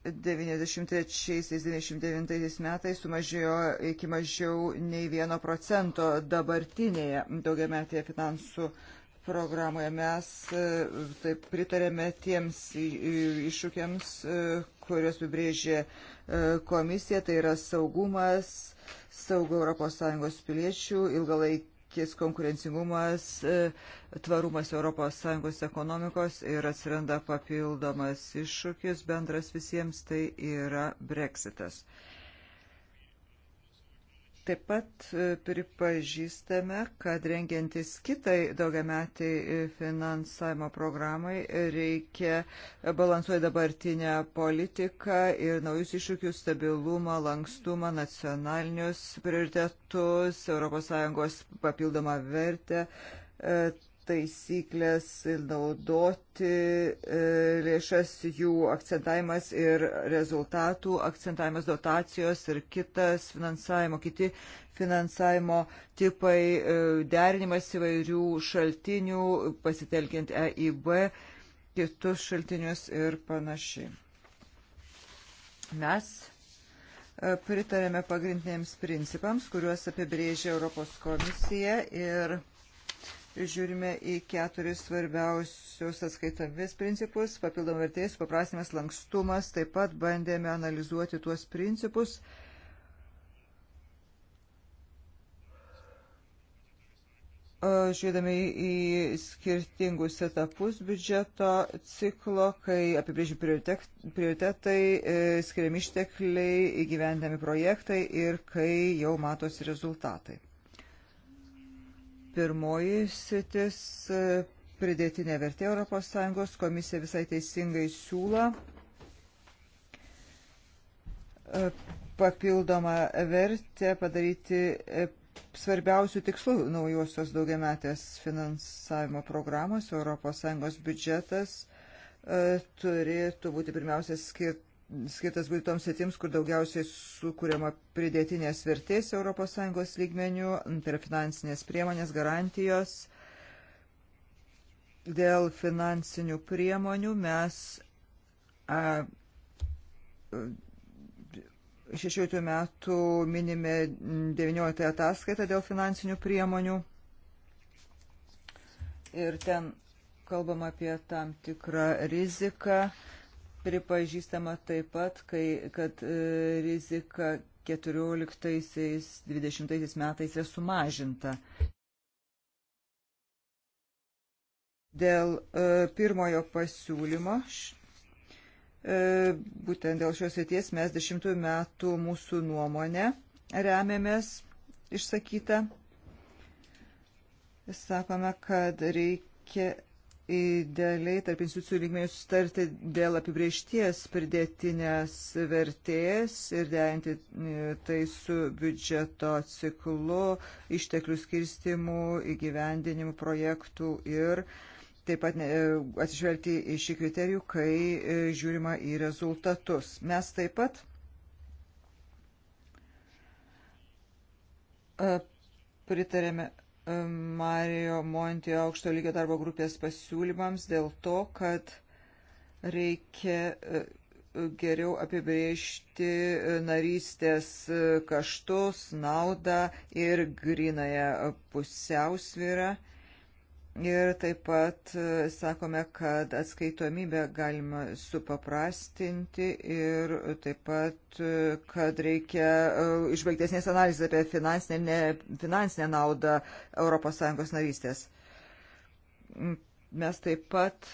93-99 metais sumažėjo iki mažiau nei 1 procento dabartinėje daugiametėje finansų programoje. Mes e, taip pritarėme tiems iššūkiams, e, kuriuos apibrėžė e, komisija, tai yra saugumas, saugo ES piliečių, ilgalaikį poveikis, konkurencingumas, e, tvarumas ES ekonomikos ir atsiranda papildomas iššūkis bendras visiems, tai yra breksitas. Uh, Taip pat e, pripažįstame, kad rengiantis kitai daugiametiai e, finansavimo programai e, reikia balansuoti dabartinę politiką ir naujus iššūkius - stabilumą, lankstumą, nacionalinius prioritetus, ES papildomą vertę taisyklės, naudoti e, lėšas, jų akcentavimas ir rezultatų, akcentavimas dotacijos ir kitas finansavimo, kiti finansavimo tipai, e, derinimas įvairių šaltinių, pasitelkiant EIB, kitus šaltinius ir panašiai. Mes e, pritarėme pagrindiniams principams, kuriuos apibrėžė Europos komisija ir žiūrime į keturis svarbiausius atskaitomis principus - papildom vertės, paprasimas lankstumas, taip pat bandėme analizuoti tuos principus. Žiūrėdami į skirtingus etapus biudžeto ciklo, kai apibrėžiu prioritetai, e, skiriami ištekliai, įgyvendami projektai ir kai jau matosi rezultatai. Pirmoji sitis e, - pridėtinė vertė ES. Komisija visai teisingai siūlo e, papildomą vertę padaryti e, svarbiausių tikslų naujosios daugiametės finansavimo programos. ES biudžetas turėtų būti pirmiausia skirt skirtas būti toms sritims, kur daugiausiai sukūriama pridėtinės vertės ES lygmenių per tai finansinės priemonės garantijos. Dėl finansinių priemonių mes a, 16 metų minime 19 ataskaitą dėl finansinių priemonių. Ir ten kalbam apie tam tikrą riziką. A, Pripažįstama taip pat, kai, kad e, rizika 14-20 metais yra sumažinta. Dėl e, pirmojo pasiūlymo e, būtent dėl šios sėties mes dešimtųjų metų mūsų nuomonę remiamės išsakytą. Sakome, kad reikia idealiai tarp institucijų lygmenių sustarti dėl apibriešties pridėtinės vertės ir derinti e, tai su biudžeto ciklu, išteklių skirstimų, įgyvendinimų projektų ir taip pat e, atsižvelgti į šį kriterijų, kai e, žiūrima į rezultatus. Mes taip pat pritarėme Mario Monti aukšto lygio darbo grupės pasiūlymams dėl to, kad reikia e, geriau apibriežti e, narystės e, kaštus, naudą ir grinąją pusiausvyrą. Ir taip pat e, sakome, kad atskaitomybę galima supaprastinti ir taip pat, e, kad reikia e, išbaigtesnės analizės apie finansinę, ne, finansinę naudą ES narystės. Mes taip pat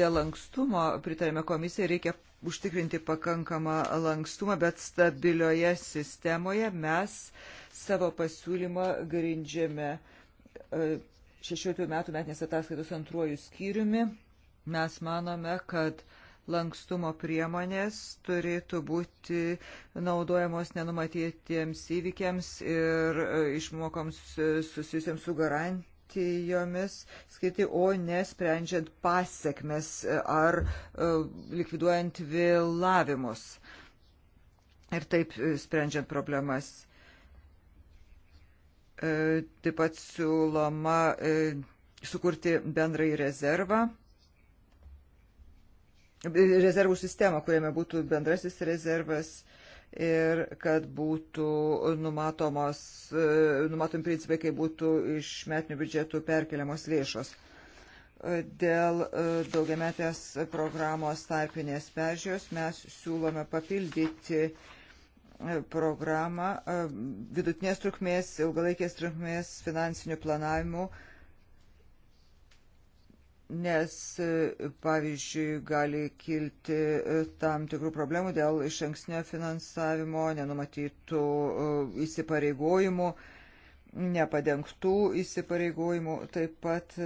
dėl lankstumo pritarėme komisijai, reikia užtikrinti pakankamą lankstumą, bet stabilioje sistemoje mes savo pasiūlymą grindžiame 16 metų metinės ataskaitos antruoju skyriumi. Mes manome, kad lankstumo priemonės turėtų būti naudojamos nenumatytiems įvykiams ir e, išmokoms e, susijusiems su garantijomis skirti, o nesprendžiant pasiekmes e, ar likviduojant vėlavimus ir taip sprendžiant problemas. E, taip pat siūloma e, sukurti bendrąjį rezervą, e, rezervų sistemą, kuriame būtų bendrasis rezervas ir kad būtų numatomos, numatomi principai, kai būtų iš metinių biudžetų perkeliamos lėšos. Dėl daugiametės programos tarpinės peržiūros mes siūlome papildyti uh, programą e, vidutinės trukmės, ilgalaikės trukmės finansinių planavimų, nes, e, pavyzdžiui, gali kilti e, tam tikrų problemų dėl iš anksnio finansavimo, nenumatytų įsipareigojimų, nepadengtų įsipareigojimų, taip pat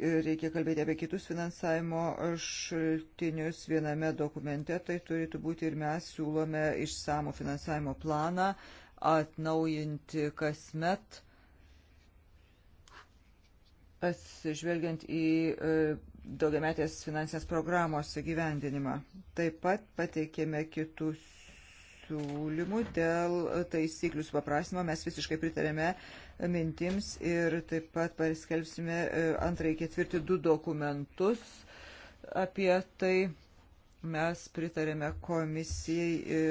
reikia kalbėti apie kitus finansavimo šaltinius viename dokumente, tai turėtų būti ir mes siūlome išsamų finansavimo planą atnaujinti kasmet, atsižvelgiant į e, daugiametės finansinės programos įgyvendinimą. Taip pat pateikėme kitus pasiūlymų dėl taisyklių supaprastinimo. Mes visiškai pritarėme mintims ir taip pat paskelbsime e, antrąjį ketvirtį du dokumentus apie tai. Mes pritarėme komisijai e,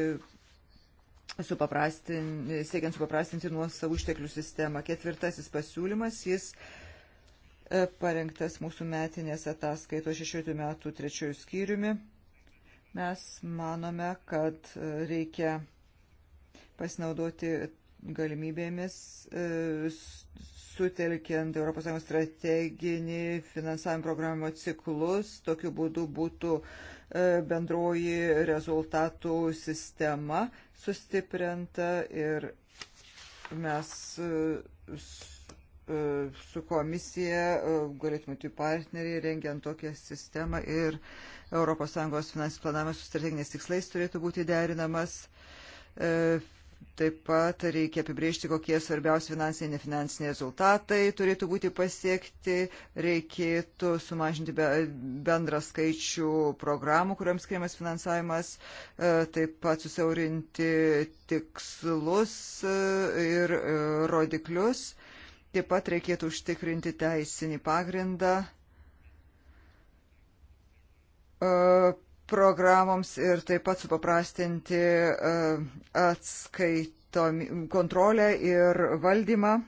supaprastin, siekiant supaprastinti nuo savų išteklių sistemą. Ketvirtasis pasiūlymas, jis e, parengtas mūsų metinės ataskaitos 16 metų trečiojų skyriumi. Mes manome, kad e, reikia pasinaudoti galimybėmis e, sutelkiant ES strateginį finansavimo programimo ciklus. Tokiu būdu būtų e, bendroji rezultatų sistema sustiprinta ir mes su komisija galėtume būti partneriai rengiant tokią sistemą ir uh, ES finansinis planavimas su strateginiais tikslais turėtų būti derinamas. E, taip pat reikia apibriežti, kokie svarbiausi finansiniai ir nefinansiniai rezultatai turėtų būti pasiekti, reikėtų sumažinti bendrą skaičių programų, kuriams skiriamas finansavimas, e, taip pat susiaurinti tikslus e, ir rodiklius, taip pat reikėtų užtikrinti teisinį pagrindą programoms ir taip pat supaprastinti e, atskaitomi, kontrolę ir valdymą.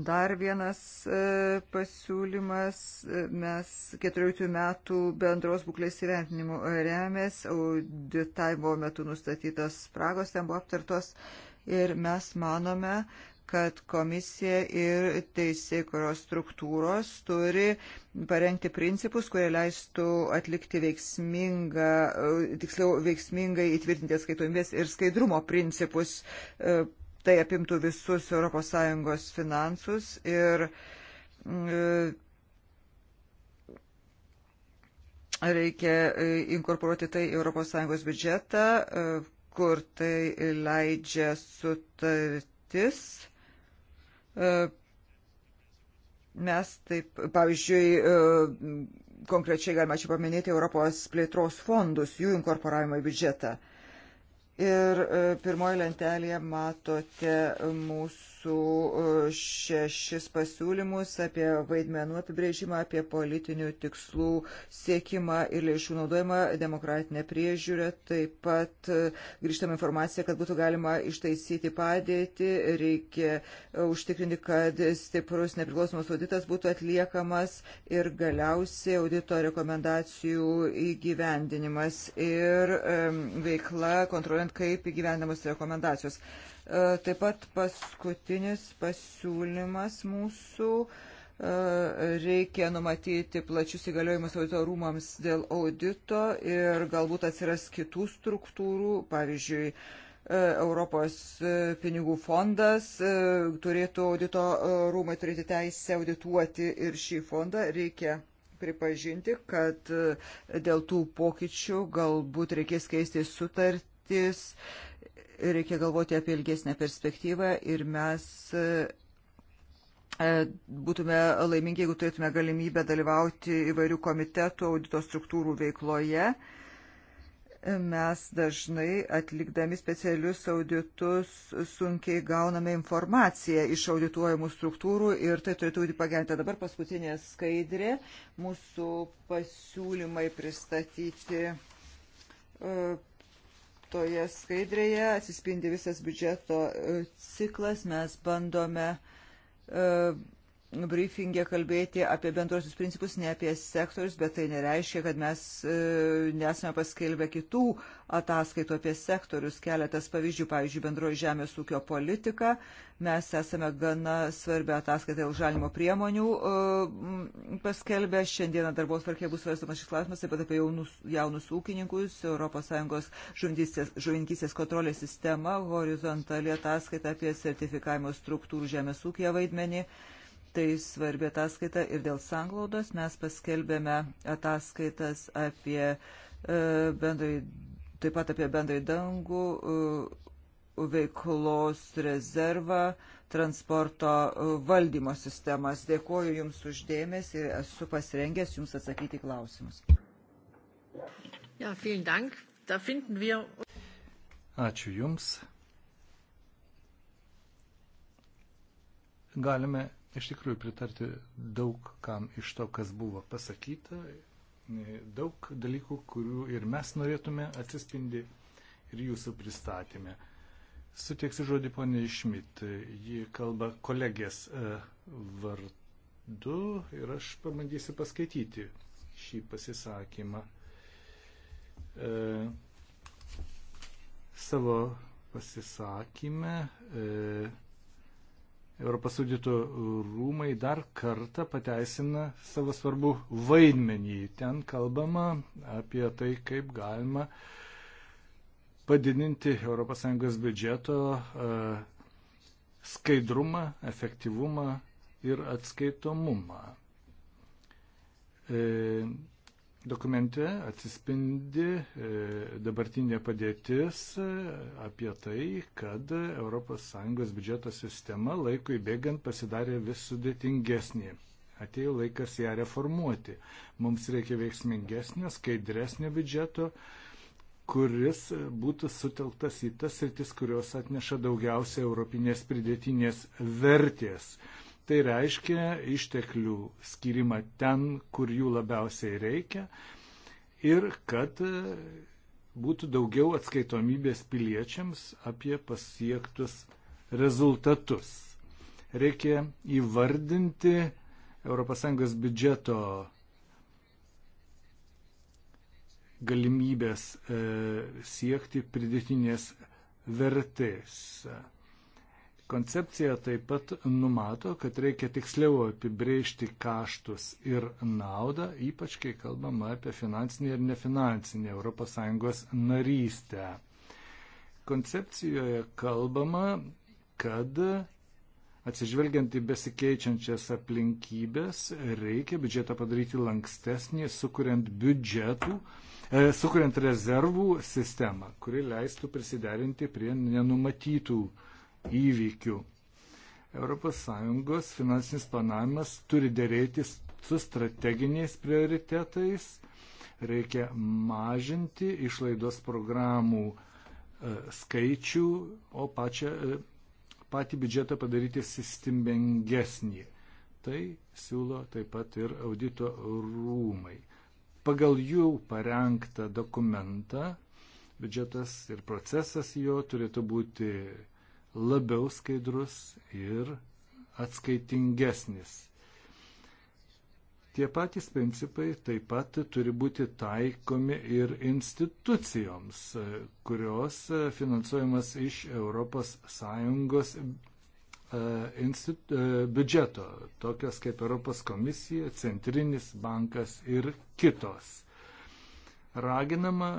Dar vienas e, pasiūlymas, e, mes 14 metų bendros būklės įvertinimu remės, auditavimo metu nustatytos spragos ten buvo aptartos ir mes manome, kad komisija ir teisėkuros struktūros turi parengti principus, kurie leistų atlikti veiksmingą, tiksliau veiksmingai įtvirtinti atskaitomybės ir skaidrumo principus. E, tai apimtų visus ES finansus ir e, reikia e, inkorporuoti tai ES biudžetą, kur tai leidžia sutartis. E, mes taip, pavyzdžiui, e, konkrečiai galima čia paminėti Europos plėtros fondus, jų inkorporavimą į biudžetą. Ir e, pirmoje lentelėje matote mūsų mūsų e, šešis pasiūlymus apie vaidmenų apibrėžimą, apie politinių tikslų siekimą ir lėšų naudojimą, demokratinę priežiūrę. Taip pat e, grįžtame informaciją, kad būtų galima ištaisyti padėtį, reikia e, užtikrinti, kad stiprus nepriklausomas auditas būtų atliekamas ir galiausiai audito rekomendacijų įgyvendinimas ir veikla kontroliuojant, kaip įgyvendinamos rekomendacijos. Taip pat paskutinis pasiūlymas mūsų e, reikia numatyti plačius įgaliojimus audito rūmams dėl audito ir galbūt atsiras kitų struktūrų, pavyzdžiui, e, Europos e, pinigų fondas turėtų audito rūmai turėti teisę audituoti ir šį fondą reikia pripažinti, kad dėl tų pokyčių galbūt reikės keisti sutartis reikia galvoti apie ilgesnę perspektyvą ir mes e, būtume laimingi, jeigu turėtume galimybę dalyvauti įvairių komitetų audito struktūrų veikloje. Mes dažnai atlikdami specialius auditus sunkiai gauname informaciją iš audituojamų struktūrų ir tai turėtų būti pagerinta. Dabar paskutinė skaidrė. Mūsų pasiūlymai pristatyti e, toje skaidrėje atsispindi visas biudžeto e, ciklas. Mes bandome uh, briefingė kalbėti apie bendrosius principus, ne apie sektorius, bet tai nereiškia, kad mes e, nesame paskelbę kitų ataskaitų apie sektorius. Keletas pavyzdžių, pavyzdžiui, bendroji žemės ūkio politika. Mes esame gana svarbę ataskaitą dėl žalimo priemonių e, paskelbę. Šiandieną darbos tvarkė bus svarstamas šis klausimas, taip pat apie jaunus, jaunus ūkininkus, ES žuvininkystės kontrolės sistema, horizontali ataskaita apie sertifikavimo struktūrų žemės ūkio vaidmenį. Yeah tai svarbi ataskaita ir dėl sanglaudos. Mes paskelbėme ataskaitas apie e, bendrai, taip pat apie bendrai dangų, e, veiklos rezervą, transporto e, valdymo sistemas. Dėkuoju Jums uždėmės ir esu pasirengęs Jums atsakyti klausimus. Ja, dank. Da wir... Ačiū Jums. Galime iš tikrųjų pritarti daug kam iš to, kas buvo pasakyta, daug dalykų, kurių ir mes norėtume atsispindi ir jūsų pristatymė. Suteiksiu žodį ponė Šmit, ji kalba kolegės e, vardu ir aš pabandysiu paskaityti šį pasisakymą. E, savo pasisakymę e, Europos audito rūmai dar kartą pateisina savo svarbų vaidmenį. Ten kalbama apie tai, kaip galima padidinti ES biudžeto e, skaidrumą, efektyvumą ir atskaitomumą. E, Dokumente atsispindi e, dabartinė padėtis e, apie tai, kad ES biudžeto sistema laikui bėgant pasidarė vis sudėtingesnė. Atėjo laikas ją reformuoti. Mums reikia veiksmingesnio, skaidresnio biudžeto, kuris būtų sutelktas į tas rytis, kurios atneša daugiausia europinės pridėtinės vertės. Tai reiškia išteklių skirimą ten, kur jų labiausiai reikia ir kad e, būtų daugiau atskaitomybės piliečiams apie pasiektus rezultatus. Reikia įvardinti ES biudžeto galimybės e, siekti pridėtinės vertės. Koncepcija taip pat numato, kad reikia tiksliau apibrėžti kaštus ir naudą, ypač kai kalbama apie finansinį ir nefinansinį ES narystę. Koncepcijoje kalbama, kad atsižvelgiant į besikeičiančias aplinkybės, reikia biudžetą padaryti lankstesnį, sukuriant biudžetų, e, sukuriant rezervų sistemą, kuri leistų prisiderinti prie nenumatytų įvykių. ES finansinis planavimas turi dėrėtis su strateginiais prioritetais, reikia mažinti išlaidos programų e, skaičių, o pačią, e, patį biudžetą padaryti sistemingesnį. Tai siūlo taip pat ir audito rūmai. Pagal jų parengtą dokumentą biudžetas ir procesas jo turėtų būti labiau skaidrus ir atskaitingesnis. Tie patys principai taip pat turi būti taikomi ir institucijoms, kurios finansuojamas iš ES e, e, biudžeto, tokios kaip Europos komisija, Centrinis bankas ir kitos. Raginama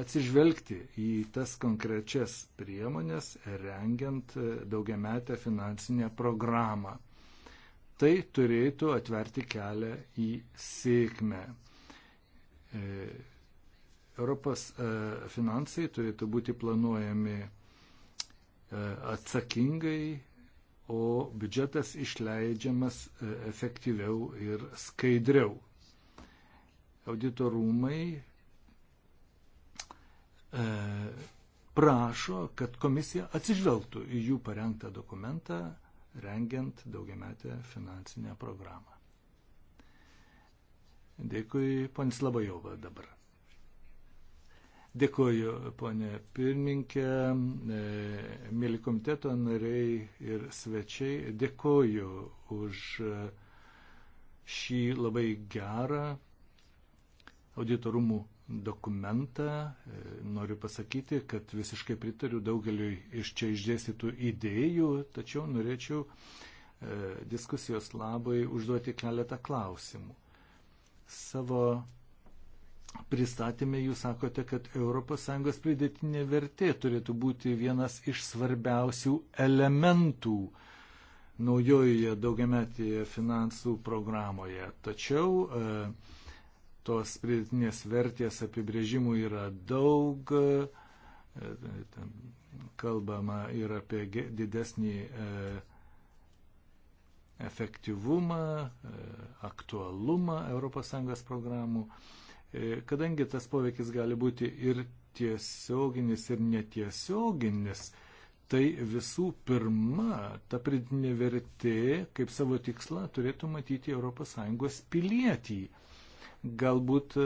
atsižvelgti į tas konkrečias priemonės, rengiant e, daugiametę finansinę programą. Tai turėtų atverti kelią į sėkmę. E, Europos e, finansai turėtų būti planuojami atsakingai, o biudžetas išleidžiamas efektyviau ir skaidriau. Auditorumai E, prašo, kad komisija atsižvelgtų į jų parengtą dokumentą, rengiant daugiametę finansinę programą. Dėkui, ponis Labajova dabar. Dėkuoju, ponė pirmininkė, e, mėly komiteto nariai ir svečiai. Dėkuoju už e, šį labai gerą auditorumų dokumentą. E, noriu pasakyti, kad visiškai pritariu daugeliu iš čia išdėstytų idėjų, tačiau norėčiau e, diskusijos labai užduoti keletą klausimų. Savo pristatymė jūs sakote, kad ES pridėtinė vertė turėtų būti vienas iš svarbiausių elementų naujoje daugiametėje finansų programoje. Tačiau e, tos pridėtinės vertės apibrėžimų yra daug. E, kalbama ir apie didesnį e, efektyvumą, e, aktualumą ES programų, kadangi tas poveikis gali būti ir tiesioginis, ir netiesioginis, tai visų pirma, ta pridinė vertė kaip savo tikslą turėtų matyti ES pilietį. Galbūt e,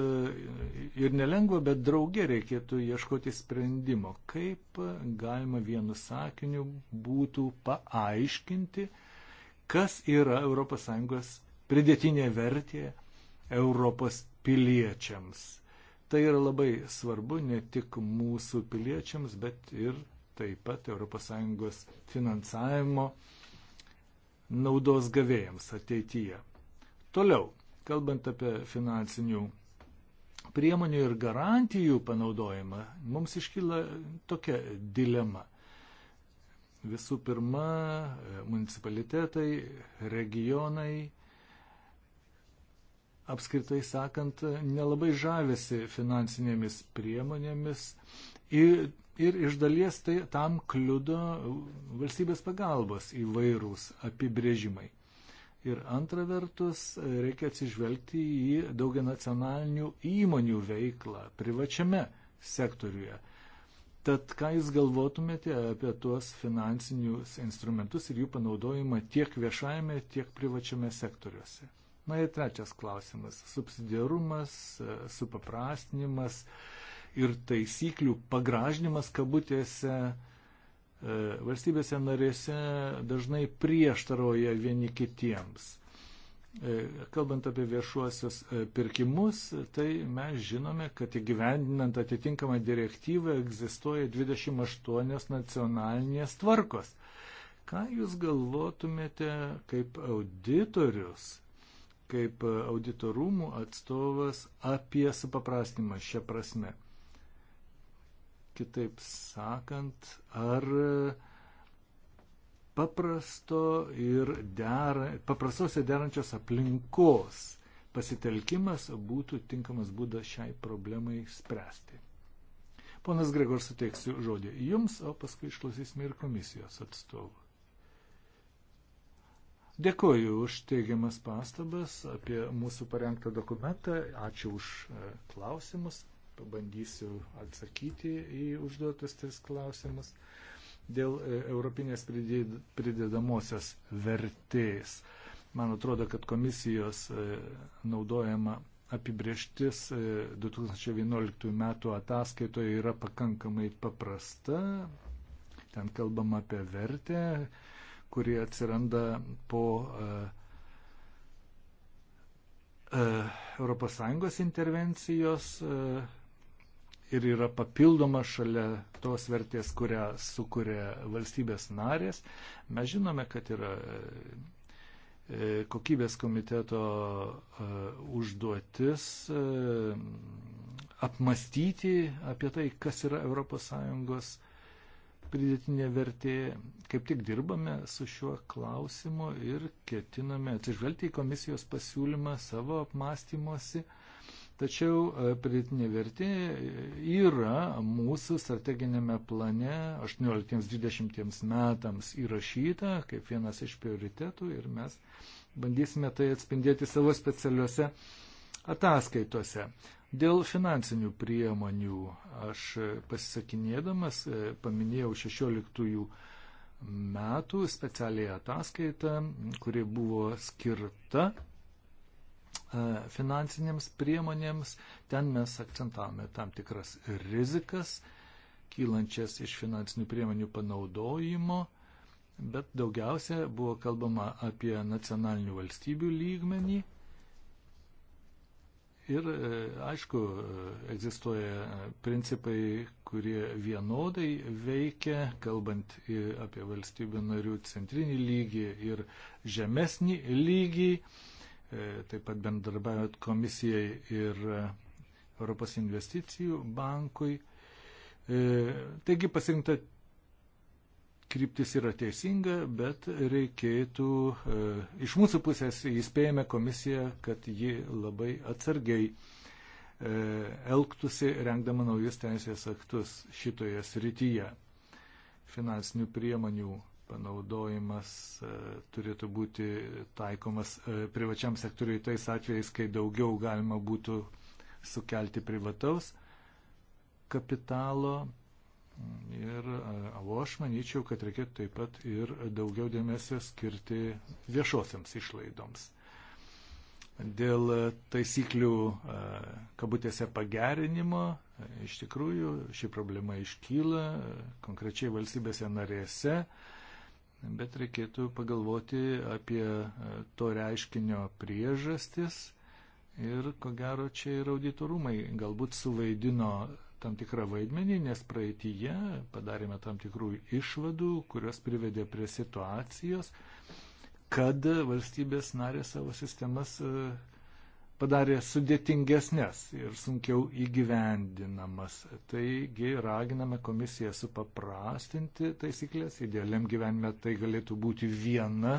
ir nelengva, bet draugė reikėtų ieškoti sprendimo, kaip galima vienu sakiniu būtų paaiškinti, kas yra ES pridėtinė vertė Europos piliečiams. Tai yra labai svarbu ne tik mūsų piliečiams, bet ir taip pat ES finansavimo naudos gavėjams ateityje. Toliau. Kalbant apie finansinių priemonių ir garantijų panaudojimą, mums iškyla tokia dilema. Visų pirma, municipalitetai, regionai, apskritai sakant, nelabai žavisi finansinėmis priemonėmis ir, ir iš dalies tai tam kliudo valstybės pagalbos įvairūs apibrėžimai. Ir antra vertus, reikia atsižvelgti į daugia nacionalinių įmonių veiklą privačiame sektoriuje. Tad ką Jūs galvotumėte apie tuos finansinius instrumentus ir jų panaudojimą tiek viešajame, tiek privačiame sektoriuose? Na ir trečias klausimas - subsidiarumas, supaprastinimas ir taisyklių pagražinimas kabutėse valstybėse narėse dažnai prieštaroja vieni kitiems. E, kalbant apie viešuosius e, pirkimus, tai mes žinome, kad įgyvendinant atitinkamą direktyvą egzistuoja 28 nacionalinės tvarkos. Ką Jūs galvotumėte kaip auditorius, kaip auditorumų atstovas apie supaprastinimą šią prasme? Kitaip sakant, ar paprasto ir dera, paprastos ir derančios aplinkos pasitelkimas būtų tinkamas būdas šiai problemai spręsti. Ponas Gregor, suteiksiu žodį jums, o paskui išklausysime ir komisijos atstovų. Dėkoju už teigiamas pastabas apie mūsų parengtą dokumentą. Ačiū už e, klausimus pabandysiu atsakyti į užduotus tris klausimus dėl e, europinės pridedamosios vertės. Man atrodo, kad komisijos e, naudojama apibrieštis 2011 e, metų ataskaitoje yra pakankamai paprasta. Ten kalbama apie vertę, kuri atsiranda po ES intervencijos ir yra papildoma šalia tos vertės, kurią sukuria valstybės narės. Mes žinome, kad yra e, kokybės komiteto e, užduotis e, apmastyti apie tai, kas yra ES pridėtinė vertė. Kaip tik dirbame su šiuo klausimu ir ketiname atsižvelgti į komisijos pasiūlymą savo apmastymuose Tačiau e, pridėtinė vertė e, yra mūsų strateginėme plane 18-20 metams įrašyta kaip vienas iš prioritetų ir mes bandysime tai atspindėti savo specialiuose ataskaitose. Dėl finansinių priemonių aš e, pasisakinėdamas paminėjau 16 metų specialiai ataskaitą, kuri buvo skirta E, finansinėms priemonėms. Ten mes akcentavome tam tikras rizikas, kylančias iš finansinių priemonių panaudojimo, bet daugiausia buvo kalbama apie nacionalinių valstybių lygmenį. Ir e, aišku, egzistuoja principai, kurie vienodai veikia, kalbant apie valstybių narių centrinį lygį ir žemesnį lygį. E, taip pat bendradarbiaujant komisijai ir e, Europos investicijų bankui. E, taigi pasirinkta kryptis yra teisinga, bet reikėtų iš mūsų pusės įspėjame komisiją, kad ji labai atsargiai elgtųsi rengdama naujus teisės aktus šitoje srityje finansinių priemonių panaudojimas e, turėtų būti taikomas e, privačiam sektoriui tais atvejais, kai daugiau galima būtų sukelti privataus kapitalo. Ir e, o aš manyčiau, kad reikėtų taip pat ir daugiau dėmesio skirti viešosiams išlaidoms. Dėl taisyklių kabutėse pagerinimo iš tikrųjų ši problema iškyla konkrečiai valstybėse narėse bet reikėtų pagalvoti apie e, to reiškinio priežastis ir ko gero čia ir auditorumai galbūt suvaidino tam tikrą vaidmenį, nes praeitįje padarėme tam tikrų išvadų, kurios privedė prie situacijos, kad valstybės narė savo sistemas uh, padarė sudėtingesnės ir sunkiau įgyvendinamas. Taigi raginame komisiją supaprastinti taisyklės, idealiam gyvenime tai galėtų būti viena,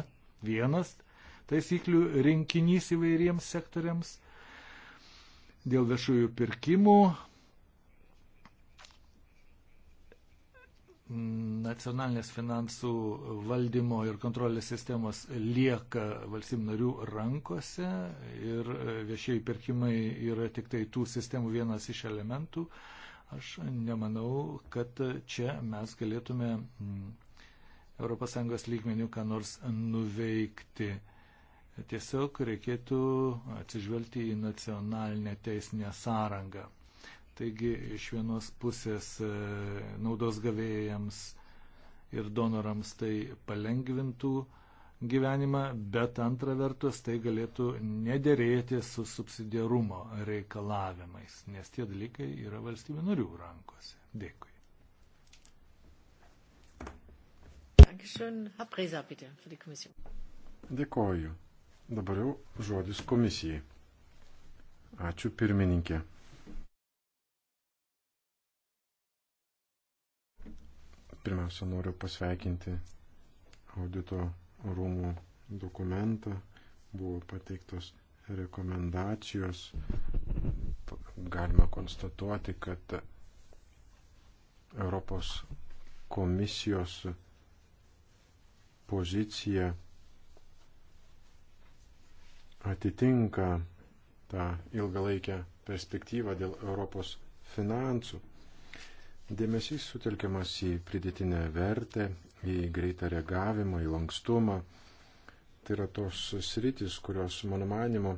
vienas taisyklių rinkinys įvairiems sektoriams. Dėl viešųjų pirkimų nacionalinės finansų valdymo ir kontrolės sistemos lieka valstybių narių rankose ir viešieji pirkimai yra tik tai tų sistemų vienas iš elementų, aš nemanau, kad čia mes galėtume mm, ES lygmenių ką nors nuveikti. Tiesiog reikėtų atsižvelgti į nacionalinę teisinę sąrangą. Taigi iš vienos pusės e, naudos gavėjams ir donorams tai palengvintų gyvenimą, bet antra vertus tai galėtų nederėti su subsidiarumo reikalavimais, nes tie dalykai yra valstybių narių rankose. Dėkui. Dėkoju. Dabar jau žodis komisijai. Ačiū pirmininkė. Pirmiausia, noriu pasveikinti audito rūmų dokumentą. Buvo pateiktos rekomendacijos. Galima konstatuoti, kad Europos komisijos pozicija atitinka tą ilgalaikę perspektyvą dėl Europos finansų Dėmesys sutelkiamas į pridėtinę vertę, į greitą reagavimą, į lankstumą. Tai yra tos sritis, kurios, mano manimu,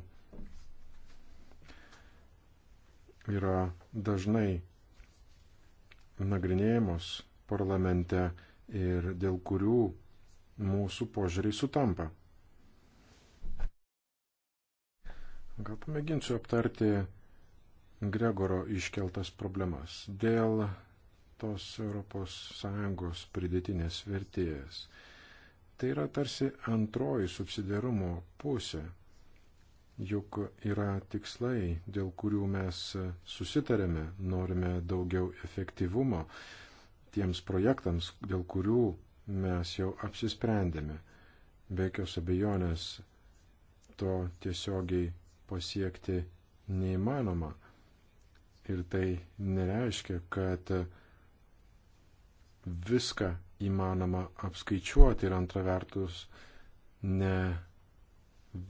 yra dažnai nagrinėjamos parlamente ir dėl kurių mūsų požiūriai sutampa. Gal pamėginsiu aptarti Gregoro iškeltas problemas. Dėl tos ES pridėtinės vertėjas. Tai yra tarsi antroji subsidiarumo pusė, juk yra tikslai, dėl kurių mes susitarėme, norime daugiau efektyvumo tiems projektams, dėl kurių mes jau apsisprendėme. Be jokios abejonės to tiesiogiai pasiekti neįmanoma. Ir tai nereiškia, kad viską įmanoma apskaičiuoti ir antra vertus ne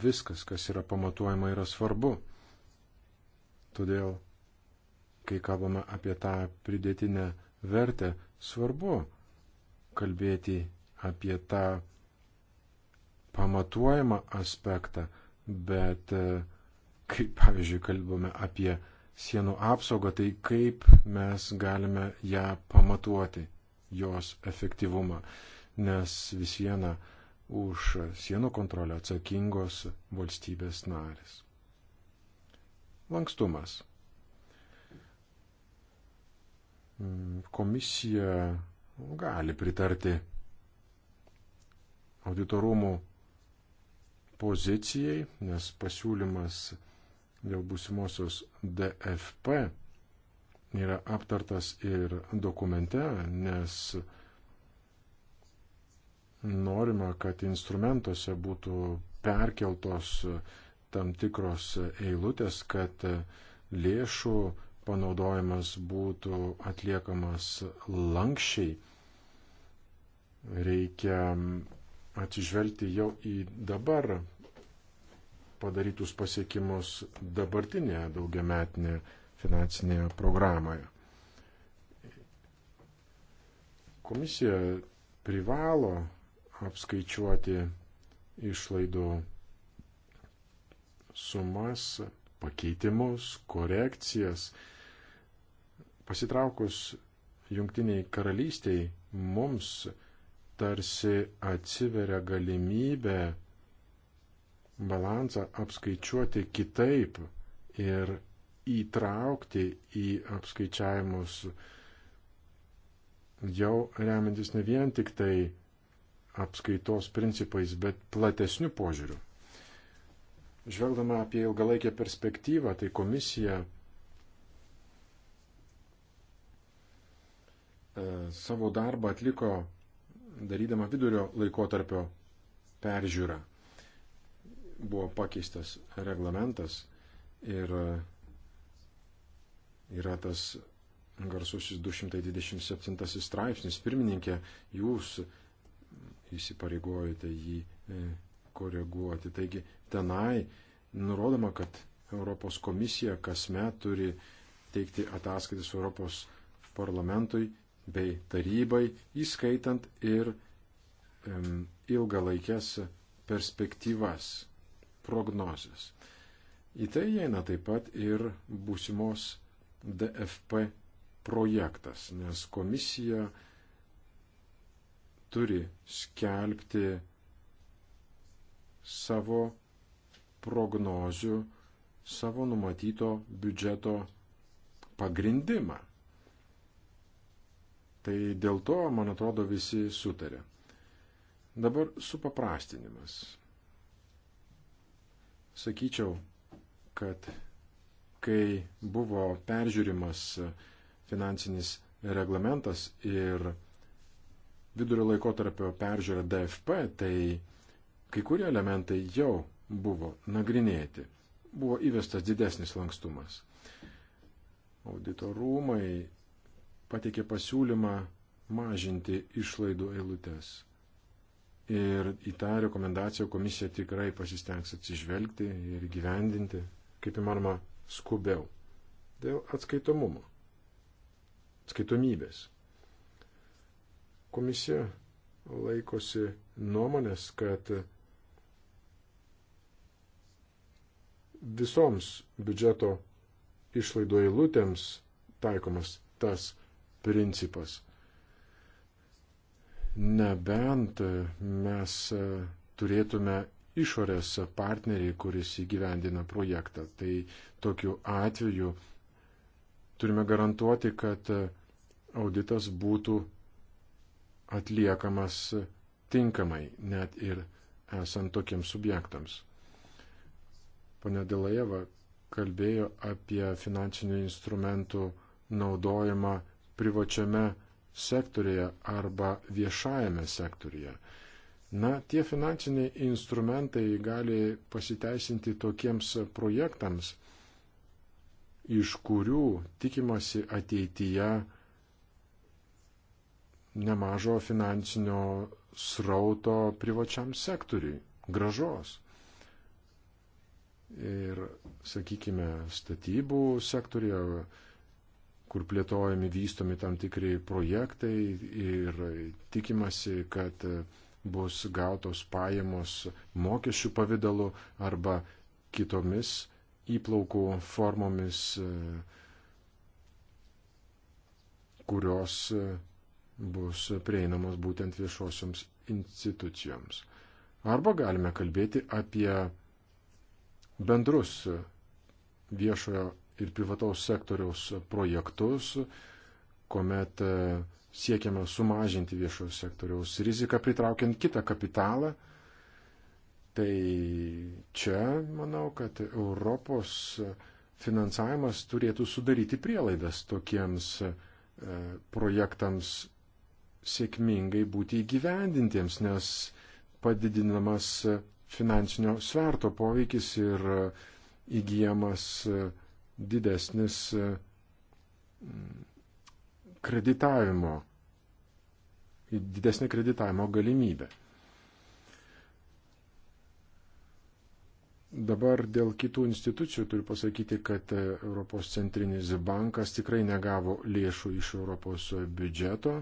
viskas, kas yra pamatuojama, yra svarbu. Todėl, kai kalbame apie tą pridėtinę vertę, svarbu kalbėti apie tą pamatuojamą aspektą, bet e, kaip, pavyzdžiui, kalbame apie sienų apsaugą, tai kaip mes galime ją pamatuoti jos efektyvumą, nes vis viena už sienų kontrolę atsakingos valstybės narės. Lankstumas. Mm, komisija gali pritarti auditorumų pozicijai, nes pasiūlymas dėl būsimosios DFP yra aptartas ir dokumente, nes norima, kad instrumentuose būtų perkeltos tam tikros eilutės, kad lėšų panaudojimas būtų atliekamas lankščiai. Reikia atsižvelgti jau į dabar padarytus pasiekimus dabartinėje daugiametinėje finansinėje programoje. Komisija privalo apskaičiuoti išlaidų sumas, pakeitimus, korekcijas. Pasitraukus jungtiniai karalystiai mums tarsi atsiveria galimybė balansą apskaičiuoti kitaip ir įtraukti į apskaičiavimus jau remiantis ne vien tik tai apskaitos principais, bet platesnių požiūrių. Žvelgdama apie ilgalaikę perspektyvą, tai komisija e, savo darbą atliko darydama vidurio laikotarpio peržiūrą. Buvo pakeistas reglamentas ir e, yra tas garsusis 227 straipsnis. Pirmininkė, jūs įsipareigojate jį e, koreguoti. Taigi tenai nurodoma, kad Europos komisija kasmet turi teikti ataskaitas Europos parlamentui bei tarybai, įskaitant ir um, ilgalaikės perspektyvas, prognozes. Į tai įeina taip pat ir būsimos DFP projektas, nes komisija turi skelbti savo prognozių, savo numatyto biudžeto pagrindimą. Tai dėl to, man atrodo, visi sutarė. Dabar supaprastinimas. Sakyčiau, kad kai buvo peržiūrimas finansinis reglamentas ir vidurio laikotarpio peržiūra DFP, tai kai kurie elementai jau buvo nagrinėti. Buvo įvestas didesnis lankstumas. Auditorumai pateikė pasiūlymą mažinti išlaidų eilutes. Ir į tą rekomendaciją komisija tikrai pasistengs atsižvelgti ir gyvendinti, kaip įmanoma, skubiau. Dėl atskaitomumo. Atskaitomybės. Komisija laikosi nuomonės, kad visoms biudžeto išlaidų eilutėms taikomas tas principas. Nebent mes turėtume išorės partneriai, kuris įgyvendina projektą. Tai tokiu atveju turime garantuoti, kad auditas būtų atliekamas tinkamai, net ir esant tokiems subjektams. Pane Dilajeva kalbėjo apie finansinių instrumentų naudojimą privačiame sektorėje arba viešajame sektorėje. Na, tie finansiniai instrumentai gali pasiteisinti tokiems projektams, iš kurių tikimasi ateityje nemažo finansinio srauto privačiam sektoriui, gražos. Ir, sakykime, statybų sektorija, kur plėtojami, vystomi tam tikri projektai ir tikimasi, kad bus gautos pajamos mokesčių pavydalu arba kitomis įplaukų formomis, e, kurios e, bus prieinamos būtent viešosioms institucijoms. Arba galime kalbėti apie bendrus e, viešojo ir privataus sektoriaus projektus, kuomet siekiame sumažinti viešojo sektoriaus riziką, pritraukiant kitą kapitalą. Tai čia manau, kad Europos finansavimas turėtų sudaryti prielaidas tokiems e, projektams sėkmingai būti įgyvendintiems, nes padidinamas finansinio sverto poveikis ir įgyjamas didesnis mm, kreditavimo didesnė kreditavimo galimybė. Dabar dėl kitų institucijų turiu pasakyti, kad Europos centrinis bankas tikrai negavo lėšų iš Europos biudžeto.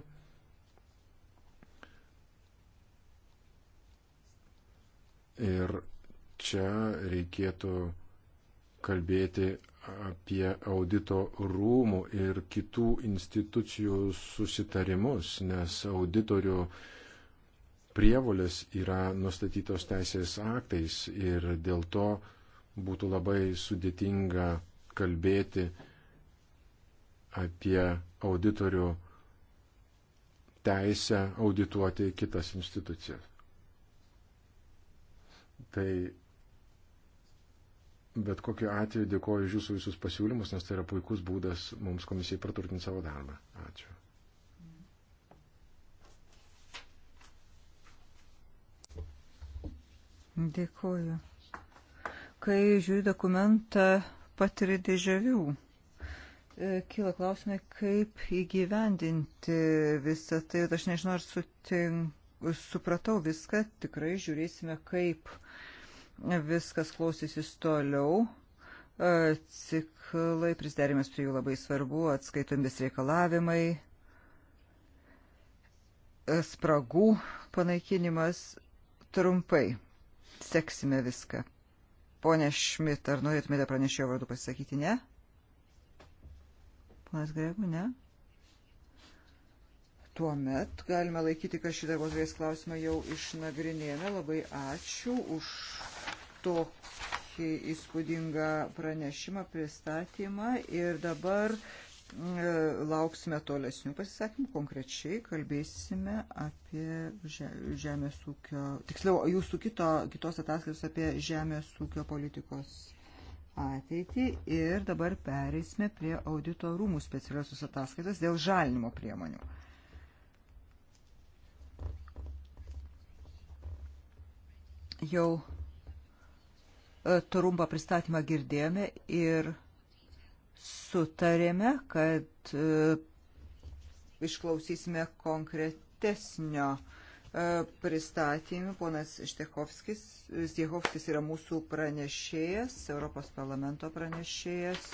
Ir čia reikėtų kalbėti apie audito rūmų ir kitų institucijų susitarimus, nes auditorių prievolės yra nustatytos teisės aktais ir dėl to būtų labai sudėtinga kalbėti apie auditorių teisę audituoti kitas institucijas. Tai Bet kokiu atveju dėkoju iš jūsų visus pasiūlymus, nes tai yra puikus būdas mums komisijai praturtinti savo darbą. Ačiū. Dėkoju. Kai žiūri dokumentą, patiri dėžavių e, kyla klausimai, kaip įgyvendinti visą tai. Aš nežinau, ar sutink, supratau viską, tikrai žiūrėsime, kaip viskas klausysis toliau. E, ciklai, prisderimas prie jų labai svarbu, atskaitomis reikalavimai, e, spragų panaikinimas trumpai. Seksime viską. Pone Šmit, ar norėtumėte pranešėjo vardu pasakyti? Ne? Ponas Gregu, ne? Tuomet galime laikyti, kad šį darbo klausimą jau išnagrinėjome. Labai ačiū už tokį įspūdingą pranešimą, pristatymą ir dabar mm, e, lauksime tolesnių pasisakymų, konkrečiai kalbėsime apie žemės ūkio, tiksliau, jūsų kito, kitos ataskaitos apie žemės ūkio politikos ateitį ir dabar pereisime prie audito rūmų specialiosios ataskaitos dėl žalinimo priemonių. Jau trumpą pristatymą girdėjome ir sutarėme, kad e, išklausysime konkretesnio e, pristatymų. Ponas Štechovskis, Zdiehovskis yra mūsų pranešėjas, Europos parlamento pranešėjas.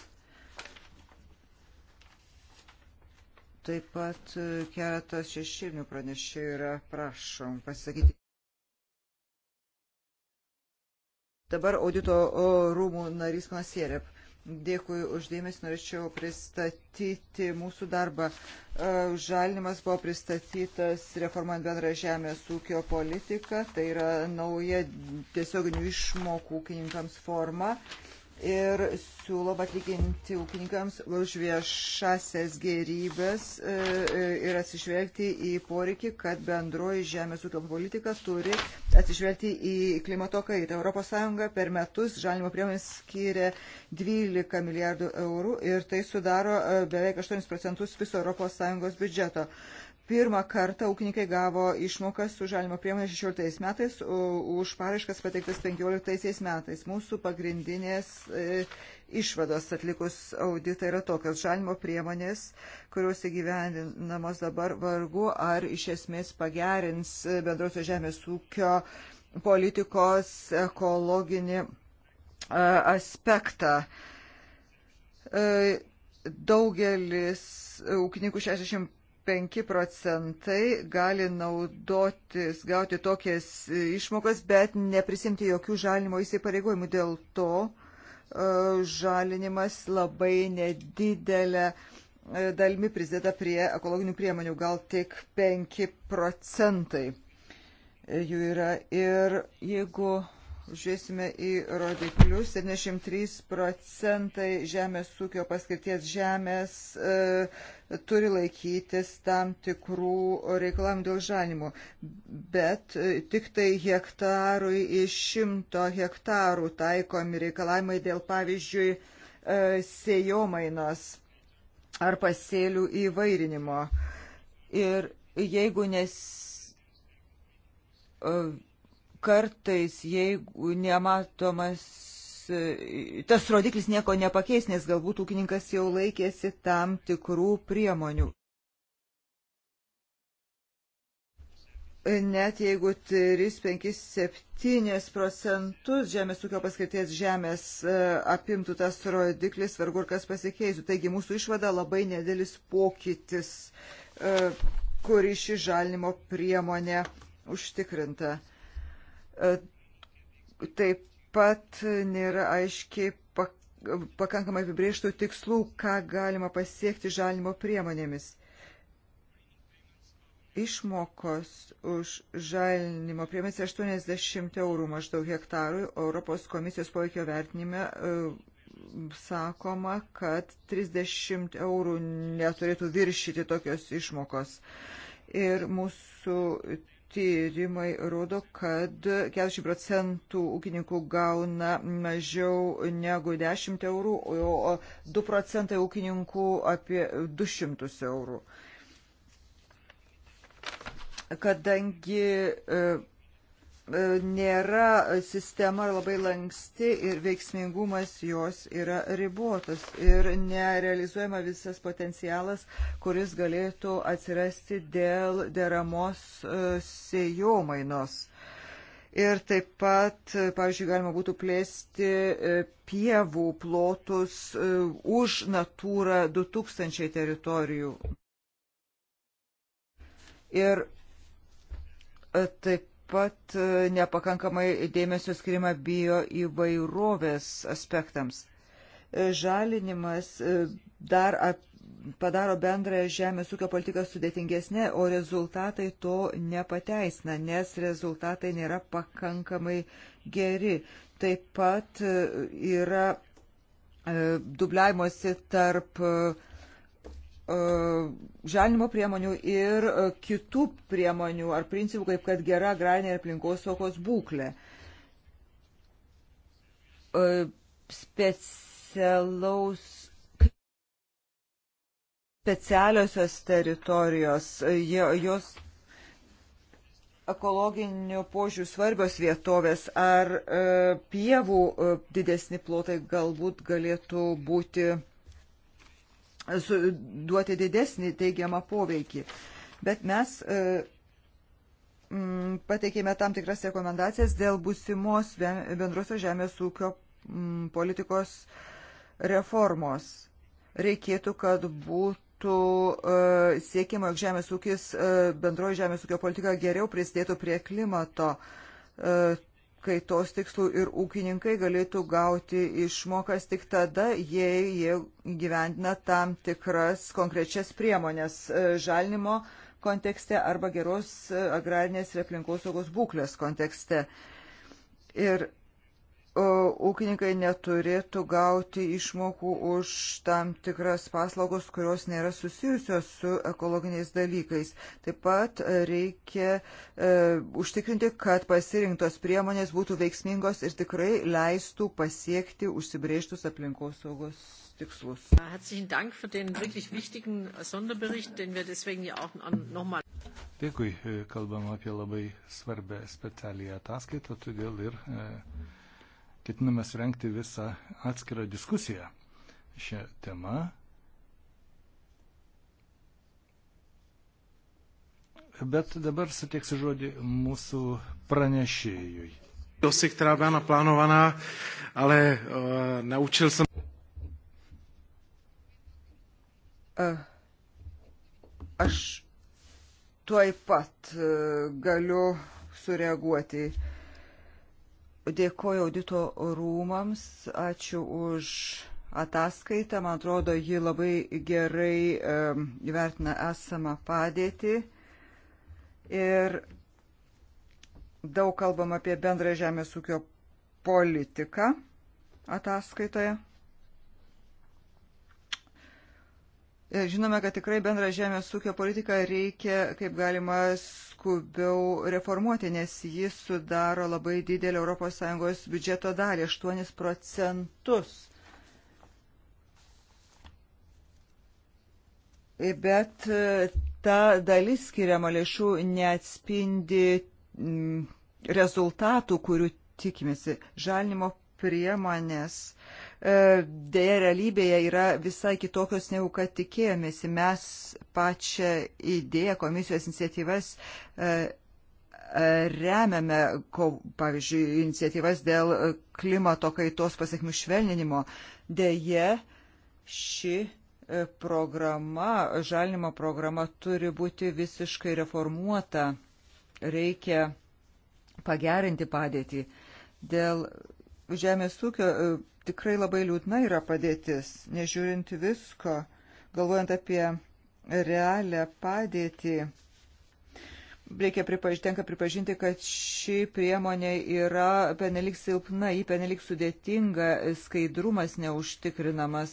Taip pat e, keletas šešinių pranešėjų yra, prašom pasakyti. Dabar audito rūmų narys Manas Jereb. Dėkui uždėmesi, norėčiau pristatyti mūsų darbą. E, žalinimas buvo pristatytas reformant bendrą žemės ūkio politiką, tai yra nauja tiesioginių išmokų ūkininkams forma ir siūlom atlyginti ūkininkams už viešasias gerybės e, e, ir atsižvelgti į poreikį, kad bendroji žemės ūkio politika turi atsižvelgti į klimato kaitą. ES per metus žalimo priemonės skiria 12 milijardų eurų ir tai sudaro e, beveik 8 procentus viso ES biudžeto. Pirmą kartą ūkininkai gavo išmokas už žalimo priemonę 16 metais, už paraiškas pateiktas 15 metais. Mūsų pagrindinės e, išvados atlikus auditą yra tokios žalimo priemonės, kurios įgyvendinamos dabar vargu ar iš esmės pagerins e, bendrosios žemės ūkio politikos ekologinį e, aspektą daugelis ūkininkų 60 5 procentai gali naudotis, gauti tokias išmokas, bet neprisimti jokių žalinimo įsipareigojimų. Dėl to e, žalinimas labai nedidelė e, dalimi prisideda prie ekologinių priemonių, gal tik 5 procentai e, jų yra. Ir jeigu žiūrėsime į rodiklius, 73 procentai žemės ūkio paskirties žemės e, turi laikytis tam tikrų reikalavimų dėl žanimų, bet e, tik tai hektarui iš šimto hektarų taikomi reikalavimai dėl pavyzdžiui e, sėjomainos ar pasėlių įvairinimo. Ir jeigu nes. E, kartais, jeigu nematomas, e, tas rodiklis nieko nepakeis, nes galbūt ūkininkas jau laikėsi tam tikrų priemonių. Net jeigu 3, 5, 7 procentus žemės ūkio paskirties žemės e, apimtų tas rodiklis, vargu ar kas pasikeisų. Taigi mūsų išvada labai nedėlis pokytis e, kurį ši žalinimo priemonė užtikrinta. E, taip pat nėra aiškiai pakankamai apibrėžtų tikslų, ką galima pasiekti žalimo priemonėmis. Išmokos už žalinimo priemonės 80 eurų maždaug hektarui Europos komisijos poveikio vertinime e, sakoma, kad 30 eurų neturėtų viršyti tokios išmokos. Ir mūsų tyrimai rodo, kad 40 procentų ūkininkų gauna mažiau negu 10 eurų, o 2 procentai ūkininkų apie 200 eurų. Kadangi e, E, nėra sistema labai lanksti ir veiksmingumas jos yra ribotas ir nerealizuojama visas potencialas, kuris galėtų atsirasti dėl deramos e, sėjomainos. Ir taip pat, pavyzdžiui, galima būtų plėsti e, pievų plotus už natūrą 2000 teritorijų. Ir taip pat e, nepakankamai dėmesio skirima bio įvairovės aspektams. E, žalinimas e, dar apie padaro bendrąją žemės ūkio politiką sudėtingesnė, o rezultatai to nepateisina, nes rezultatai nėra pakankamai geri. Taip pat yra dubliavimuose tarp uh, E, žalinimo priemonių ir e, kitų priemonių ar principų, kaip kad gera agrarinė ir aplinkos saugos būklė. E, specialaus specialiosios teritorijos, jos ekologinių požiūrių svarbios vietovės ar pievų didesni plotai galbūt galėtų būti duoti didesnį teigiamą poveikį. Bet mes e, pateikėme tam tikras rekomendacijas dėl būsimos bendrosios žemės ūkio politikos reformos. Reikėtų, kad būtų e, siekiama, jog žemės ūkis, e, bendroji žemės ūkio politika geriau prisidėtų prie klimato kaitos tikslų ir ūkininkai galėtų gauti išmokas tik tada, jei jie gyventina tam tikras konkrečias priemonės e, žalinimo kontekste arba geros e, agrarinės ir aplinkosaugos būklės kontekste. Ir ūkininkai neturėtų gauti išmokų už tam tikras paslaugos, kurios nėra susijusios su ekologiniais dalykais. Taip pat e, reikia e, užtikrinti, kad pasirinktos priemonės būtų veiksmingos ir tikrai leistų pasiekti užsibrėžtus aplinkos saugos. Tikslus. Dėkui, kalbam apie labai svarbę specialiją ataskaitą, todėl ir e, ketiname surenkti visą atskirą diskusiją šią temą. Bet dabar suteiksiu žodį mūsų pranešėjui. Dosy, která byla naplánovaná, ale uh, naučil jsem. Aš tuoj pat eh, galiu sureaguoti Dėkoju audito rūmams, ačiū už ataskaitą, man atrodo, ji labai gerai įvertina esamą padėtį ir daug kalbam apie bendrą žemės ūkio politiką ataskaitoje. Ir žinome, kad tikrai bendrą žemės ūkio politiką reikia kaip galima skubiau reformuoti, nes jis sudaro labai didelį ES biudžeto dalį - 8 procentus. Bet e, ta dalis skiriama lėšų neatspindi rezultatų, kurių tikimėsi. Žalinimo priemonės E, dėja realybėje yra visai kitokios negu kad tikėjomėsi. Mes pačią idėją, komisijos iniciatyvas e, e, remiame, pavyzdžiui, iniciatyvas dėl klimato kaitos pasiekmių švelninimo. Dėja, ši programa, žalinimo programa turi būti visiškai reformuota. Reikia pagerinti padėtį. Dėl žemės ūkio tikrai labai liūdna yra padėtis, nežiūrint visko, galvojant apie realią padėtį. Reikia pripažinti, tenka pripažinti, kad ši priemonė yra penelik silpna, jį penelik sudėtinga, skaidrumas neužtikrinamas.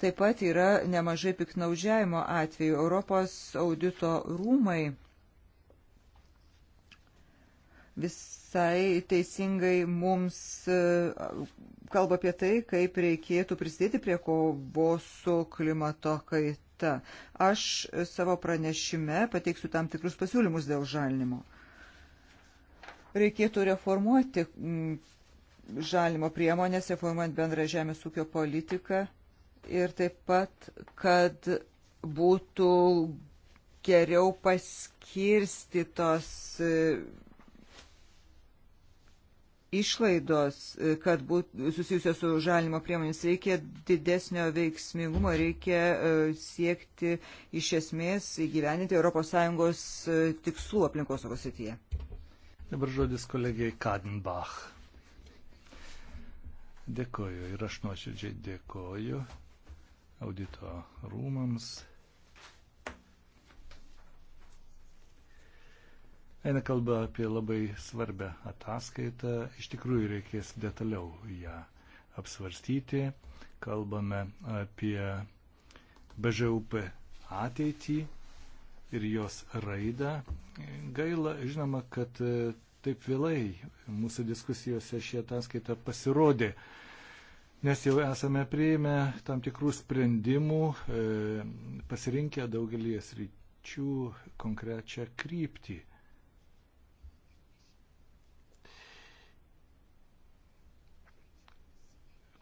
Taip pat yra nemažai piknaudžiavimo atvejų. Europos audito rūmai vis visai teisingai mums e, kalba apie tai, kaip reikėtų prisidėti prie kovos su klimato kaita. Aš savo pranešime pateiksiu tam tikrus pasiūlymus dėl žalinimo. Reikėtų reformuoti mm, žalimo priemonės, reformuojant bendrą žemės ūkio politiką ir taip pat, kad būtų geriau paskirstytos e, išlaidos, e, kad būtų susijusios su žalimo priemonės, reikia didesnio veiksmingumo, reikia e, siekti iš esmės įgyveninti ES e, tikslų aplinkosaugos srityje. Dabar žodis kolegijai Kadenbach. Dėkoju ir aš nuoširdžiai dėkoju audito rūmams Eina kalba apie labai svarbę ataskaitą. Iš tikrųjų reikės detaliau ją apsvarstyti. Kalbame apie BŽUP ateitį ir jos raidą. Gaila, žinoma, kad e, taip vėlai mūsų diskusijose šį ataskaitą pasirodė, nes jau esame prieimę tam tikrų sprendimų, e, pasirinkę daugelį sričių konkrečią kryptį.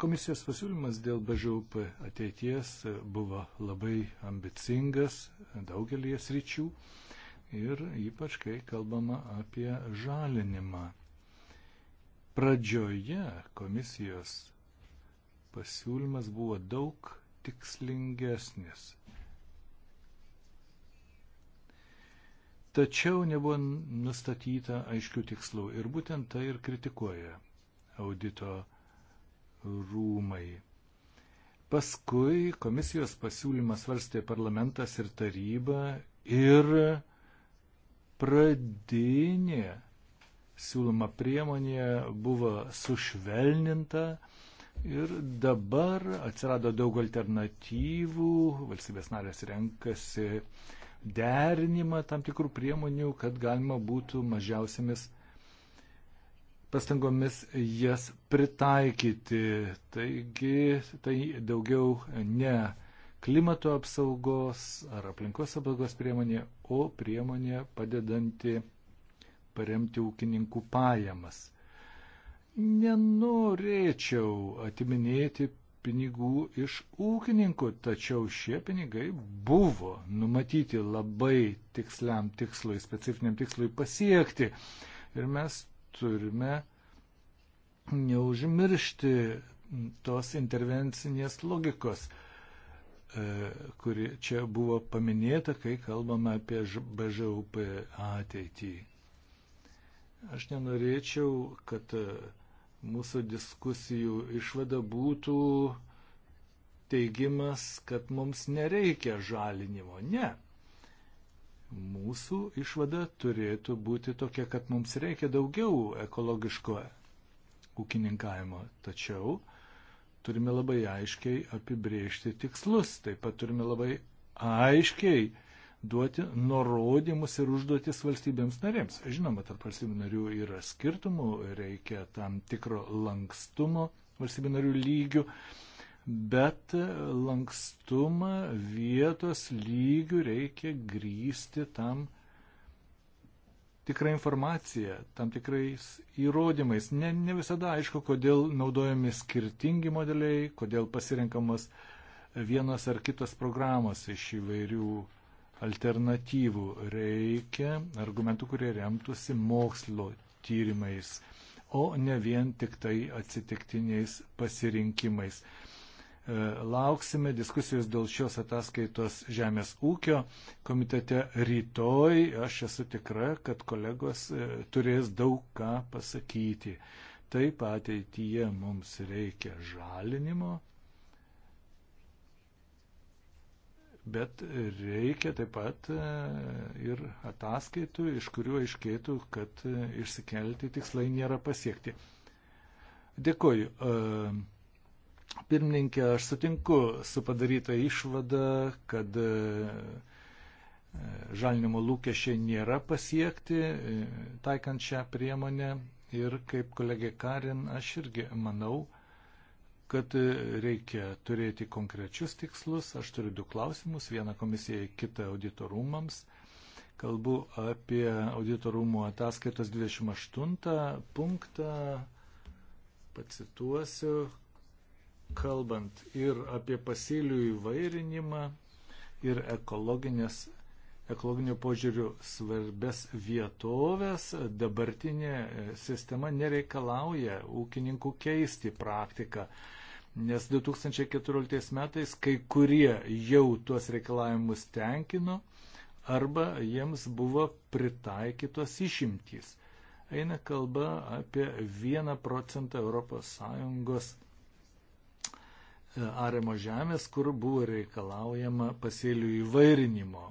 Komisijos pasiūlymas dėl BŽUP ateities buvo labai ambicingas daugelį sričių ir ypač kai kalbama apie žalinimą. Pradžioje komisijos pasiūlymas buvo daug tikslingesnis. Tačiau nebuvo nustatyta aiškių tikslų ir būtent tai ir kritikuoja audito rūmai. Paskui komisijos pasiūlymas svarstė parlamentas ir taryba ir pradinė siūloma priemonė buvo sušvelninta ir dabar atsirado daug alternatyvų, valstybės narės renkasi derinimą tam tikrų priemonių, kad galima būtų mažiausiamis pastangomis jas pritaikyti. Taigi tai daugiau ne klimato apsaugos ar aplinkos apsaugos priemonė, o priemonė padedanti paremti ūkininkų pajamas. Nenorėčiau atiminėti pinigų iš ūkininkų, tačiau šie pinigai buvo numatyti labai tiksliam tikslui, specifiniam tikslui pasiekti. Ir mes turime neužmiršti tos intervencinės logikos, e, kuri čia buvo paminėta, kai kalbame apie BŽUP ateitį. Aš nenorėčiau, kad e, mūsų diskusijų išvada būtų teigimas, kad mums nereikia žalinimo. Ne. Mūsų išvada turėtų būti tokia, kad mums reikia daugiau ekologiško ūkininkavimo. Tačiau turime labai aiškiai apibriežti tikslus. Taip pat turime labai aiškiai duoti nurodymus ir užduotis valstybėms narėms. Žinoma, tarp valstybių narių yra skirtumų, reikia tam tikro lankstumo valstybių narių lygių bet lankstumą vietos lygių reikia grįsti tam tikrą informaciją, tam tikrais įrodymais. Ne, ne visada aišku, kodėl naudojami skirtingi modeliai, kodėl pasirenkamos vienas ar kitas programos iš įvairių alternatyvų. Reikia argumentų, kurie remtųsi mokslo tyrimais, o ne vien tik tai atsitiktiniais pasirinkimais. E, lauksime diskusijos dėl šios ataskaitos Žemės ūkio komitete rytoj. Aš esu tikra, kad kolegos e, turės daug ką pasakyti. Taip ateityje mums reikia žalinimo, bet reikia taip pat e, ir ataskaitų, iš kurių aiškėtų, kad išsikelti tikslai nėra pasiekti. Dėkoju. Pirmininkė, aš sutinku su padaryta išvada, kad e, žalinimo lūkesčiai nėra pasiekti, e, taikant šią priemonę. Ir kaip kolegė Karin, aš irgi manau, kad e, reikia turėti konkrečius tikslus. Aš turiu du klausimus, vieną komisijai, kitą auditorumams. Kalbu apie auditorumų ataskaitos 28 punktą. Pacituosiu, kalbant ir apie pasėlių įvairinimą, ir ekologinės, ekologinio požiūrių svarbės vietovės, dabartinė sistema nereikalauja ūkininkų keisti praktiką, nes 2014 metais kai kurie jau tuos reikalavimus tenkino arba jiems buvo pritaikytos išimtys. Eina kalba apie 1 procentą ES arimo žemės, kur buvo reikalaujama pasėlių įvairinimo.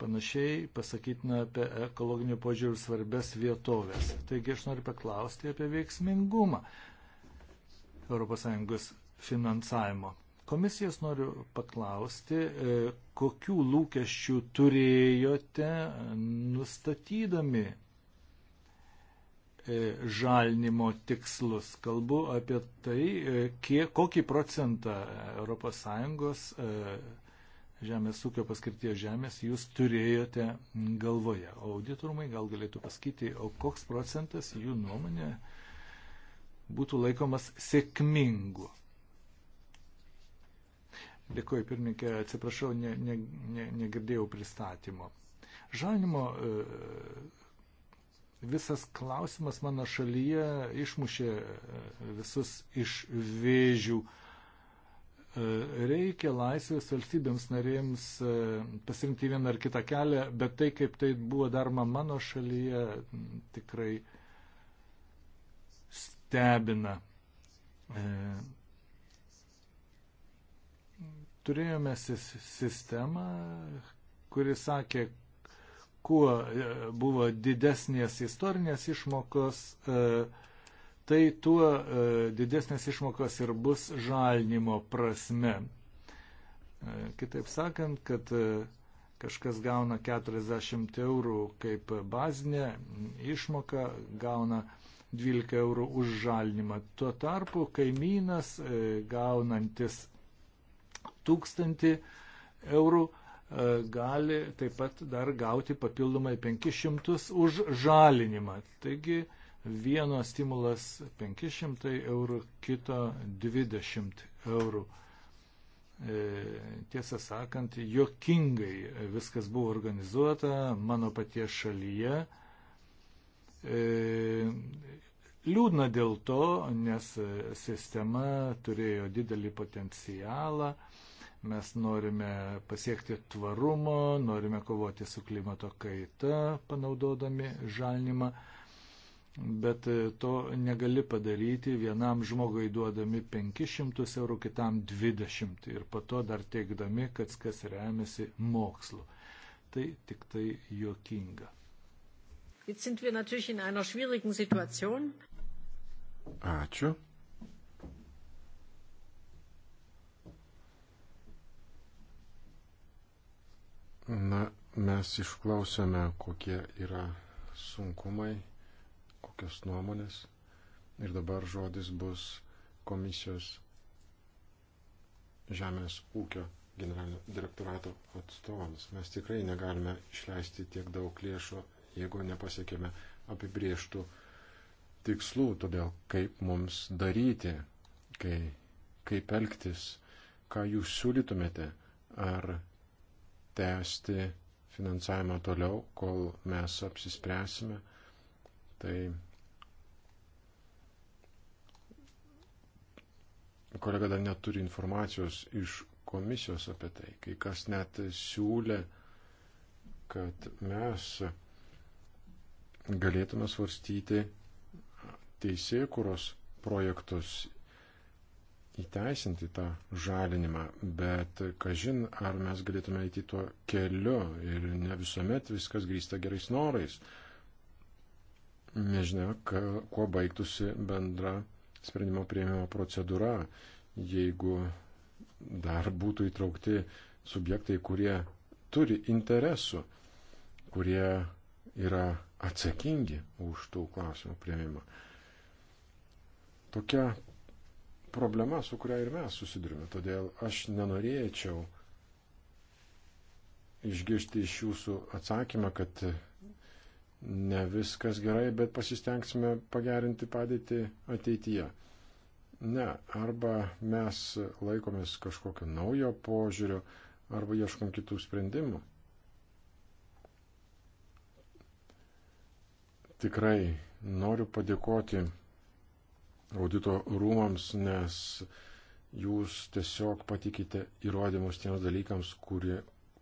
Panašiai pasakytina apie ekologinio požiūrį svarbias vietovės. Taigi aš noriu paklausti apie veiksmingumą ES finansavimo. Komisijos noriu paklausti, e, kokių lūkesčių turėjote nustatydami E, žalinimo tikslus. Kalbu apie tai, e, kiek, kokį procentą ES e, žemės ūkio paskirties žemės jūs turėjote galvoje. O auditorumai gal galėtų pasakyti, o koks procentas jų nuomonė būtų laikomas sėkmingu. Dėkuoju, pirmininkė, atsiprašau, ne, ne, ne, negirdėjau pristatymo. Žalimo visas klausimas mano šalyje išmušė e, visus iš vėžių. E, reikia laisvės valstybėms narėms e, pasirinkti vieną ar kitą kelią, bet tai, kaip tai buvo daroma mano šalyje, tikrai stebina. Turėjome sistemą, kuris sakė, kuo e, buvo didesnės istorinės išmokos, e, tai tuo e, didesnės išmokos ir bus žalinimo prasme. Kitaip sakant, kad kažkas gauna 40 eurų kaip bazinė išmoka, gauna 12 eurų už žalinimą. Tuo tarpu kaimynas gaunantis 1000 eurų E, gali taip pat dar gauti papildomai 500 už žalinimą. Taigi vieno stimulas 500 eurų, kito 20 eurų. E, tiesą sakant, jokingai viskas buvo organizuota mano paties šalyje. E, liūdna dėl to, nes sistema turėjo didelį potencialą Mes norime pasiekti tvarumo, norime kovoti su klimato kaita, panaudodami žalinimą, bet e, to negali padaryti vienam žmogui duodami 500 eurų, kitam 20 ir po to dar teikdami, kad kas remiasi mokslu. Tai tik tai juokinga. Jetzt sind wir natürlich in einer schwierigen Situation. Ačiū. Na, mes išklausėme, kokie yra sunkumai, kokios nuomonės. Ir dabar žodis bus komisijos žemės ūkio generalinio direktorato atstovams. Mes tikrai negalime išleisti tiek daug lėšų, jeigu nepasiekėme apibrieštų tikslų. Todėl kaip mums daryti, kai, kaip elgtis, ką jūs siūlytumėte, ar tęsti finansavimą toliau, kol mes apsispręsime. Tai kolega dar neturi informacijos iš komisijos apie tai. Kai kas net siūlė, kad mes galėtume svarstyti teisėkuros projektus įteisinti tą žalinimą, bet kažin ar mes galėtume eiti tuo keliu ir ne visuomet viskas grįsta gerais norais. Nežinia, kuo baigtųsi bendra sprendimo prieimimo procedūra, jeigu dar būtų įtraukti subjektai, kurie turi interesų, kurie yra atsakingi už tų klausimų prieimimą. Tokia problema, su kuria ir mes susidurime. Todėl aš nenorėčiau išgirsti iš jūsų atsakymą, kad ne viskas gerai, bet pasistengsime pagerinti padėtį ateityje. Ne, arba mes laikomės kažkokio naujo požiūrio, arba ieškom kitų sprendimų. Tikrai noriu padėkoti audito rūmams, nes jūs tiesiog patikite įrodymus tiems dalykams, kurie,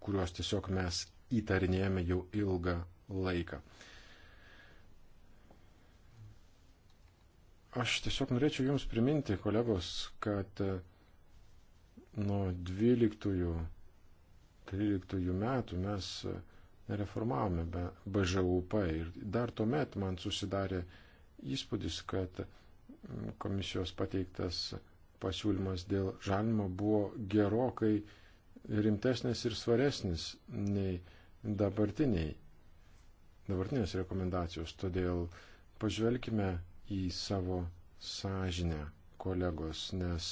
kuriuos tiesiog mes įtarinėjame jau ilgą laiką. Aš tiesiog norėčiau Jums priminti, kolegos, kad e, nuo 12-13 metų mes e, nereformavome BŽUP ir dar tuomet man susidarė įspūdis, kad komisijos pateiktas pasiūlymas dėl žalimo buvo gerokai rimtesnis ir svaresnis nei dabartiniai, dabartinės rekomendacijos. Todėl pažvelkime į savo sąžinę, kolegos, nes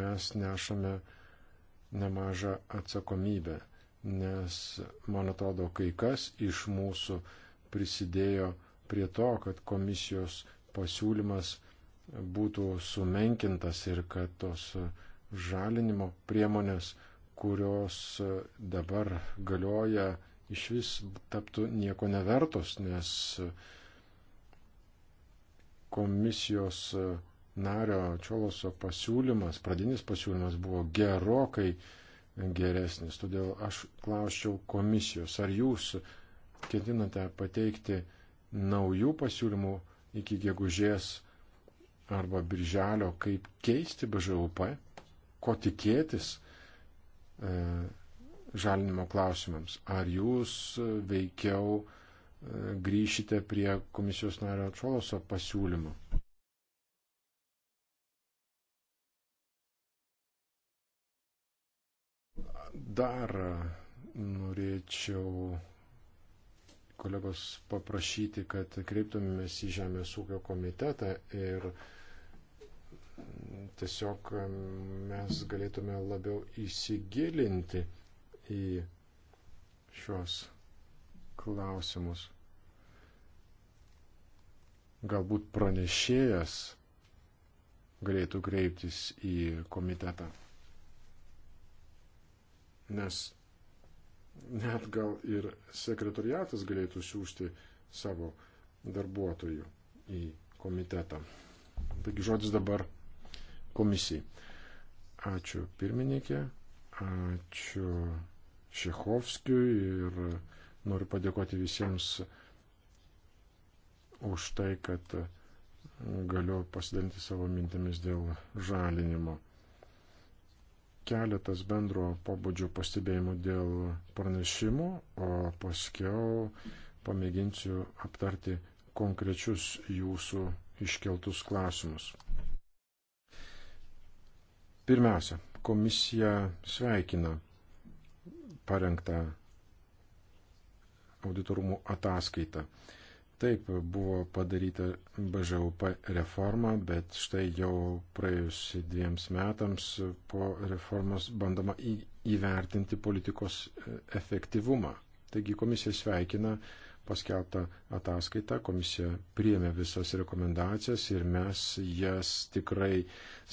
mes nešame nemažą atsakomybę, nes, man atrodo, kai kas iš mūsų prisidėjo prie to, kad komisijos pasiūlymas būtų sumenkintas ir kad tos žalinimo priemonės, kurios dabar galioja, iš vis taptų nieko nevertos, nes komisijos nario Čioloso pasiūlymas, pradinis pasiūlymas buvo gerokai geresnis. Todėl aš klausčiau komisijos, ar jūs ketinate pateikti naujų pasiūlymų iki gegužės arba birželio, kaip keisti BŽUP, ko tikėtis e, žalinimo klausimams. Ar jūs e, veikiau e, grįšite prie komisijos nario Čoloso pasiūlymų? Dar e, norėčiau kolegos paprašyti, kad kreiptumėmės į Žemės ūkio komitetą ir e, Tiesiog mes galėtume labiau įsigilinti į šios klausimus. Galbūt pranešėjas galėtų kreiptis į komitetą. Nes net gal ir sekretariatas galėtų siūsti savo darbuotojų į komitetą. Taigi žodis dabar komisijai. Ačiū pirmininkė, ačiū Šehovskijui ir noriu padėkoti visiems už tai, kad galiu pasidalinti savo mintimis dėl žalinimo. Keletas bendro pobūdžio pastebėjimų dėl pranešimų, o paskiau pamėginsiu aptarti konkrečius jūsų iškeltus klausimus. Pirmiausia, komisija sveikina parengtą auditorumų ataskaitą. Taip buvo padaryta BŽUP reforma, bet štai jau praėjus dviems metams po reformos bandoma įvertinti politikos e, efektyvumą. Taigi komisija sveikina uh, paskelbtą ataskaitą, komisija priėmė visas rekomendacijas ir mes jas tikrai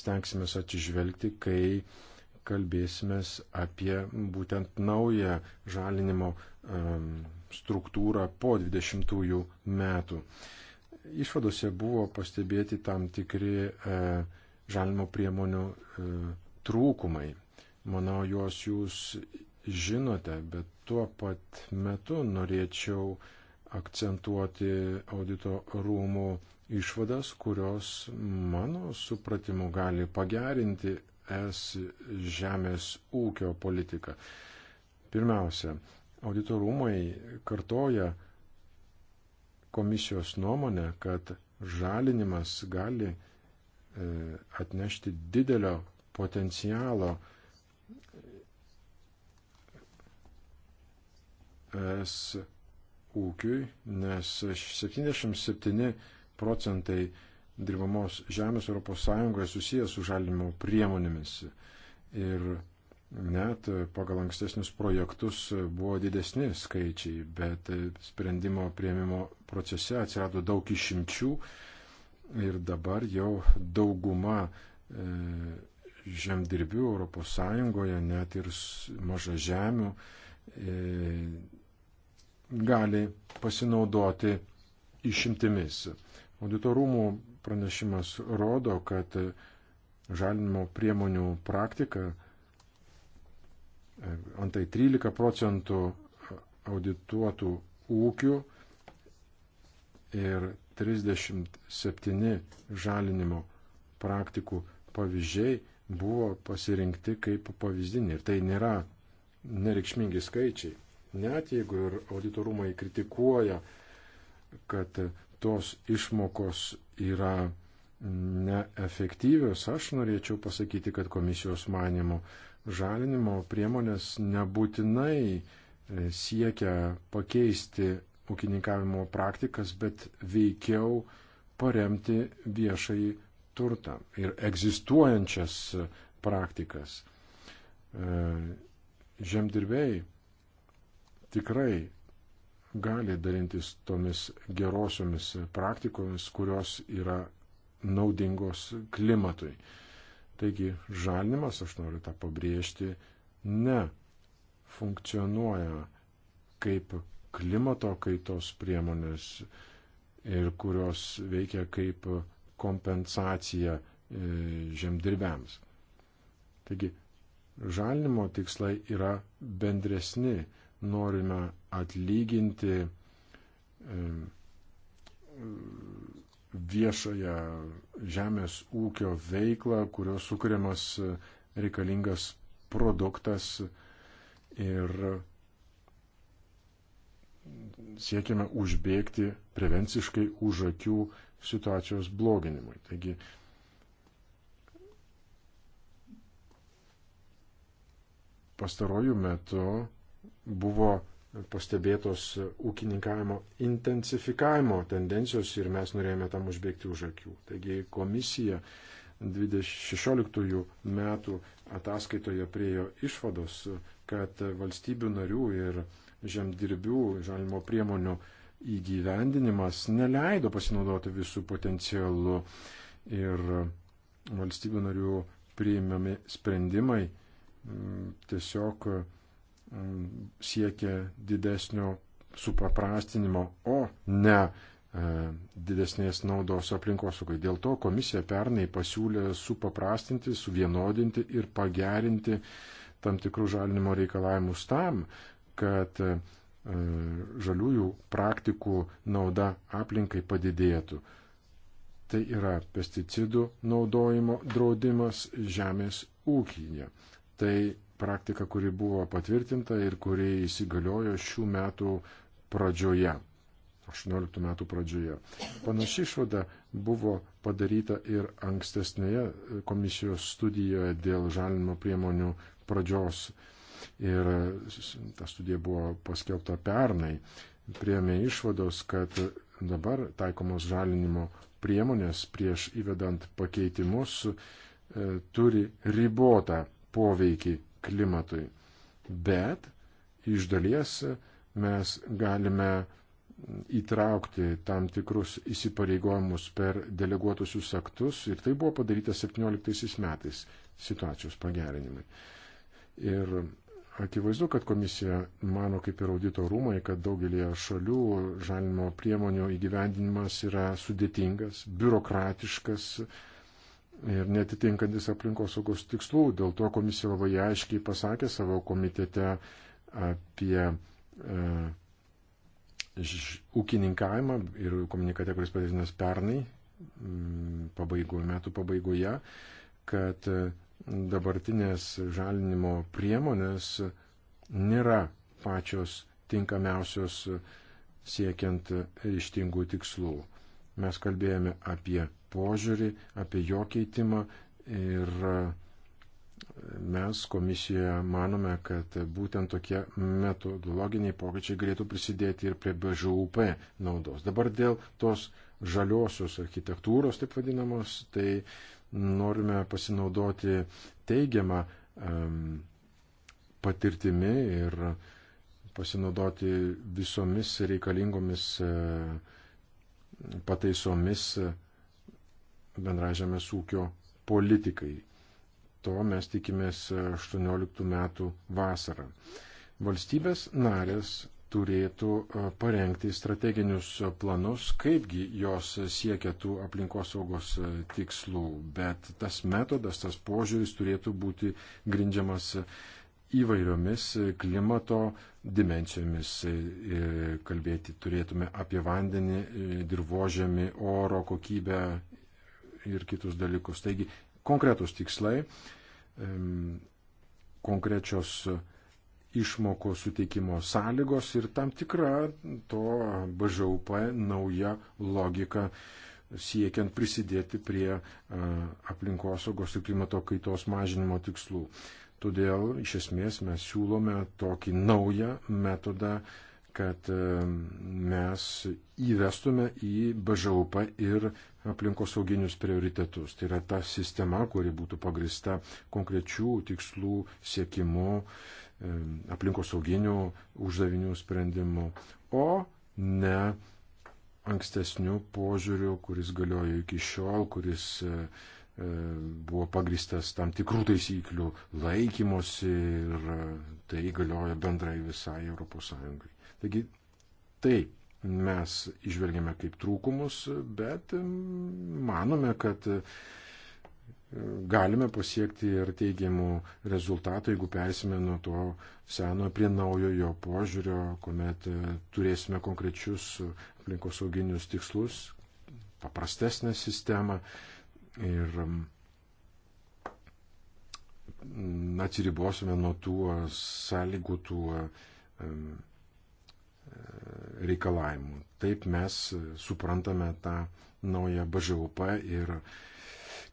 stengsime atsižvelgti, kai kalbėsime apie būtent naują žalinimo ehm, struktūrą po 20 metų. Išvadose buvo pastebėti tam tikri ehm, žalinimo priemonių ehm, trūkumai. Manau, juos jūs žinote, bet tuo pat metu norėčiau akcentuoti audito rūmų išvadas, kurios mano supratimu gali pagerinti es žemės ūkio politiką. Pirmiausia, audito rūmai kartoja komisijos nuomonę, kad žalinimas gali e, atnešti didelio potencialo es ūkiui, nes 77 procentai dirbamos žemės ES susijęs su žalinimo priemonėmis. Ir net pagal ankstesnius projektus buvo didesni skaičiai, bet sprendimo prieimimo procese atsirado daug išimčių ir dabar jau dauguma e, žemdirbių ES, net ir maža žemių, e, gali pasinaudoti išimtimis. Auditorumų pranešimas rodo, kad žalinimo priemonių praktika e, antai 13 procentų audituotų ūkių ir 37 žalinimo praktikų pavyzdžiai buvo pasirinkti kaip pavyzdiniai. Ir tai nėra nereikšmingi skaičiai. Net jeigu ir auditorumai kritikuoja, kad tos išmokos yra neefektyvios, aš norėčiau pasakyti, kad komisijos manimo žalinimo priemonės nebūtinai e, siekia pakeisti ūkininkavimo praktikas, bet veikiau paremti viešai turtą ir egzistuojančias praktikas. E, Žemdirbėjai tikrai gali dalintis tomis gerosiomis praktikomis, kurios yra naudingos klimatui. Taigi žalinimas, aš noriu tą pabrėžti, ne funkcionuoja kaip klimato kaitos priemonės ir kurios veikia kaip kompensacija e, žemdirbiams. Taigi žalinimo tikslai yra bendresni norime atlyginti e, viešoje žemės ūkio veiklą, kurios sukūriamas reikalingas produktas ir siekime užbėgti prevenciškai už akių situacijos bloginimui. Taigi, pastarojų metu buvo pastebėtos ūkininkavimo intensifikavimo tendencijos ir mes norėjome tam užbėgti už akių. Taigi komisija 2016 metų ataskaitoje priejo išvados, kad valstybių narių ir žemdirbių žalimo priemonių įgyvendinimas neleido pasinaudoti visų potencialų ir valstybių narių priimami sprendimai mm, tiesiog siekia didesnio supaprastinimo, o ne didesnės naudos aplinkosaugai. Dėl to komisija pernai pasiūlė supaprastinti, suvienodinti ir pagerinti tam tikrų žalinimo reikalavimus tam, kad žaliųjų praktikų nauda aplinkai padidėtų. Tai yra pesticidų naudojimo draudimas žemės ūkinė. Tai praktika, kuri buvo patvirtinta ir kuri įsigaliojo šių metų pradžioje. 18 metų pradžioje. Panaši išvada buvo padaryta ir ankstesnėje komisijos studijoje dėl žalinimo priemonių pradžios. Ir ta studija buvo paskelbta pernai. Priemė išvados, kad dabar taikomos žalinimo priemonės prieš įvedant pakeitimus e, turi ribotą poveikį klimatui. Bet iš dalies mes galime įtraukti tam tikrus įsipareigojimus per deleguotusius aktus ir tai buvo padaryta 17 metais situacijos pagerinimai. Ir akivaizdu, kad komisija mano kaip ir audito rūmai, kad daugelie šalių žalimo priemonių įgyvendinimas yra sudėtingas, biurokratiškas, uh, ir netitinkantis aplinkosaugos tikslų. Dėl to komisija labai aiškiai pasakė savo komitete apie e, ūkininkavimą ir komunikate, kuris patvirtinas pernai, pabaigoje, metų pabaigoje, kad e, dabartinės žalinimo priemonės nėra pačios tinkamiausios siekiant ryštingų tikslų. Mes kalbėjome apie požiūrį, apie jo keitimą ir e, mes komisijoje manome, kad būtent tokie metodologiniai pokyčiai galėtų prisidėti ir prie BŽUP naudos. Dabar dėl tos žaliosios architektūros, taip vadinamos, tai norime pasinaudoti teigiamą um, patirtimi ir pasinaudoti visomis reikalingomis uh, pataisomis bendražėmės ūkio politikai. To mes tikimės 18 metų vasarą. Valstybės narės turėtų parengti strateginius planus, kaipgi jos siekia tų aplinkosaugos tikslų, bet tas metodas, tas požiūris turėtų būti grindžiamas įvairiomis klimato dimencijomis. E, kalbėti turėtume apie vandenį, e, dirbožėmį, oro kokybę ir kitus dalykus. Taigi konkretus tikslai, konkrečios išmokų suteikimo sąlygos ir tam tikra to BŽUP nauja logika siekiant prisidėti prie aplinkosaugos ir klimato kaitos mažinimo tikslų. Todėl iš esmės mes siūlome tokį naują metodą, kad e, mes įvestume į BŽUP ir aplinkosauginius prioritetus. Tai yra ta sistema, kuri būtų pagrista konkrečių tikslų siekimu, e, aplinkosauginių uždavinių sprendimu, o ne ankstesnių požiūrių, kuris galiojo iki šiol, kuris uh, E, buvo pagristas tam tikrų taisyklių laikymosi ir tai galioja bendrai visai ES. Taigi tai mes išvelgėme kaip trūkumus, bet manome, kad e, galime pasiekti ir teigiamų rezultatų, jeigu persime nuo to senojo prie naujojo požiūrio, kuomet e, turėsime konkrečius aplinkosauginius tikslus, paprastesnę sistemą Ir mm, atsiribosime nuo tų sąlygų, tų e, reikalavimų. Taip mes suprantame tą naują BŽUP ir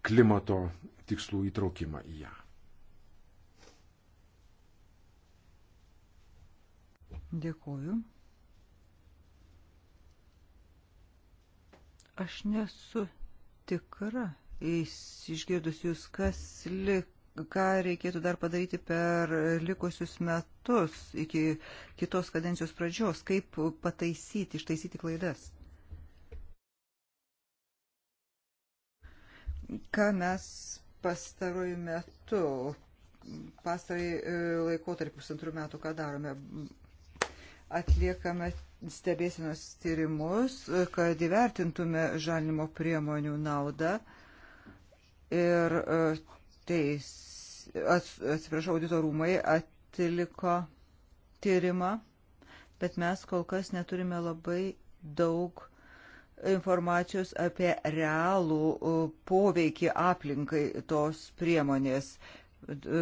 klimato tikslų įtraukimą į ją. Dėkuoju. Aš nesu tikra, išgirdus jūs, kas lik, ką reikėtų dar padaryti per likusius metus iki kitos kadencijos pradžios, kaip pataisyti, ištaisyti klaidas. Ką mes pastaruoju metu, pastarai e, laikotarpį pusantrų metų, ką darome? Atliekame stebėsinos tyrimus, kad įvertintume žalinimo priemonių naudą ir e, teis, atsiprašau, audito rūmai atliko tyrimą, bet mes kol kas neturime labai daug informacijos apie realų e, poveikį aplinkai tos priemonės.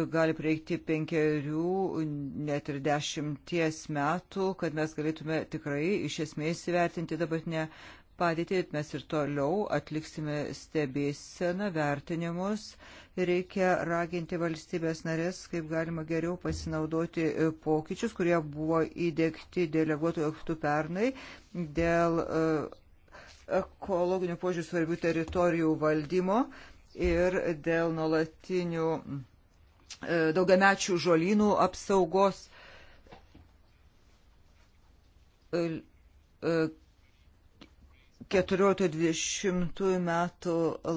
Gali prieikti penkerių, net ir dešimties metų, kad mes galėtume tikrai iš esmės įvertinti dabartinę padėtį, mes ir toliau atliksime stebėseną, vertinimus. Reikia raginti valstybės narės, kaip galima geriau pasinaudoti e, pokyčius, kurie buvo įdėkti deleguotojų aktų pernai dėl e, ekologinių požiūrį svarbių teritorijų valdymo ir dėl nuolatinių e, daugiamečių žolynų apsaugos 14-20 metų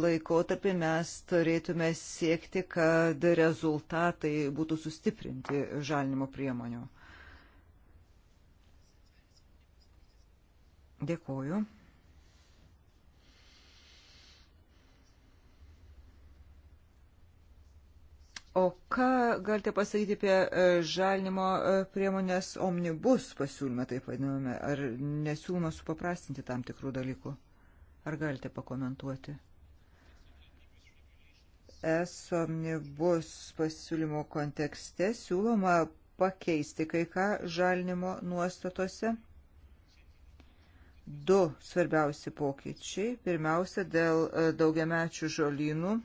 laikotarpį mes turėtume siekti, kad rezultatai būtų sustiprinti žalinimo priemonių. Dėkuoju. O ką galite pasakyti apie e, žalinimo e, priemonės omnibus pasiūlymą, taip vadiname, ar nesiūloma supaprastinti tam tikrų dalykų? Ar galite pakomentuoti? Es omnibus pasiūlymo kontekste siūloma pakeisti kai ką žalinimo nuostatose. Du svarbiausi pokyčiai. Pirmiausia, dėl e, daugiamečių žolynų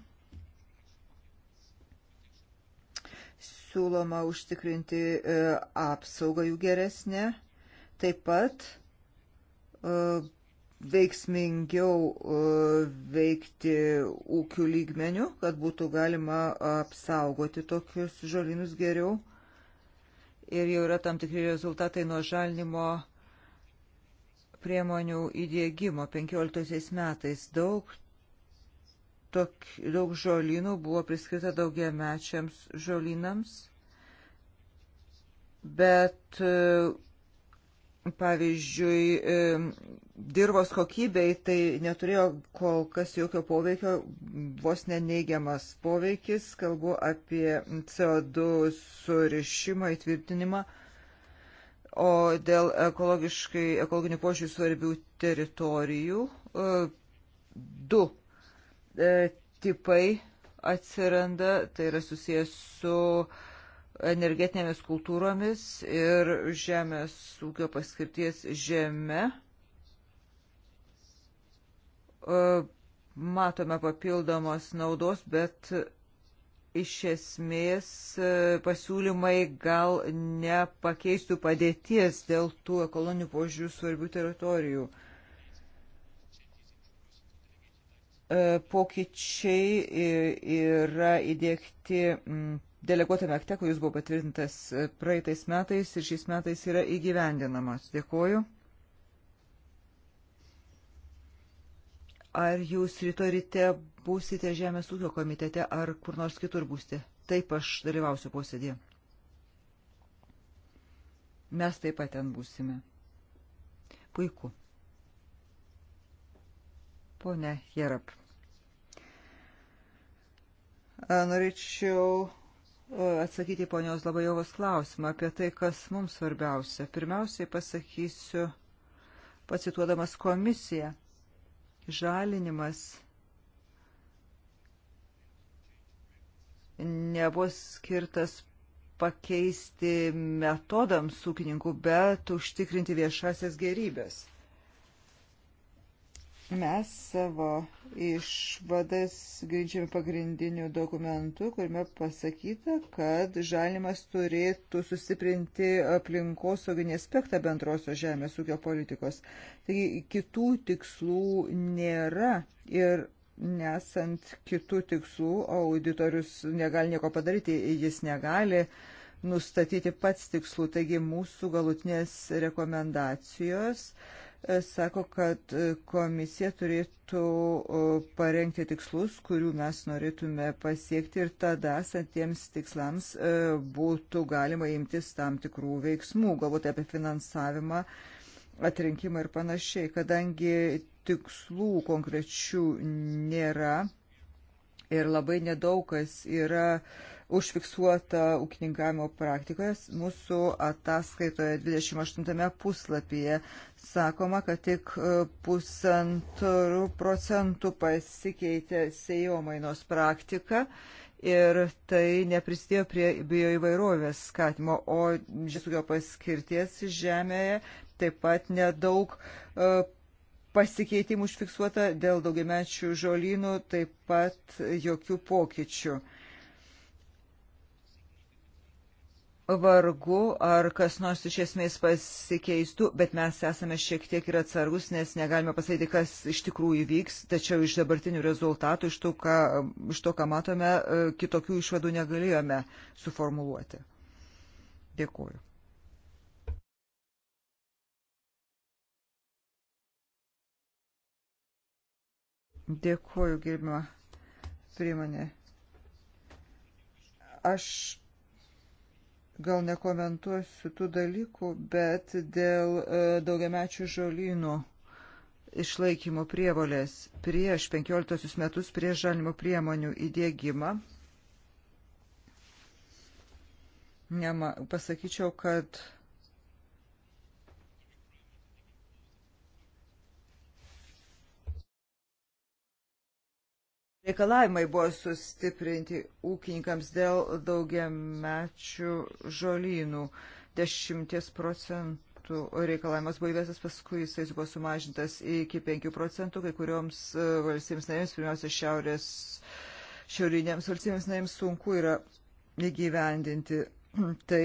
siūloma užtikrinti e, apsaugą jų geresnę, taip pat e, veiksmingiau e, veikti ūkių lygmenių, kad būtų galima apsaugoti tokius žolinus geriau. Ir jau yra tam tikri rezultatai nuo žalinimo priemonių įdėgymo 15 metais. Daug tok, daug žolynų buvo priskirta daugiamečiams žolynams, bet e, pavyzdžiui, e, dirbos kokybei tai neturėjo kol kas jokio poveikio, vos neneigiamas poveikis, kalbu apie CO2 surišimą, įtvirtinimą, o dėl ekologiškai, ekologinių požiūrį svarbių teritorijų e, du E, tipai atsiranda, tai yra susijęs su energetinėmis kultūromis ir žemės ūkio paskirties žeme. E, matome papildomos naudos, bet iš esmės e, pasiūlymai gal nepakeistų padėties dėl tų ekologinių požiūrių svarbių teritorijų. E, pokyčiai yra įdėkti deleguotame akte, kuris buvo patvirtintas e, praeitais metais ir šiais metais yra įgyvendinamas. Dėkuoju. Ar jūs ryto ryte būsite Žemės ūkio komitete ar kur nors kitur būsite? Taip aš dalyvausiu posėdėje. Mes taip pat ten būsime. Puiku. Pone Jerap. Norėčiau atsakyti ponios Labajovos klausimą apie tai, kas mums svarbiausia. Pirmiausiai pasakysiu, pacituodamas komisiją, žalinimas nebus skirtas pakeisti metodams ūkininkų, bet užtikrinti viešasias gerybės. Mes savo išvadas grindžiame pagrindiniu dokumentu, kuriame pasakyta, kad žalimas turėtų sustiprinti aplinkosauginį aspektą bendrosios žemės ūkio politikos. Taigi kitų tikslų nėra ir nesant kitų tikslų auditorius negali nieko padaryti, jis negali nustatyti pats tikslų. Taigi mūsų galutinės rekomendacijos uh, sako, kad komisija turėtų parengti tikslus, kurių mes norėtume pasiekti ir tada esantiems tikslams e, būtų galima imtis tam tikrų veiksmų, galbūt apie finansavimą, atrinkimą ir panašiai, kadangi tikslų konkrečių nėra ir labai nedaug kas yra užfiksuota ūkininkavimo praktikoje. Mūsų ataskaitoje 28 puslapyje sakoma, kad tik e, pusantrų procentų pasikeitė sėjomainos praktika ir tai neprisidėjo prie bioįvairovės skatimo, o žesugio paskirties žemėje taip pat nedaug e, pasikeitimų užfiksuota dėl daugiamečių žolynų, taip pat jokių pokyčių. vargu, ar kas nors iš esmės pasikeistų, bet mes esame šiek tiek ir atsargus, nes negalime pasakyti, kas iš tikrųjų vyks, tačiau iš dabartinių rezultatų, iš to, ką, iš to, ką matome, e, kitokių išvadų negalėjome suformuluoti. Dėkuoju. Dėkuoju, gerbima priemonė. Aš gal nekomentuosiu tų dalykų, bet dėl e, daugiamečių žolynų išlaikymo prievolės prieš 15 metus prieš žalimo priemonių įdėgymą. Nema, pasakyčiau, kad Reikalavimai buvo sustiprinti ūkininkams dėl daugiamečių žolynų. 10 procentų reikalavimas buvo įvestas, paskui jisai buvo sumažintas iki 5 procentų, kai kurioms e, valstybėms narėms, pirmiausia, šiaurės, šiaurinėms valstybėms narėms sunku yra įgyvendinti tai.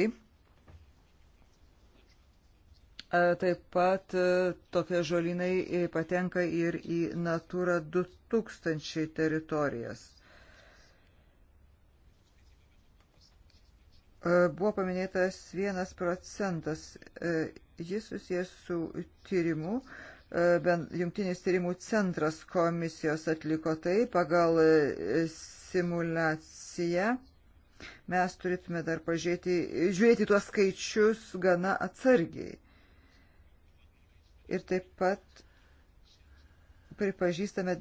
Taip pat e, tokie žolinai e, patenka ir į Natura 2000 teritorijas. Buvo paminėtas vienas procentas. E, jis susijęs su tyrimu. Jungtinis tyrimų centras komisijos atliko tai pagal simulaciją mes turėtume dar pažiūrėti, žiūrėti tuos skaičius gana atsargiai ir taip pat pripažįstame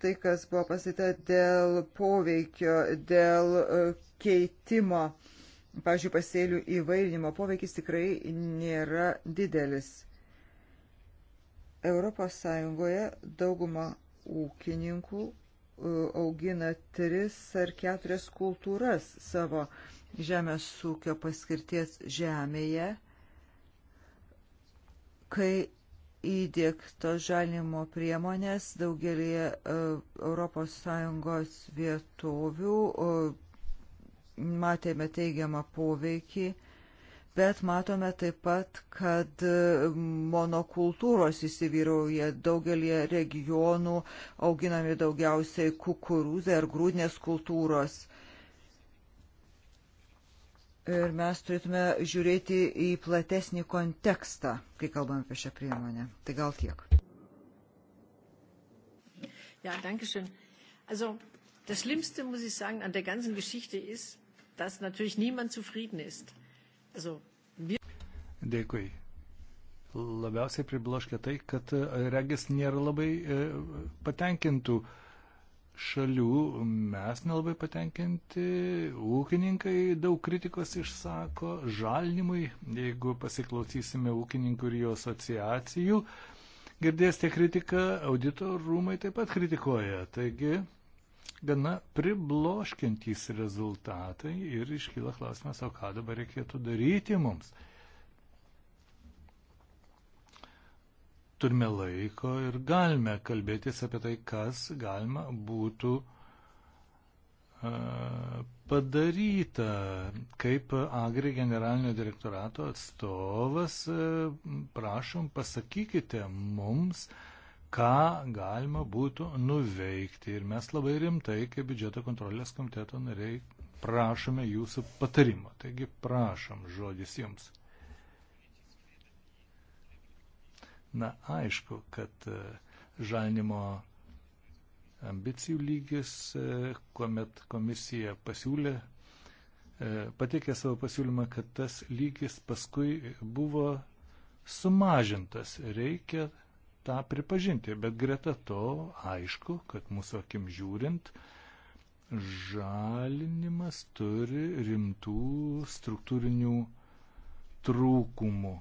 tai, kas buvo pasakyta dėl poveikio, dėl e, keitimo, pavyzdžiui, pasėlių įvairinimo. Poveikis tikrai nėra didelis. Europos Sąjungoje dauguma ūkininkų e, augina tris ar keturias kultūras savo žemės ūkio paskirties žemėje, kai įdėktos žalinimo priemonės daugelį ES vietovių, e, matėme teigiamą poveikį, bet matome taip pat, kad e, monokultūros įsivyrauja daugelį regionų, auginami daugiausiai kukurūzai ar grūdinės kultūros Ir mes turėtume žiūrėti į platesnį kontekstą, kai kalbame apie šią priemonę. Tai gal tiek. Ja, danke schön. Also, das Schlimmste, muss ich sagen, an der ganzen Geschichte ist, dass natürlich niemand zufrieden ist. Also, wir... Dėkui. Labiausiai pribloškia tai, kad regis nėra labai e, patenkintų e, šalių mes nelabai patenkinti, ūkininkai daug kritikos išsako žalinimui, jeigu pasiklausysime ūkininkų ir jų asociacijų, girdėsite kritiką, audito rūmai taip pat kritikuoja. Taigi, gana pribloškiantys rezultatai ir iškyla klausimas, o ką dabar reikėtų daryti mums. turime laiko ir galime kalbėtis apie tai, kas galima būtų e, padaryta, kaip Agri generalinio direktorato atstovas, e, prašom, pasakykite mums, ką galima būtų nuveikti. Ir mes labai rimtai, kaip biudžeto kontrolės komiteto nariai, prašome jūsų patarimo. Taigi prašom žodis jums. Na, aišku, kad e, žalinimo ambicijų lygis, e, kuomet komisija pasiūlė, e, pateikė savo pasiūlymą, kad tas lygis paskui buvo sumažintas. Reikia tą pripažinti, bet greta to aišku, kad mūsų akim žiūrint, žalinimas turi rimtų struktūrinių trūkumų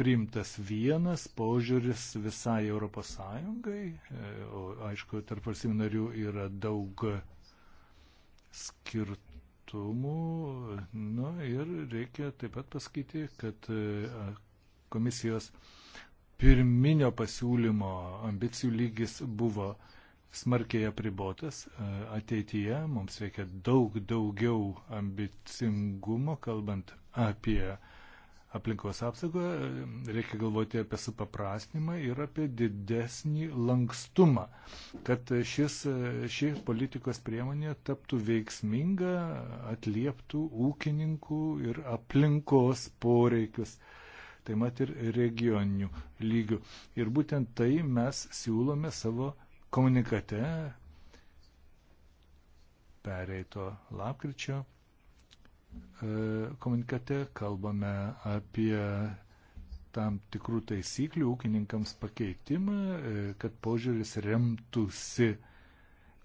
priimtas vienas požiūris visai Europos Sąjungai, o aišku, tarp valstybių narių yra daug skirtumų. Na ir reikia taip pat pasakyti, kad e, komisijos pirminio pasiūlymo ambicijų lygis buvo smarkiai apribotas. E, ateityje mums reikia daug daugiau ambicingumo, kalbant apie uh, aplinkos apsaugą, reikia galvoti apie supaprastinimą ir apie didesnį lankstumą, kad šis, ši politikos priemonė taptų veiksminga, atlieptų ūkininkų ir aplinkos poreikius, taip pat ir regioninių lygių. Ir būtent tai mes siūlome savo komunikate pereito lapkričio E, komunikate kalbame apie tam tikrų taisyklių ūkininkams pakeitimą, e, kad požiūris remtųsi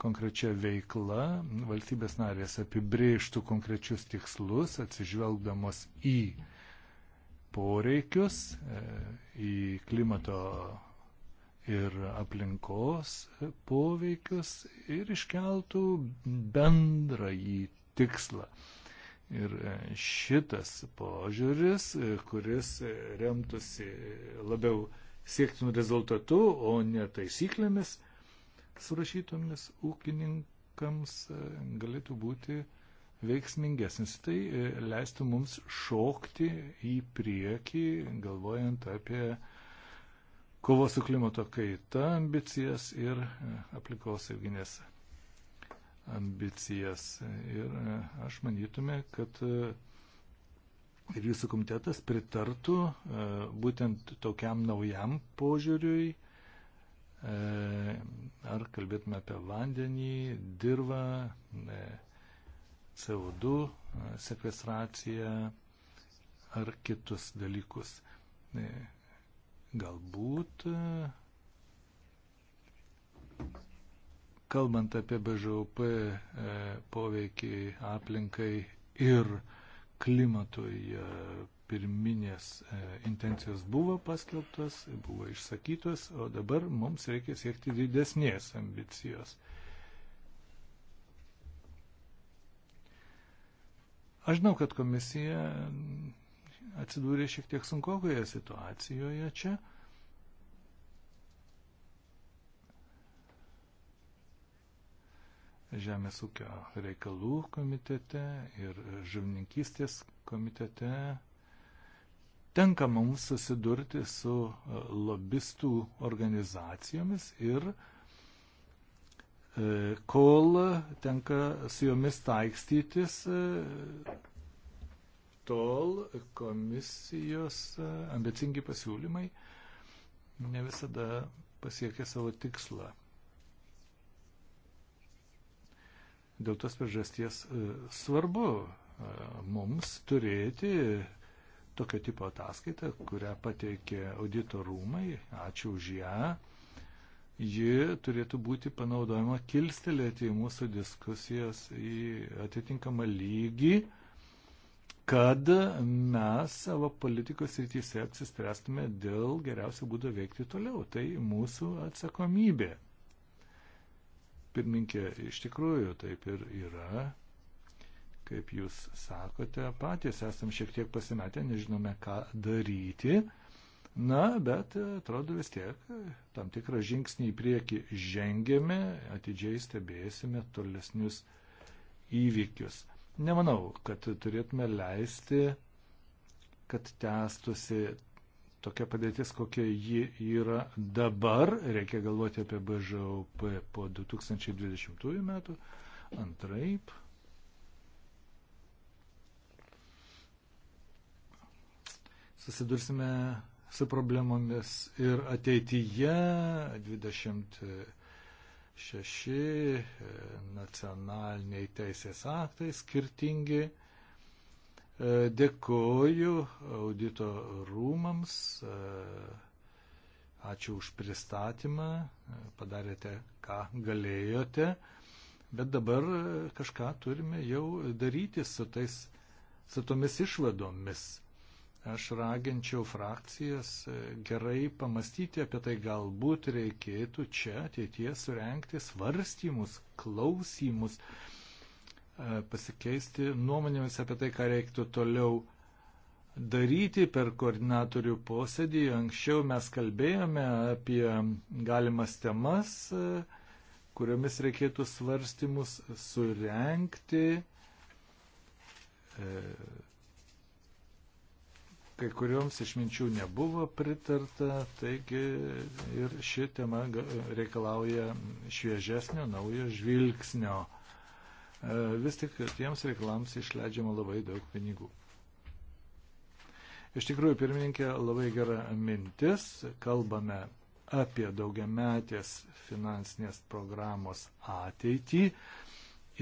konkrečia veikla, valstybės narės apibrėžtų konkrečius tikslus, atsižvelgdamos į poreikius, e, į klimato ir aplinkos poveikius ir iškeltų bendrąjį tikslą. Ir e, šitas požiūris, e, kuris remtųsi labiau siektinų rezultatų, o ne taisyklėmis surašytomis ūkininkams, e, galėtų būti veiksmingesnis. Tai leistų mums šokti į priekį, galvojant apie kovo su klimato kaita ambicijas ir aplinkosauginės ambicijas. Ir e, aš manytume, kad e, ir jūsų komitetas pritartų e, būtent tokiam naujam požiūriui, ar kalbėtume apie vandenį, dirvą, CO2 sekvestraciją ar kitus dalykus. Galbūt Kalbant apie BŽUP e, poveikį aplinkai ir klimatui, e, pirminės e, intencijos buvo paskelbtos, buvo išsakytos, o dabar mums reikia siekti didesnės ambicijos. Aš žinau, kad komisija atsidūrė šiek tiek sunkokoje situacijoje čia. Žemės ūkio reikalų komitete ir žuvininkystės komitete tenka mums susidurti su e, lobistų organizacijomis ir e, kol tenka su jomis taikstytis, e, tol komisijos ambicingi pasiūlymai ne visada pasiekia savo tikslą. Dėl tos priežasties e, svarbu e, mums turėti tokio tipo ataskaitą, kurią pateikė audito rūmai. Ačiū už ją. Ji turėtų būti panaudojama kilstelėti mūsų diskusijas į atitinkamą lygį, kad mes savo politikos rytise apsispręstume dėl geriausio būdo veikti toliau. Tai mūsų atsakomybė. Pirminkė, iš tikrųjų taip ir yra. Kaip jūs sakote, patys esam šiek tiek pasimetę, nežinome, ką daryti. Na, bet e, atrodo vis tiek e, tam tikrą žingsnį į priekį žengėme, atidžiai stebėsime tolesnius įvykius. Nemanau, kad turėtume leisti, kad tęstusi tokia padėtis, kokia ji yra dabar, reikia galvoti apie BŽOP po 2020 metų, antraip. Susidursime su problemomis ir ateityje 26 e, nacionaliniai teisės aktai skirtingi E, dėkoju audito rūmams, e, ačiū už pristatymą, e, padarėte, ką galėjote, bet dabar kažką turime jau daryti su, tais, su tomis išvadomis. Aš raginčiau frakcijas gerai pamastyti apie tai, galbūt reikėtų čia ateitie surenkti svarstymus, klausimus. klausimus E, pasikeisti nuomonėmis apie tai, ką reiktų toliau daryti per koordinatorių posėdį. Anksčiau mes kalbėjome apie galimas temas, e, kuriomis reikėtų svarstymus surenkti. E, kai kurioms išminčių nebuvo pritarta, taigi ir ši tema reikalauja šviežesnio, naujo žvilgsnio. E, vis tik tiems reikalams išleidžiama labai daug pinigų. Iš tikrųjų, pirmininkė, labai gera mintis. Kalbame apie daugiametės finansinės programos ateitį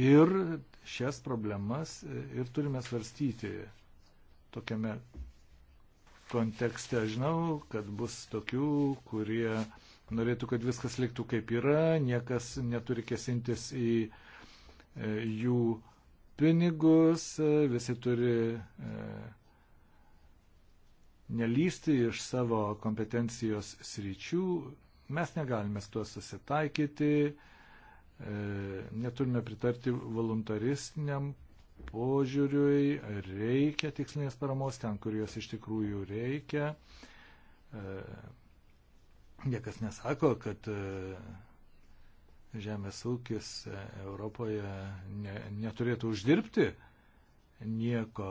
ir šias problemas ir turime svarstyti tokiame kontekste. Žinau, kad bus tokių, kurie norėtų, kad viskas liktų kaip yra, niekas neturi kesintis į uh, E, jų pinigus, e, visi turi e, nelysti iš savo kompetencijos sričių, mes negalime su tuo susitaikyti, neturime pritarti voluntaristiniam požiūriui, reikia tikslinės paramos ten, kur jos iš tikrųjų reikia. Niekas nesako, kad žemės ūkis e, Europoje ne, neturėtų uždirbti nieko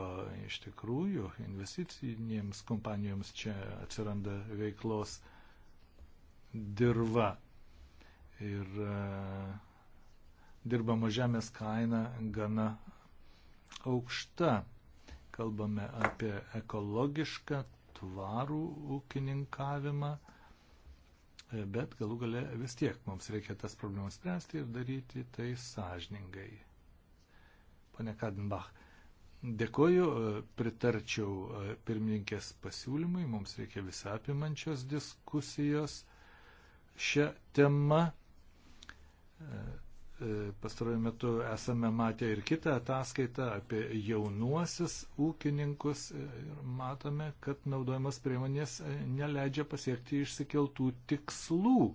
iš tikrųjų investicinėms kompanijoms čia atsiranda veiklos dirba. Ir e, dirbamo žemės kaina gana aukšta. Kalbame apie ekologišką, tvarų ūkininkavimą bet galų gale vis tiek mums reikia tas problemas spręsti ir daryti tai sąžiningai. Pane Kadenbach, dėkoju, pritarčiau pirmininkės pasiūlymui, mums reikia visą apimančios diskusijos šią temą. E, pastaruoju metu esame matę ir kitą ataskaitą apie jaunuosius ūkininkus e, ir matome, kad naudojamos priemonės e, neleidžia pasiekti išsikeltų tikslų.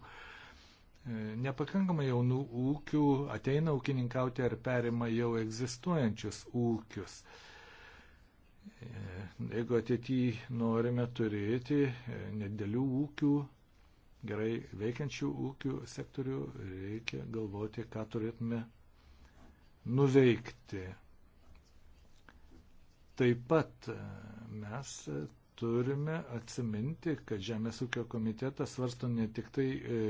Nepakankamai jaunų ūkių ateina ūkininkauti ar perima jau egzistuojančius ūkius jeigu ateityje norime turėti nedėlių ūkių, gerai veikiančių ūkių sektorių, reikia galvoti, ką turėtume nuveikti. Taip pat e, mes turime atsiminti, kad Žemės ūkio komitetas svarsto ne tik tai e,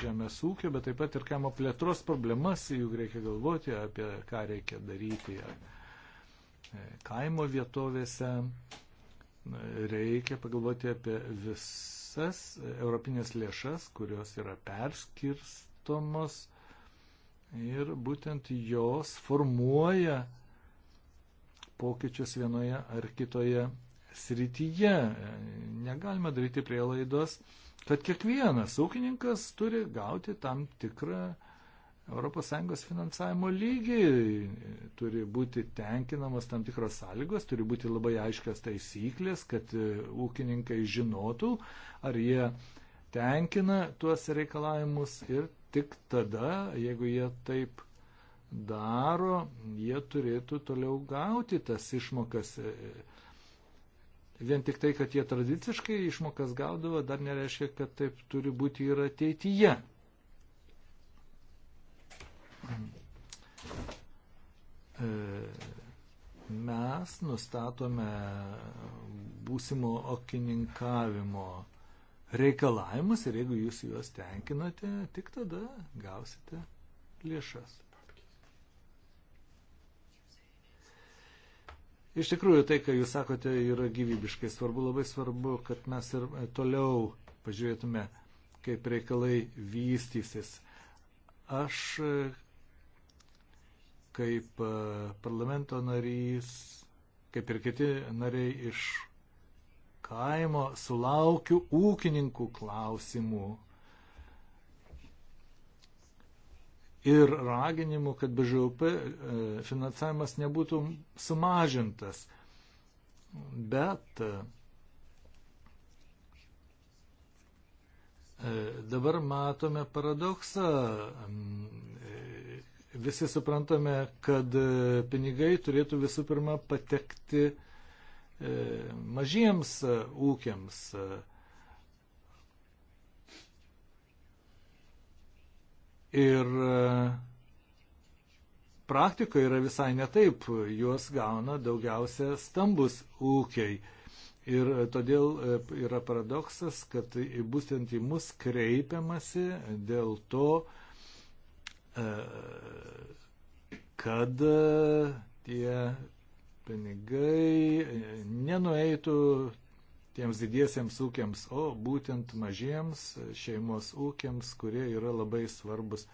Žemės ūkio, bet taip pat ir kaimo plėtros problemas, juk reikia galvoti apie ką reikia daryti e, kaimo vietovėse. Reikia pagalvoti apie vis visas europinės lėšas, kurios yra perskirstomos ir būtent jos formuoja pokyčius vienoje ar kitoje srityje. Negalima daryti prielaidos, kad kiekvienas ūkininkas turi gauti tam tikrą ES finansavimo lygiai turi būti tenkinamos tam tikros sąlygos, turi būti labai aiškios taisyklės, kad e, ūkininkai žinotų, ar jie tenkina tuos reikalavimus ir tik tada, jeigu jie taip daro, jie turėtų toliau gauti tas išmokas. E, e. Vien tik tai, kad jie tradiciškai išmokas gaudavo, dar nereiškia, kad taip turi būti ir ateityje. E, mes nustatome būsimo okininkavimo reikalavimus ir jeigu jūs juos tenkinate, tik tada gausite lėšas. Iš tikrųjų, tai, ką jūs sakote, yra gyvybiškai svarbu, labai svarbu, kad mes ir toliau pažiūrėtume, kaip reikalai vystysis. Aš kaip e, parlamento narys, kaip ir kiti nariai iš kaimo, sulaukiu ūkininkų klausimų ir raginimų, kad BŽUP e, finansavimas nebūtų sumažintas. Bet e, dabar matome paradoksą visi suprantame, kad e, pinigai turėtų visų pirma patekti e, mažiems e, ūkiams. Ir praktikoje yra visai netaip, juos gauna daugiausia stambus ūkiai. Ir todėl yra paradoksas, kad būtent į mus kreipiamasi dėl to, E, kad tie pinigai nenueitų tiems didiesiems ūkiams, o būtent mažiems šeimos ūkiams, kurie yra labai svarbus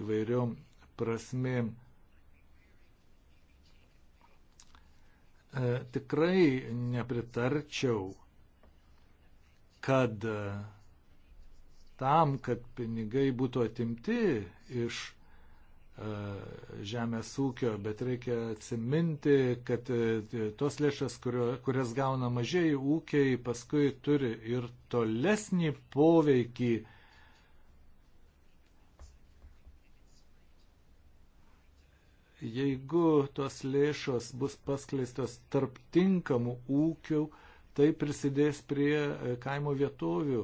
įvairiom prasmėm. E, tikrai nepritarčiau, kad tam, kad pinigai būtų atimti iš e, žemės ūkio, bet reikia atsiminti, kad e, tos lėšas, kurio, kurias gauna mažieji ūkiai, paskui turi ir tolesnį poveikį Jeigu tos lėšos bus paskleistos tarp tinkamų ūkių, tai prisidės prie e, kaimo vietovių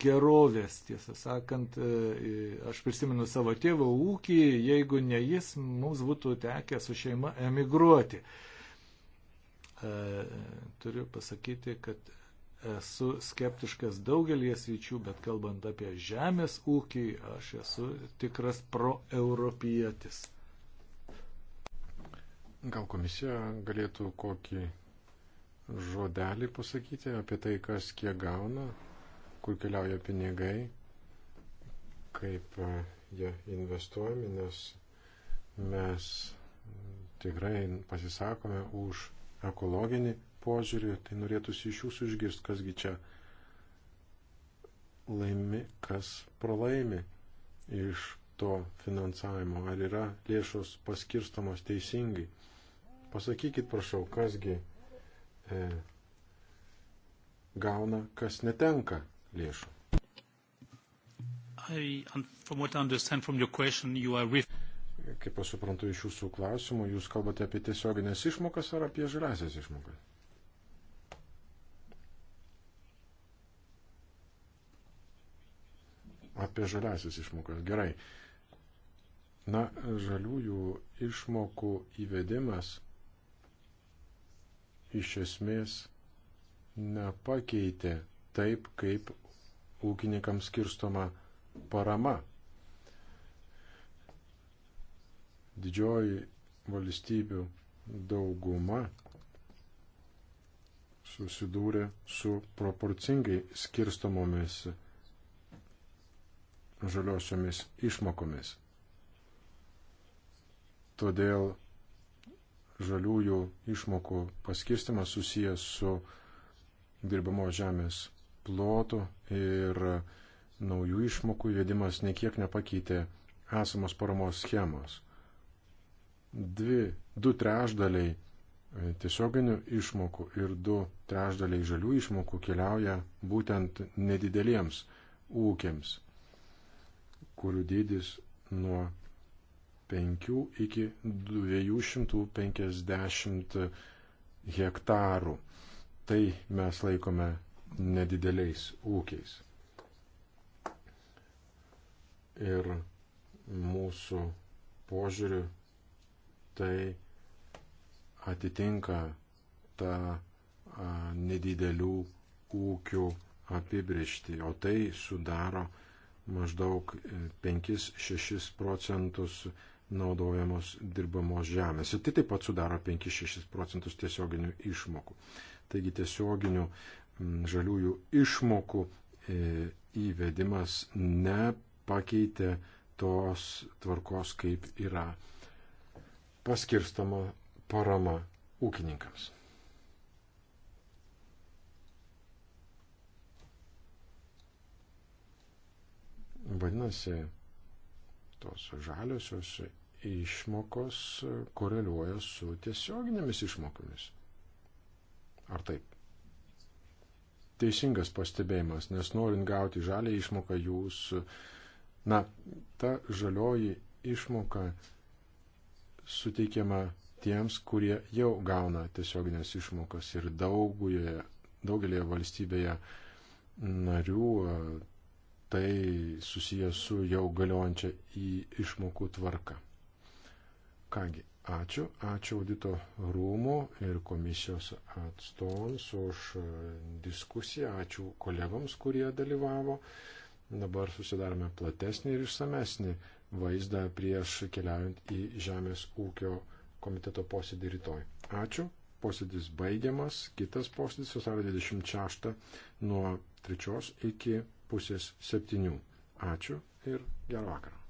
gerovės. Tiesą sakant, e, aš prisimenu savo tėvo ūkį, jeigu ne jis, mums būtų tekę su šeima emigruoti. E, turiu pasakyti, kad esu skeptiškas daugelį sričių, bet kalbant apie žemės ūkį, aš esu tikras proeuropietis. Gal komisija galėtų kokį žodelį pasakyti apie tai, kas kiek gauna, kur keliauja pinigai, kaip e, jie investuojami, nes mes tikrai pasisakome už ekologinį požiūrį, tai norėtųsi iš jūsų išgirsti, kasgi čia laimi, kas pralaimi iš to finansavimo, ar yra lėšos paskirstamos teisingai. Pasakykit, prašau, kasgi e, gauna, kas netenka lėšų. I, question, are... Kaip aš suprantu iš jūsų klausimų, jūs kalbate apie tiesioginės išmokas ar apie žaliasias išmokas? Apie žaliasias išmokas. Gerai. Na, žaliųjų išmokų įvedimas iš esmės nepakeitė taip, kaip ūkininkams skirstoma parama. Didžioji valstybių dauguma susidūrė su proporcingai skirstomomis žaliosiomis išmokomis. Todėl žaliųjų išmokų paskirstimas susijęs su dirbamos žemės plotų ir naujų išmokų įvedimas nekiek nepakeitė esamos paramos schemos. Dvi, du trešdaliai e, tiesioginių išmokų ir du trešdaliai žalių išmokų keliauja būtent nedideliems ūkiams, kurių dydis nuo 5 iki 250 hektarų. Tai mes laikome nedideliais ūkiais. Ir mūsų požiūriu tai atitinka tą nedidelių ūkių apibrišti, o tai sudaro maždaug 5-6 e, procentus naudojamos dirbamos žemės. Ir tai taip pat sudaro 5-6 procentus tiesioginių išmokų. Taigi tiesioginių žaliųjų išmokų e, įvedimas nepakeitė tos tvarkos, kaip yra paskirstama parama ūkininkams. Vadinasi, tos žaliosios išmokos koreliuoja su tiesioginėmis išmokomis. Ar taip? teisingas pastebėjimas, nes norint gauti žalę išmoką jūs, na, ta žalioji išmoka suteikiama tiems, kurie jau gauna tiesioginės išmokas ir daugulie, daugelėje valstybėje narių tai susijęs su jau galiojančia į išmokų tvarką. Kągi, Ačiū, ačiū audito rūmų ir komisijos atstovams už diskusiją, ačiū kolegams, kurie dalyvavo. Dabar susidarome platesnį ir išsamesnį vaizdą prieš keliaujant į Žemės ūkio komiteto posėdį rytoj. Ačiū, posėdis baigiamas, kitas posėdis vasario 26 nuo 3 iki pusės 7. Ačiū ir gerą vakarą.